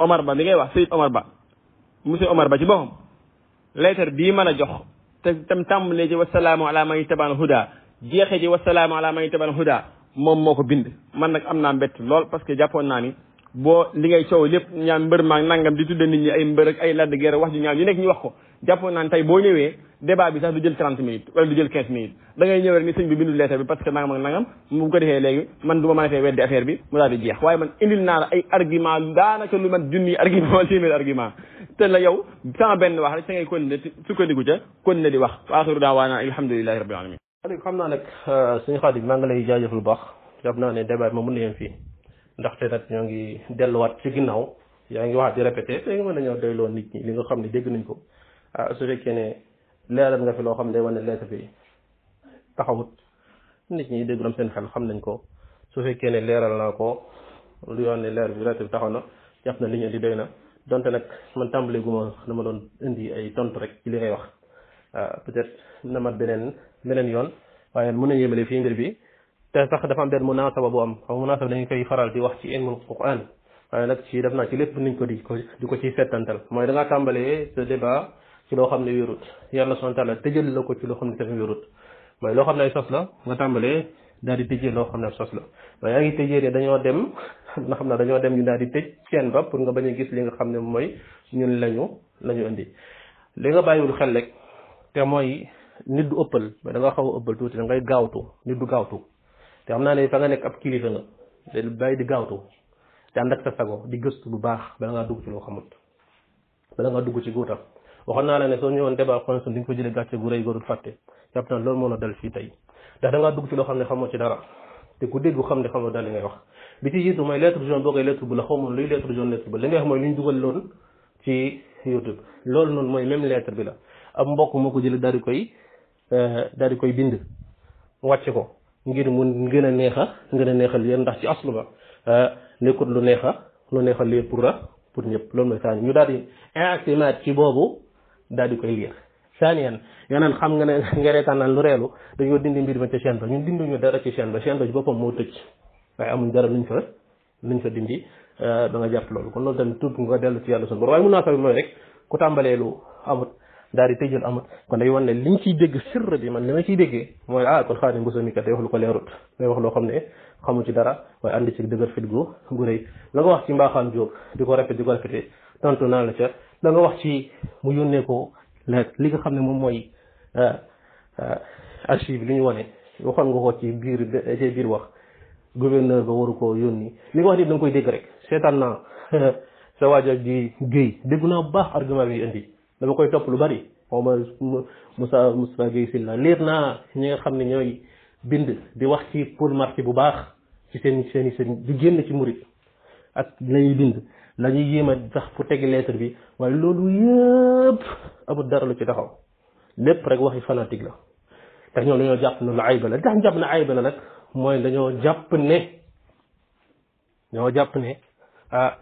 Omar Ba mi ngay wax Seyd Omar Ba monsieur Omar Ba ci boppam leetar bii mën a jox te tam tàmbalee ci wasalaamu ala man itabaan huda jeexee ji wasalaamu ala man itabaan huda moom moo ko bind man nag am na mbett lool parce que jàppoon naa ni boo li ngay coow lépp ñaan mbër maa nangam di tudde nit mbër ay ladd wax ju ñaaw yu nekk ñu wax ko jàppoon naa ni boo ñëwee débat bi sax du jël 30 minutes wala du jël 15 minutes da ngay ñëw rek ni sëñ bi bindu leetar bi parce que nangam ak nangam bu ko defee léegi man du ma mën a fee weddi affaire bi mu daal di jeex (laughs) te la yow sama benn wax rek sa ngay kon ne sukkandiku ca kon ne di wax waaxiru daawaana alhamdulilahi rabbil alamin léegi xam naa nag euh, suñu xarit maa ngi lay jaajëf lu baax jàpp naa ne débat ma mun fii ndaxte nag ñoo ngi delluwaat ci ginnaaw yaa ngi waxaat di répété te nga mën a ñoo doyloo nit ñi li nga xam ne dégg nañ ko ah su fekkee ne leeral nga fi loo xam ne day wane lettre bi taxawut nit ñi dégg nañ seen xel xam nañ ko su fekkee ne leeral naa ko lu yoon ne leer bi lettre taxaw na jàpp na li ñu di doy na donte nag man tàmbale gu ma dama doon indi ay dont rek ci li ngay wax ah, peut-être na ma beneen beneen yoon waaye mën na yéemale fii mbir bi te sax dafa am benn munaasaba bu am xam munaasaba dañu koy faral di wax ci ilmul Qur'an waaye nag ci def naa ci lépp niñ ko di ko di ko ciy settantal mooy da ngaa tàmbalee ce débat ci loo xam ne wérut yàlla subhanahu wa ta'ala tëjal la ko ci loo xam ne tamit wérut mooy loo xam ne ay sos la nga tàmbalee daal di tëjee loo xam ne sos la waaye yaa ngi na xam ne dañoo dem ñu daal di tëj seen ba pour nga bañ a gis li nga xam ne mooy ñun lañu lañu indi li nga bàyyiwul xel rek te mooy nit du ëppal mais da nga xaw ëppal tuuti da ngay gaawtu nit du gaawtu te am naa ne fa nga nekk ab kilifa nga day bàyyi di gaawtu te ànd ak sa sago di gëstu bu baax bala ngaa dugg ci loo xamut bala ngaa dugg ci guutam waxoon naa la ne soo ñëwoon débat constitution di nga ko jëlee gàcce gu rëy góorul fàtte jàpp naa loolu moo la dal fii tey ndax da ngaa dugg ci loo xam ne xamoo ci dara te ku dégg xam ne xam nga daal li ngay wax bi ci jiitu mooy lettre jaune boo koy lettre bu la xaw moon luy lettre jaune lettre bu li loolu noonu mooy même lettre bi la ab mbokk moo ko jëlee daal di koy euh, daal di koy bind wàcce ko ngir mun gën a neex a gën neexal yéen ndax ci aslu ba euh, nekkut lu neex a lu neexal lii pour a pour ñëpp loolu mooy saa ñu daal di inactimat ci boobu daal di koy liir thaniyan yeneen xam nga ne (laughs) nga reetaan naan lu reelu dañoo dindi mbir ma ca chaîne ba ñun dinduñu dara ci chaîne ba chaîne ba ci boppam moo tëj waaye amuñ dara luñ fa luñ fa dindi da euh, nga jàpp loolu kon loolu tamit tuub di tëjal amut kon day li ma ciy déggee mooy ah kon xaatim bu sami wax lu ko leerut day wax loo xam ne xamu ci dara waaye andi ci dëgër fit gu gu rëy la nga wax ci mbaaxaan jóg di ko répété di ko répété tontu naa la ca la wax ci mu yónnee ko la li nga xam ne moom mooy euh, euh, archive lu ñu wane waxoon nga ko ci biir ci biir wax gouverneur ba waru ko yónni li nga wax nii da koy dégg rek seetaan naa (laughs) sa waajo di Guèye dégg naa bu baax argument bi indi dama koy topp lu bari xaw ma Moussa Moussa Guèye Sylla leer naa ñi nga xam ne ñooy bind di wax ci pour marché bu baax ci seen seen i seen di génn ci murit ak lay bind lañuy ñuy a sax fu teg lettre bi waaye loolu yëpp amul dara lu ci taxaw lépp rek waxi fanatique la ndax ñoom dañoo jàpp ne lu ayba la tax jàpp ne ayba la nag mooy dañoo jàpp ne ñoo jàpp ne ah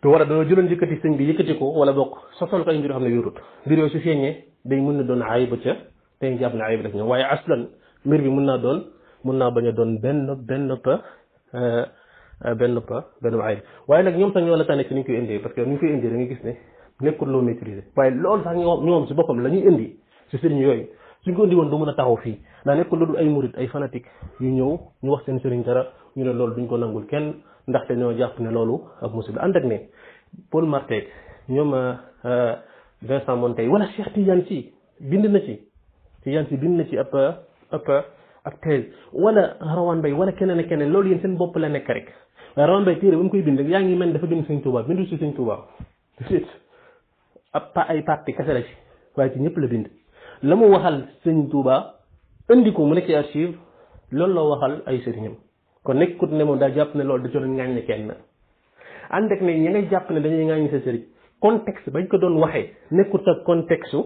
te war a dañoo jëloon yëkkati sëñ bi yëkkati ko wala bokk sosal ko ay mbir yoo xam ne yorut mbir yooyu su feeñee day doon ayba ca dañuy jàpp ne ayba la ñoom mbir bi mën naa doon mun naa bañ a doon benn benn pa eh, Euh, benn pa benn ay waaye nag ñoom sax ñoo la tane ci ni ñu koy indee parce que ni ñu koy indee da gis ne nekkul loo maîtriser waaye loolu sax ñoom si boppam la ñuy indi si sëriñ yooyu suñ ko indi woon du mun a taxaw fii ndax nekkul ay murit ay fanatique yu ñëw ñu wax seen sëriñ dara ñu ne loolu duñ ko nangul kenn ndaxte ñoo jàpp ne loolu ak musiba ànd ak ne Paul Marty ñoom a euh, Vincent Montaigne wala Cheikh Tidiane si bind na ci Tidiane si bind na ci ab ab ak tey wala Rawane Mbaye wala keneen ak keneen loolu yéen seen bopp la nekk rek Rawane Mbaye téere ba mu koy bind rek yaa ngi mel dafa bind Sëñ Tuubaa bindu si Sëñ Tuubaa ab pa ay parti kese la ci waaye ci ñëpp la bind la mu waxal Sëñ tuuba indi ko mu nekk ci archive loolu la waxal ay sëriñam kon nekkut ne moom daa jàpp ne loolu da coo doon ŋàññi kenn ànd ak ne ñi ngay jàpp ne dañuy ŋàññi sa sëriñ contexte bañ ko doon waxee nekkut ak contexte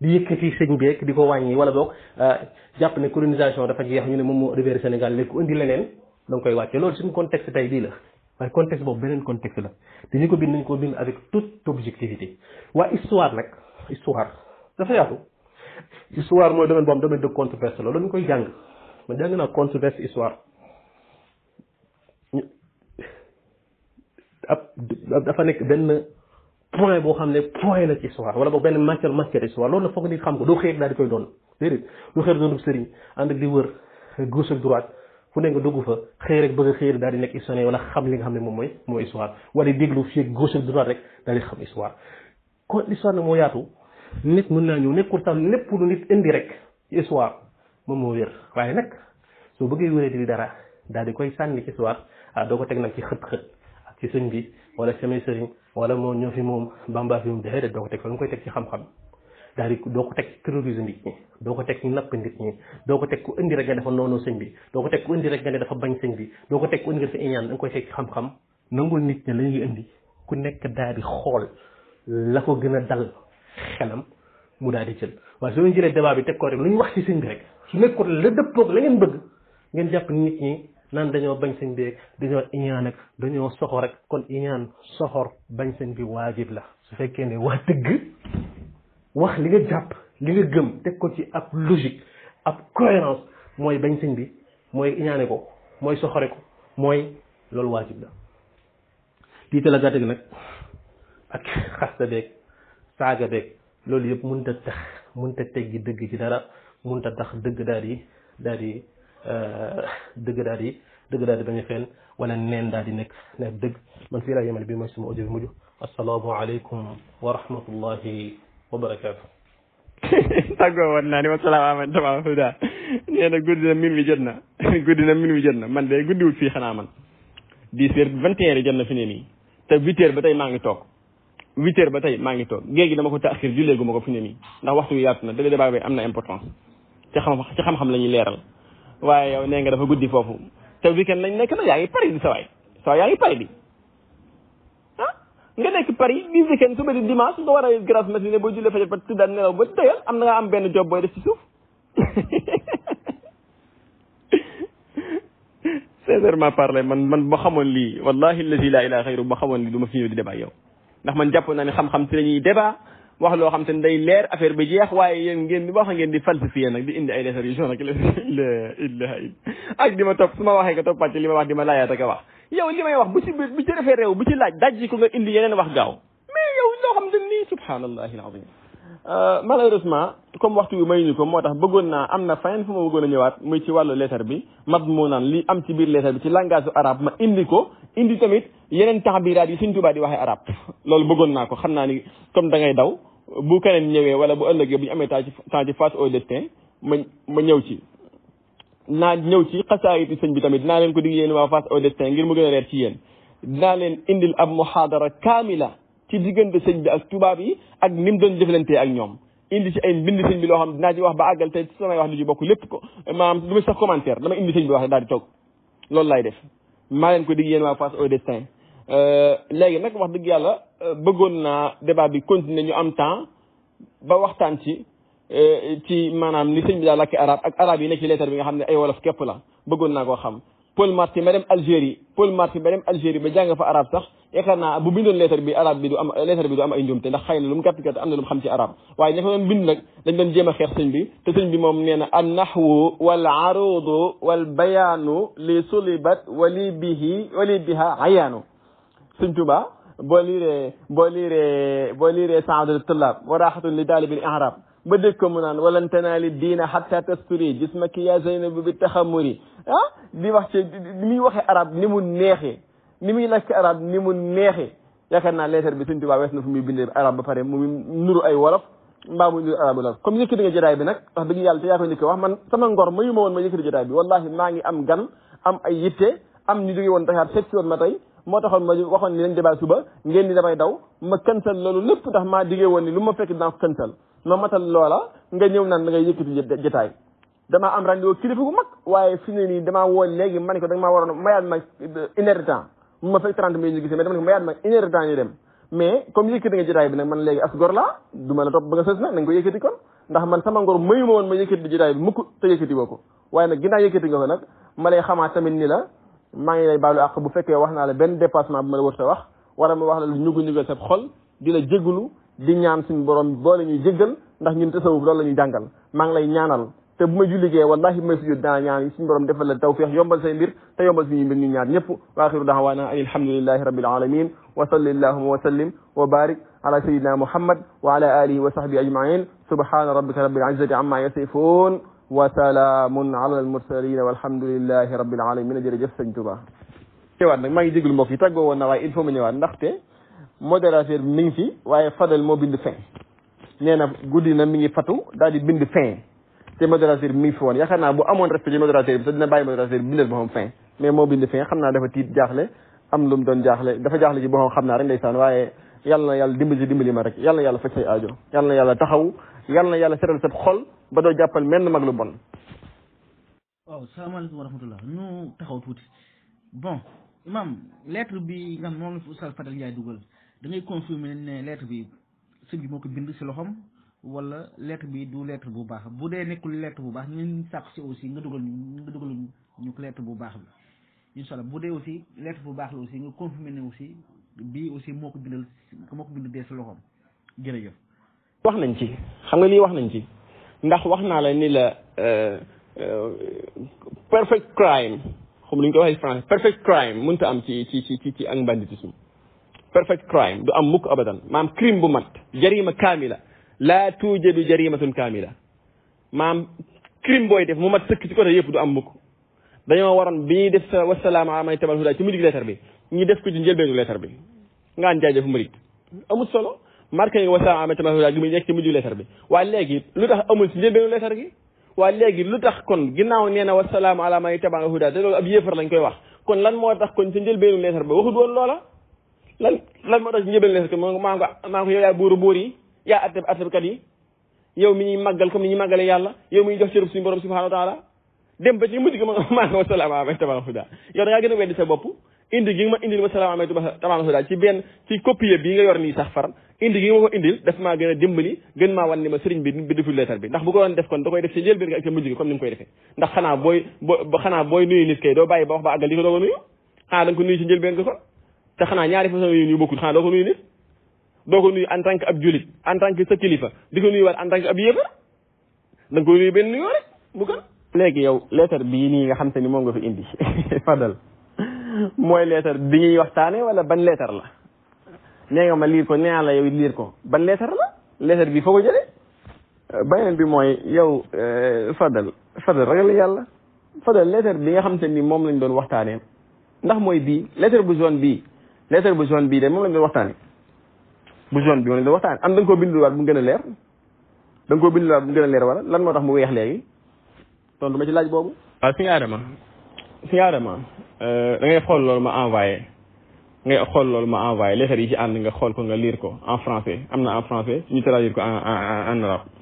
di yëkkati sëñ beek di ko wàññi wala boog euh, jàpp ne colonisation dafa jeex ñu ne moom moo révérer Sénégal léegi ku indi leneen da nga koy wàcce loolu suñu contexte tey bii la waaye contexte boobu beneen contexte la te ñu ko bind nañ ko bind avec toute objectivité waaye histoire nag histoire dafa yaatu histoire mooy domaine boobu domaine de controverse la loolu ñu koy jàng ma jàng naa controverse histoire ab dafa nekk benn point boo xam ne point la ci histoire wala boog benn matière matière histoire loolu nag foog nit xam ko doo xëy daal di koy doon déedéet doo xëy doon sëriñ ànd di wër gauche ak droite fu ne nga dugg fa xëy rek bëgg a xëy rek daal di nekk historien wala xam li nga xam ne moom mooy mooy histoire wala déglu fii gauche ak droite rek daal di xam histoire kon histoire nag moo yaatu nit mën naa ñëw nekkul sax lépp lu nit indi rek histoire moom moo wér waaye nag soo bëggee wérati di dara daal di koy sànni ci histoire ah doo ko teg nag ci xët-xët ak ci sëñ bi wala samay sëriñ wala moom ñoo fi moom bamba fi moom de doo ko teg fa koy teg ci xam daal di doo ko teg terroriser nit ñi doo ko teg napp nit ñi doo ko teg ku indi rek nga dafa noonu sëñ bi doo ko teg ku indi rek nga ne dafa bañ sëñ bi doo ko teg ku indi dafa nga koy teg xam-xam nangul nit ñi la ñuy indi ku nekk daal di xool la gën a dal xelam mu daal di jël waaye su leen jëlee bi teg ko rek lu ñu wax ci sëñ bi rek su nekkoon la dëppoog la ngeen bëgg ngeen jàpp nit ñi naan dañoo bañ sëñ bi rek dañoo iñaan ak dañoo soxor rek kon iñaan soxor bañ sëñ bi waajib la su fekkee ne waa dëgg wax li nga jàpp li nga gëm teg ko ci ab logique ab cohérence mooy bañ sëñ bi mooy iñaane ko mooy soxore ko mooy loolu waajib la tiita la gàtte gi nag ak xasta beeg saaga beeg loolu yëpp mënut a tax mënut a teggi dëgg ci dara mënut a tax dëgg daal di daal di euh, dëgg daal di dëgg daal di bañ a wala neen daal di nekk nekk dëgg man fii laa yemal bi mooy suma audio bi mujj assalaamu aleykum wa wa barakaatu (laughs) tàggoo naa ni wasalaamaaleykum tabaab huda nee na guddi na min wi jot na (laughs) guddi na min wi jot na man de guddiwul fii xanaa man dix heures vingt et un jot na fi ne nii te huit ba tey maa ngi toog huit ba tey maa ngi toog géej gi dama ko taaxir julleegu ma ko fi ne nii ndax waxtu wi yaatu na dëgg débat bi am na importance ci xam ci xam-xam la ñuy leeral waaye yow nee nga dafa guddi foofu te weekend lañ nekk na yaa ngi pare di sa waay sa waay yaa ngi pare di nga nekk Paris di weekend suba di dimanche nga war a grasse matinée boo jullee fajar ba tëddaat nelaw ba tëyal am na nga am benn job booy def ci suuf (laughs) sincèrement parler man man ba xamoon lii wallahi lazi la ilaha xayru ba xamoon lii du ma fi ñëw di débat yow ndax man jàpp naa ne xam-xam si lañuy débat wax loo xam te ne day leer affaire bi jeex waaye yéen ngeen wax ngeen di falsifié nag di indi ay des solutions nag la ilaha illa ak di ma topp su ma waxee ko toppaat ci li ma wax di ma laayaat ak a wax yow li may wax bu ci bu ci defee réew bu ci laaj dajji ko nga indi yeneen wax gaaw mais yow loo xam ne nii subhaanallahi alazim euh, comme waxtu bi may ñu ko moo tax bëggoon naa am na feneen fu ma bëggoon a ñëwaat muy ci wàllu lettre bi mab moo naan li am ci biir lettre bi ci langage araab ma indi ko indi tamit yeneen bi taxbiraat yi Sëñ Tuubaa di waxee arabe loolu bëggoon naa ko xam naa ni comme da ngay daw bu keneen ñëwee wala bu ëllëgee bu ñu amee temps ci temps ci face au destin ma ma ñëw ci naa ñëw ci xasaayiti sëñ bi tamit naa leen ko dig yéen waa face au destin ngir mu gën a leer ci yéen dinaa leen indil ab muhaadara kaamila ci diggante sëñ bi ak tubaab yi ak ni mu doon te ak ñoom indi ci ay mbind sëñ bi loo xam dinaa ci wax ba àggal tey samay wax du ci bokk lépp ko maanaam du ma sax commentaire dama indi sëñ bi wax daal di toog loolu laay def maa leen ko dig yéen waa face au destin euh, léegi nag wax dëgg yàlla euh, bëggoon na débat bi continuer ñu am temps ba waxtaan ci Eh, ci maanaam ni sëñ bi daa lakki arab yi nekk ci lettre bi nga xam ne ay wolof képp la bëggoon naa koo xam Paul Marty ma dem Algérie Paul Marty ba dem Algérie ba jàng fa arab sax yaakaar naa bu bindoon lettre bi arab bi du bi du am ay njuumte ndax xëy na lu mu am na lu mu xam ci arab waaye ña fa doon bind nag dañ doon jéem a xeex sëñ bi te sëñ bi moom nee na an nahwu wal arudu wal bayaanu li sulibat wali bihi wali biha ayaanu sëñ Tuba boo liiree boo li boo liiree saadatu tullab wa raaxatun li daalibil i'rab ba dégg ko mu naan walan tanaali diina hatta tasturi jismaki ya zaynabu bi taxamuri ah di wax ci ni muy waxee araab ni mu neexee ni muy lakk arab ni mu neexee yaakaar naa leetar bi Sëñ Tuubaa wees na fu muy bindee arab ba pare mu nuru ay wolof mbaa muy nuru arab la comme yëkkati nga jotaay bi nag wax dëgg yàlla te yaa ko njëkk wax man sama ngor mayu ma woon ma yëkkati jotaay bi wallahi maa ngi am gan am ay yitte am woon Dakar seet si woon ma moo taxoon ma waxoon ni nañ débat suba ngeen di damay daw ma cancel loolu lépp ndax maa digee woon ni lu ma fekk dinaa ko ma matal loola nga ñëw naan da ngay yëkkati jotaay damaa am rendez-vous kilifa bu mag waaye fi ne nii damaa woo léegi ma ne ko da ma euh, une heure de temps mu ma ne ma une heure de mais comme yëkkati nga jotaay bi nag man gor laa ma la topp ba kon ndax man sama ngor mayu ma woon ma yëkkati jotaay bi mukk te yëkkati woo ko waaye nag ginnaaw yëkkati nga ko nag ma lay xamaat tamit ni la maa ngi lay baalu àq bu fekkee wax naa la benn dépassement bu ma la wërta wax wala ma wax la lu ñugu ñugal sa xol di la jégalu di ñaan suñu borom boole ñuy jéggal ndax ñun tasawuf loolu la ñuy jàngal maa ngi lay ñaanal te bu ma julligee wallahi bu may sujud dana ñaan suñu borom defal la tawfiix yombal say mbir te yombal suñu mbir ñu ñaar ñëpp wa axiru daawaana an alhamdulillahi rabbil alamin wa salli allahuma wa sallim wa barik ala sayidina muhammad wa ala alihi wa sahbihi ajmain subhana rabbika rabbil izzati amma yasifun wa salaamun ala almursalin walhamdulillahi rabbil alamin jërëjëf sëñ Tuba teewaat nag maa ngi jéglu mbokk yi tàggoo woon na waaye il faut ma ñëwaat ndaxte modérateur bi mi ngi fi waaye Fadel moo bind fin nee na guddi na mi ngi fatu daal di bind fin te modérateur bi mi ngi fi woon yaakaar naa bu amoon respect ci modérateur bi sax dina bàyyi modérateur bi bindal boppam fin mais moo bind fin xam naa dafa mu doon jaaxle dafa jaaxle ci boppam xam naa rek ndeysaan waaye yàlla na yàlla dimbali dimbali ma rek yàlla yàlla faj say aajo yàlla taxaw yàlla na yàlla setal sa xol ba doo jàppal menn mag lu bon. waaw salaamaaleykum wa rahmatullah ñu taxaw tuuti bon imam lettre bi nga xam moom la fi da ngay ne lettre bi sëñ bi moo ko bind si loxoom wala lettre bi du lettre bu baax bu dee nekkul lettre bu baax ñu sàkk si aussi nga dugal ñu nga dugal ñu lettre bu baax bi incha allah bu dee aussi lettre bu baax la aussi nga confirmer ne aussi bii aussi moo ko bindal moo ko bind dee si loxoom jërëjëf. wax nañ ci xam nga lii wax nañ ci ndax wax naa la ni la euh, euh, perfect crime xam lu ñu koy waxee français perfect crime mënta am ci ci ci ci ak si perfect crime du am mukk abadan maam crime bu mat jarima kaamila laa tuujadu jarimatun kaamila maam crime booy def mu mat sëkk ci côté yëpp du am mukk dañoo waroon bi ñuy def sa wasalaam amay tabal hudaa ci mujj gi leetar bi ñu def ko ci njëlbeenu bi ngaan jaajëf murit amul solo marqué nga wasalaam amay tabal hudaa gi muy nekk ci bi waaye léegi lu tax amul ci njëlbeenu leetar gi waaye léegi lu tax kon ginnaaw nee na wasalaam ala may tabal hudaa te loolu ab yéefar lañ koy wax kon lan moo tax kon ci njëlbeenu leetar bi waxut woon loola lan lan moo tax njëbal ne ko maa ko maa ko yow yàlla yow mi ñuy jox cërub suñu borom subhanahu wa taala dem ba ci mujj gi ma (laughs) maa nga ma salaama amee tabax huda yow da ngaa a bu koy nuyu xanaa da ko nuyu ci njëlbeen nga kon te xanaa ñaari façon yu ñu bokkul xanaa doo ko nuyu nit doo ko nuyu en tant que ab julit en tant que sa kilifa di ko nuyuwaat en tant que ab yéefar da nga nuyu benn nuyoo rek mu gën. léegi yow leetar bii nii nga xam te ni moom nga fi indi (laughs) fadal mooy leetar bi ñuy waxtaanee wala ban leetar la nee nga ma liir ko nee yow ko ban leetar la bi foo ko bi mooy yow eh, fadal fadal ragal yàlla fadal leetar bi nga xam te ni moom lañ doon waxtaanee ndax mooy bii leetar bu zone bii. lettre bu jaune bii de moom lañ doon waxtaanee bu jaune bi moom lañ waxtaan waxtaanee am da nga koo binduwaat bu mu a leer da nga koo binduwaat bu mu gën a leer wala lan moo tax mu weex léegi tontu ma ci laaj boobu. waaw suñu aadama suñu aadama euh, da ngay xool loolu ma envoyé ngay xool loolu ma envoyé lettre yi ci ànd nga xool ko nga liir ko en français am na en français ñu traduire ko en en en arabe